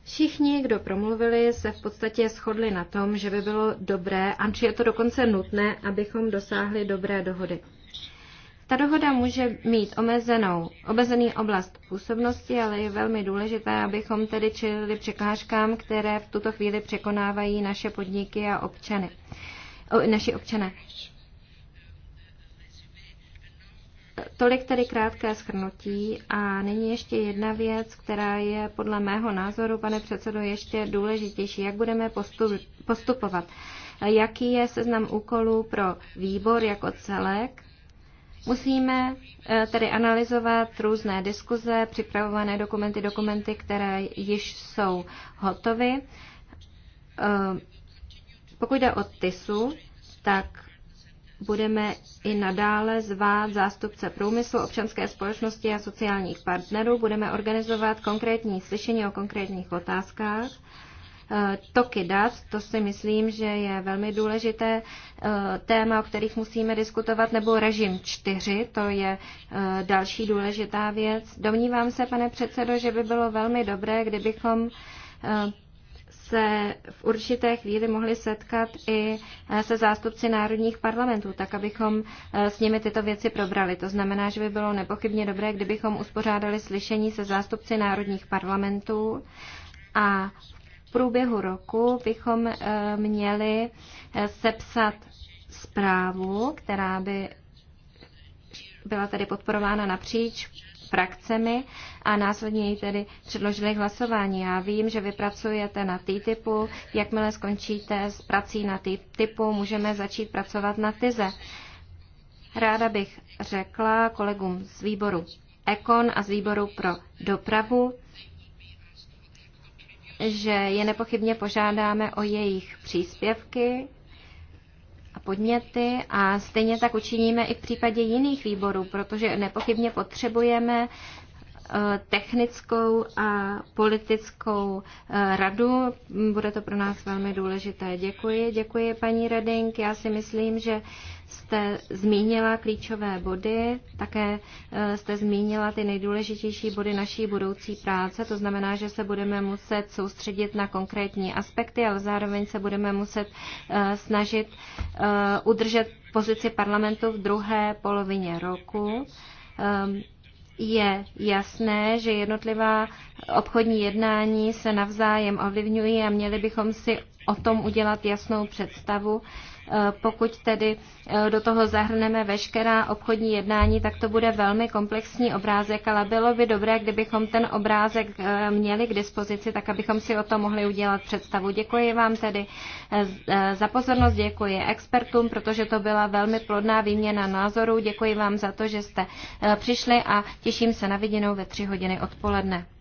Všichni, kdo promluvili, se v podstatě shodli na tom, že by bylo dobré, a je to dokonce nutné, abychom dosáhli dobré dohody. Ta dohoda může mít omezenou, omezený oblast působnosti, ale je velmi důležité, abychom tedy čelili překážkám, které v tuto chvíli překonávají naše podniky a občany, o, naši občané. Tolik tedy krátké schrnutí a nyní ještě jedna věc, která je podle mého názoru, pane předsedo, ještě důležitější. Jak budeme postupovat? Jaký je seznam úkolů pro výbor jako celek? Musíme eh, tedy analyzovat různé diskuze, připravované dokumenty, dokumenty, které již jsou hotovy. Eh, pokud jde o TISu, tak budeme i nadále zvát zástupce průmyslu, občanské společnosti a sociálních partnerů. Budeme organizovat konkrétní slyšení o konkrétních otázkách. Eh, toky dat. To si myslím, že je velmi důležité eh, téma, o kterých musíme diskutovat, nebo režim 4, to je eh, další důležitá věc. Domnívám se, pane předsedo, že by bylo velmi dobré, kdybychom se v určité chvíli mohli setkat i se zástupci národních parlamentů, tak abychom s nimi tyto věci probrali. To znamená, že by bylo nepochybně dobré, kdybychom uspořádali slyšení se zástupci národních parlamentů a průběhu roku bychom eh, měli eh, sepsat zprávu, která by byla tedy podporována napříč frakcemi a následně ji tedy předložili hlasování. Já vím, že vy pracujete na T-typu, jakmile skončíte s prací na T-typu, můžeme začít pracovat na TYZE. Ráda bych řekla kolegům z výboru Ekon a z výboru pro dopravu, že je nepochybně požádáme o jejich příspěvky a podněty a stejně tak učiníme i v případě jiných výborů, protože nepochybně potřebujeme eh, technickou a politickou eh, radu. Bude to pro nás velmi důležité. Děkuji, děkuji paní Reding. Já si myslím, že jste zmínila klíčové body, také e, jste zmínila ty nejdůležitější body naší budoucí práce, to znamená, že se budeme muset soustředit na konkrétní aspekty, ale zároveň se budeme muset e, snažit e, udržet pozici parlamentu v druhé polovině roku je jasné, že jednotlivá obchodní jednání se navzájem ovlivňují a měli bychom si o tom udělat jasnou představu. Eh, pokud tedy eh, do toho zahrneme veškerá obchodní jednání, tak to bude velmi komplexní obrázek, ale bylo by dobré, kdybychom ten obrázek eh, měli k dispozici, tak abychom si o tom mohli udělat představu. Děkuji vám tedy za pozornost, děkuji expertům, protože to byla velmi plodná výměna názorů. Děkuji vám za to, že jste přišli a těším se na viděnou ve tři hodiny odpoledne.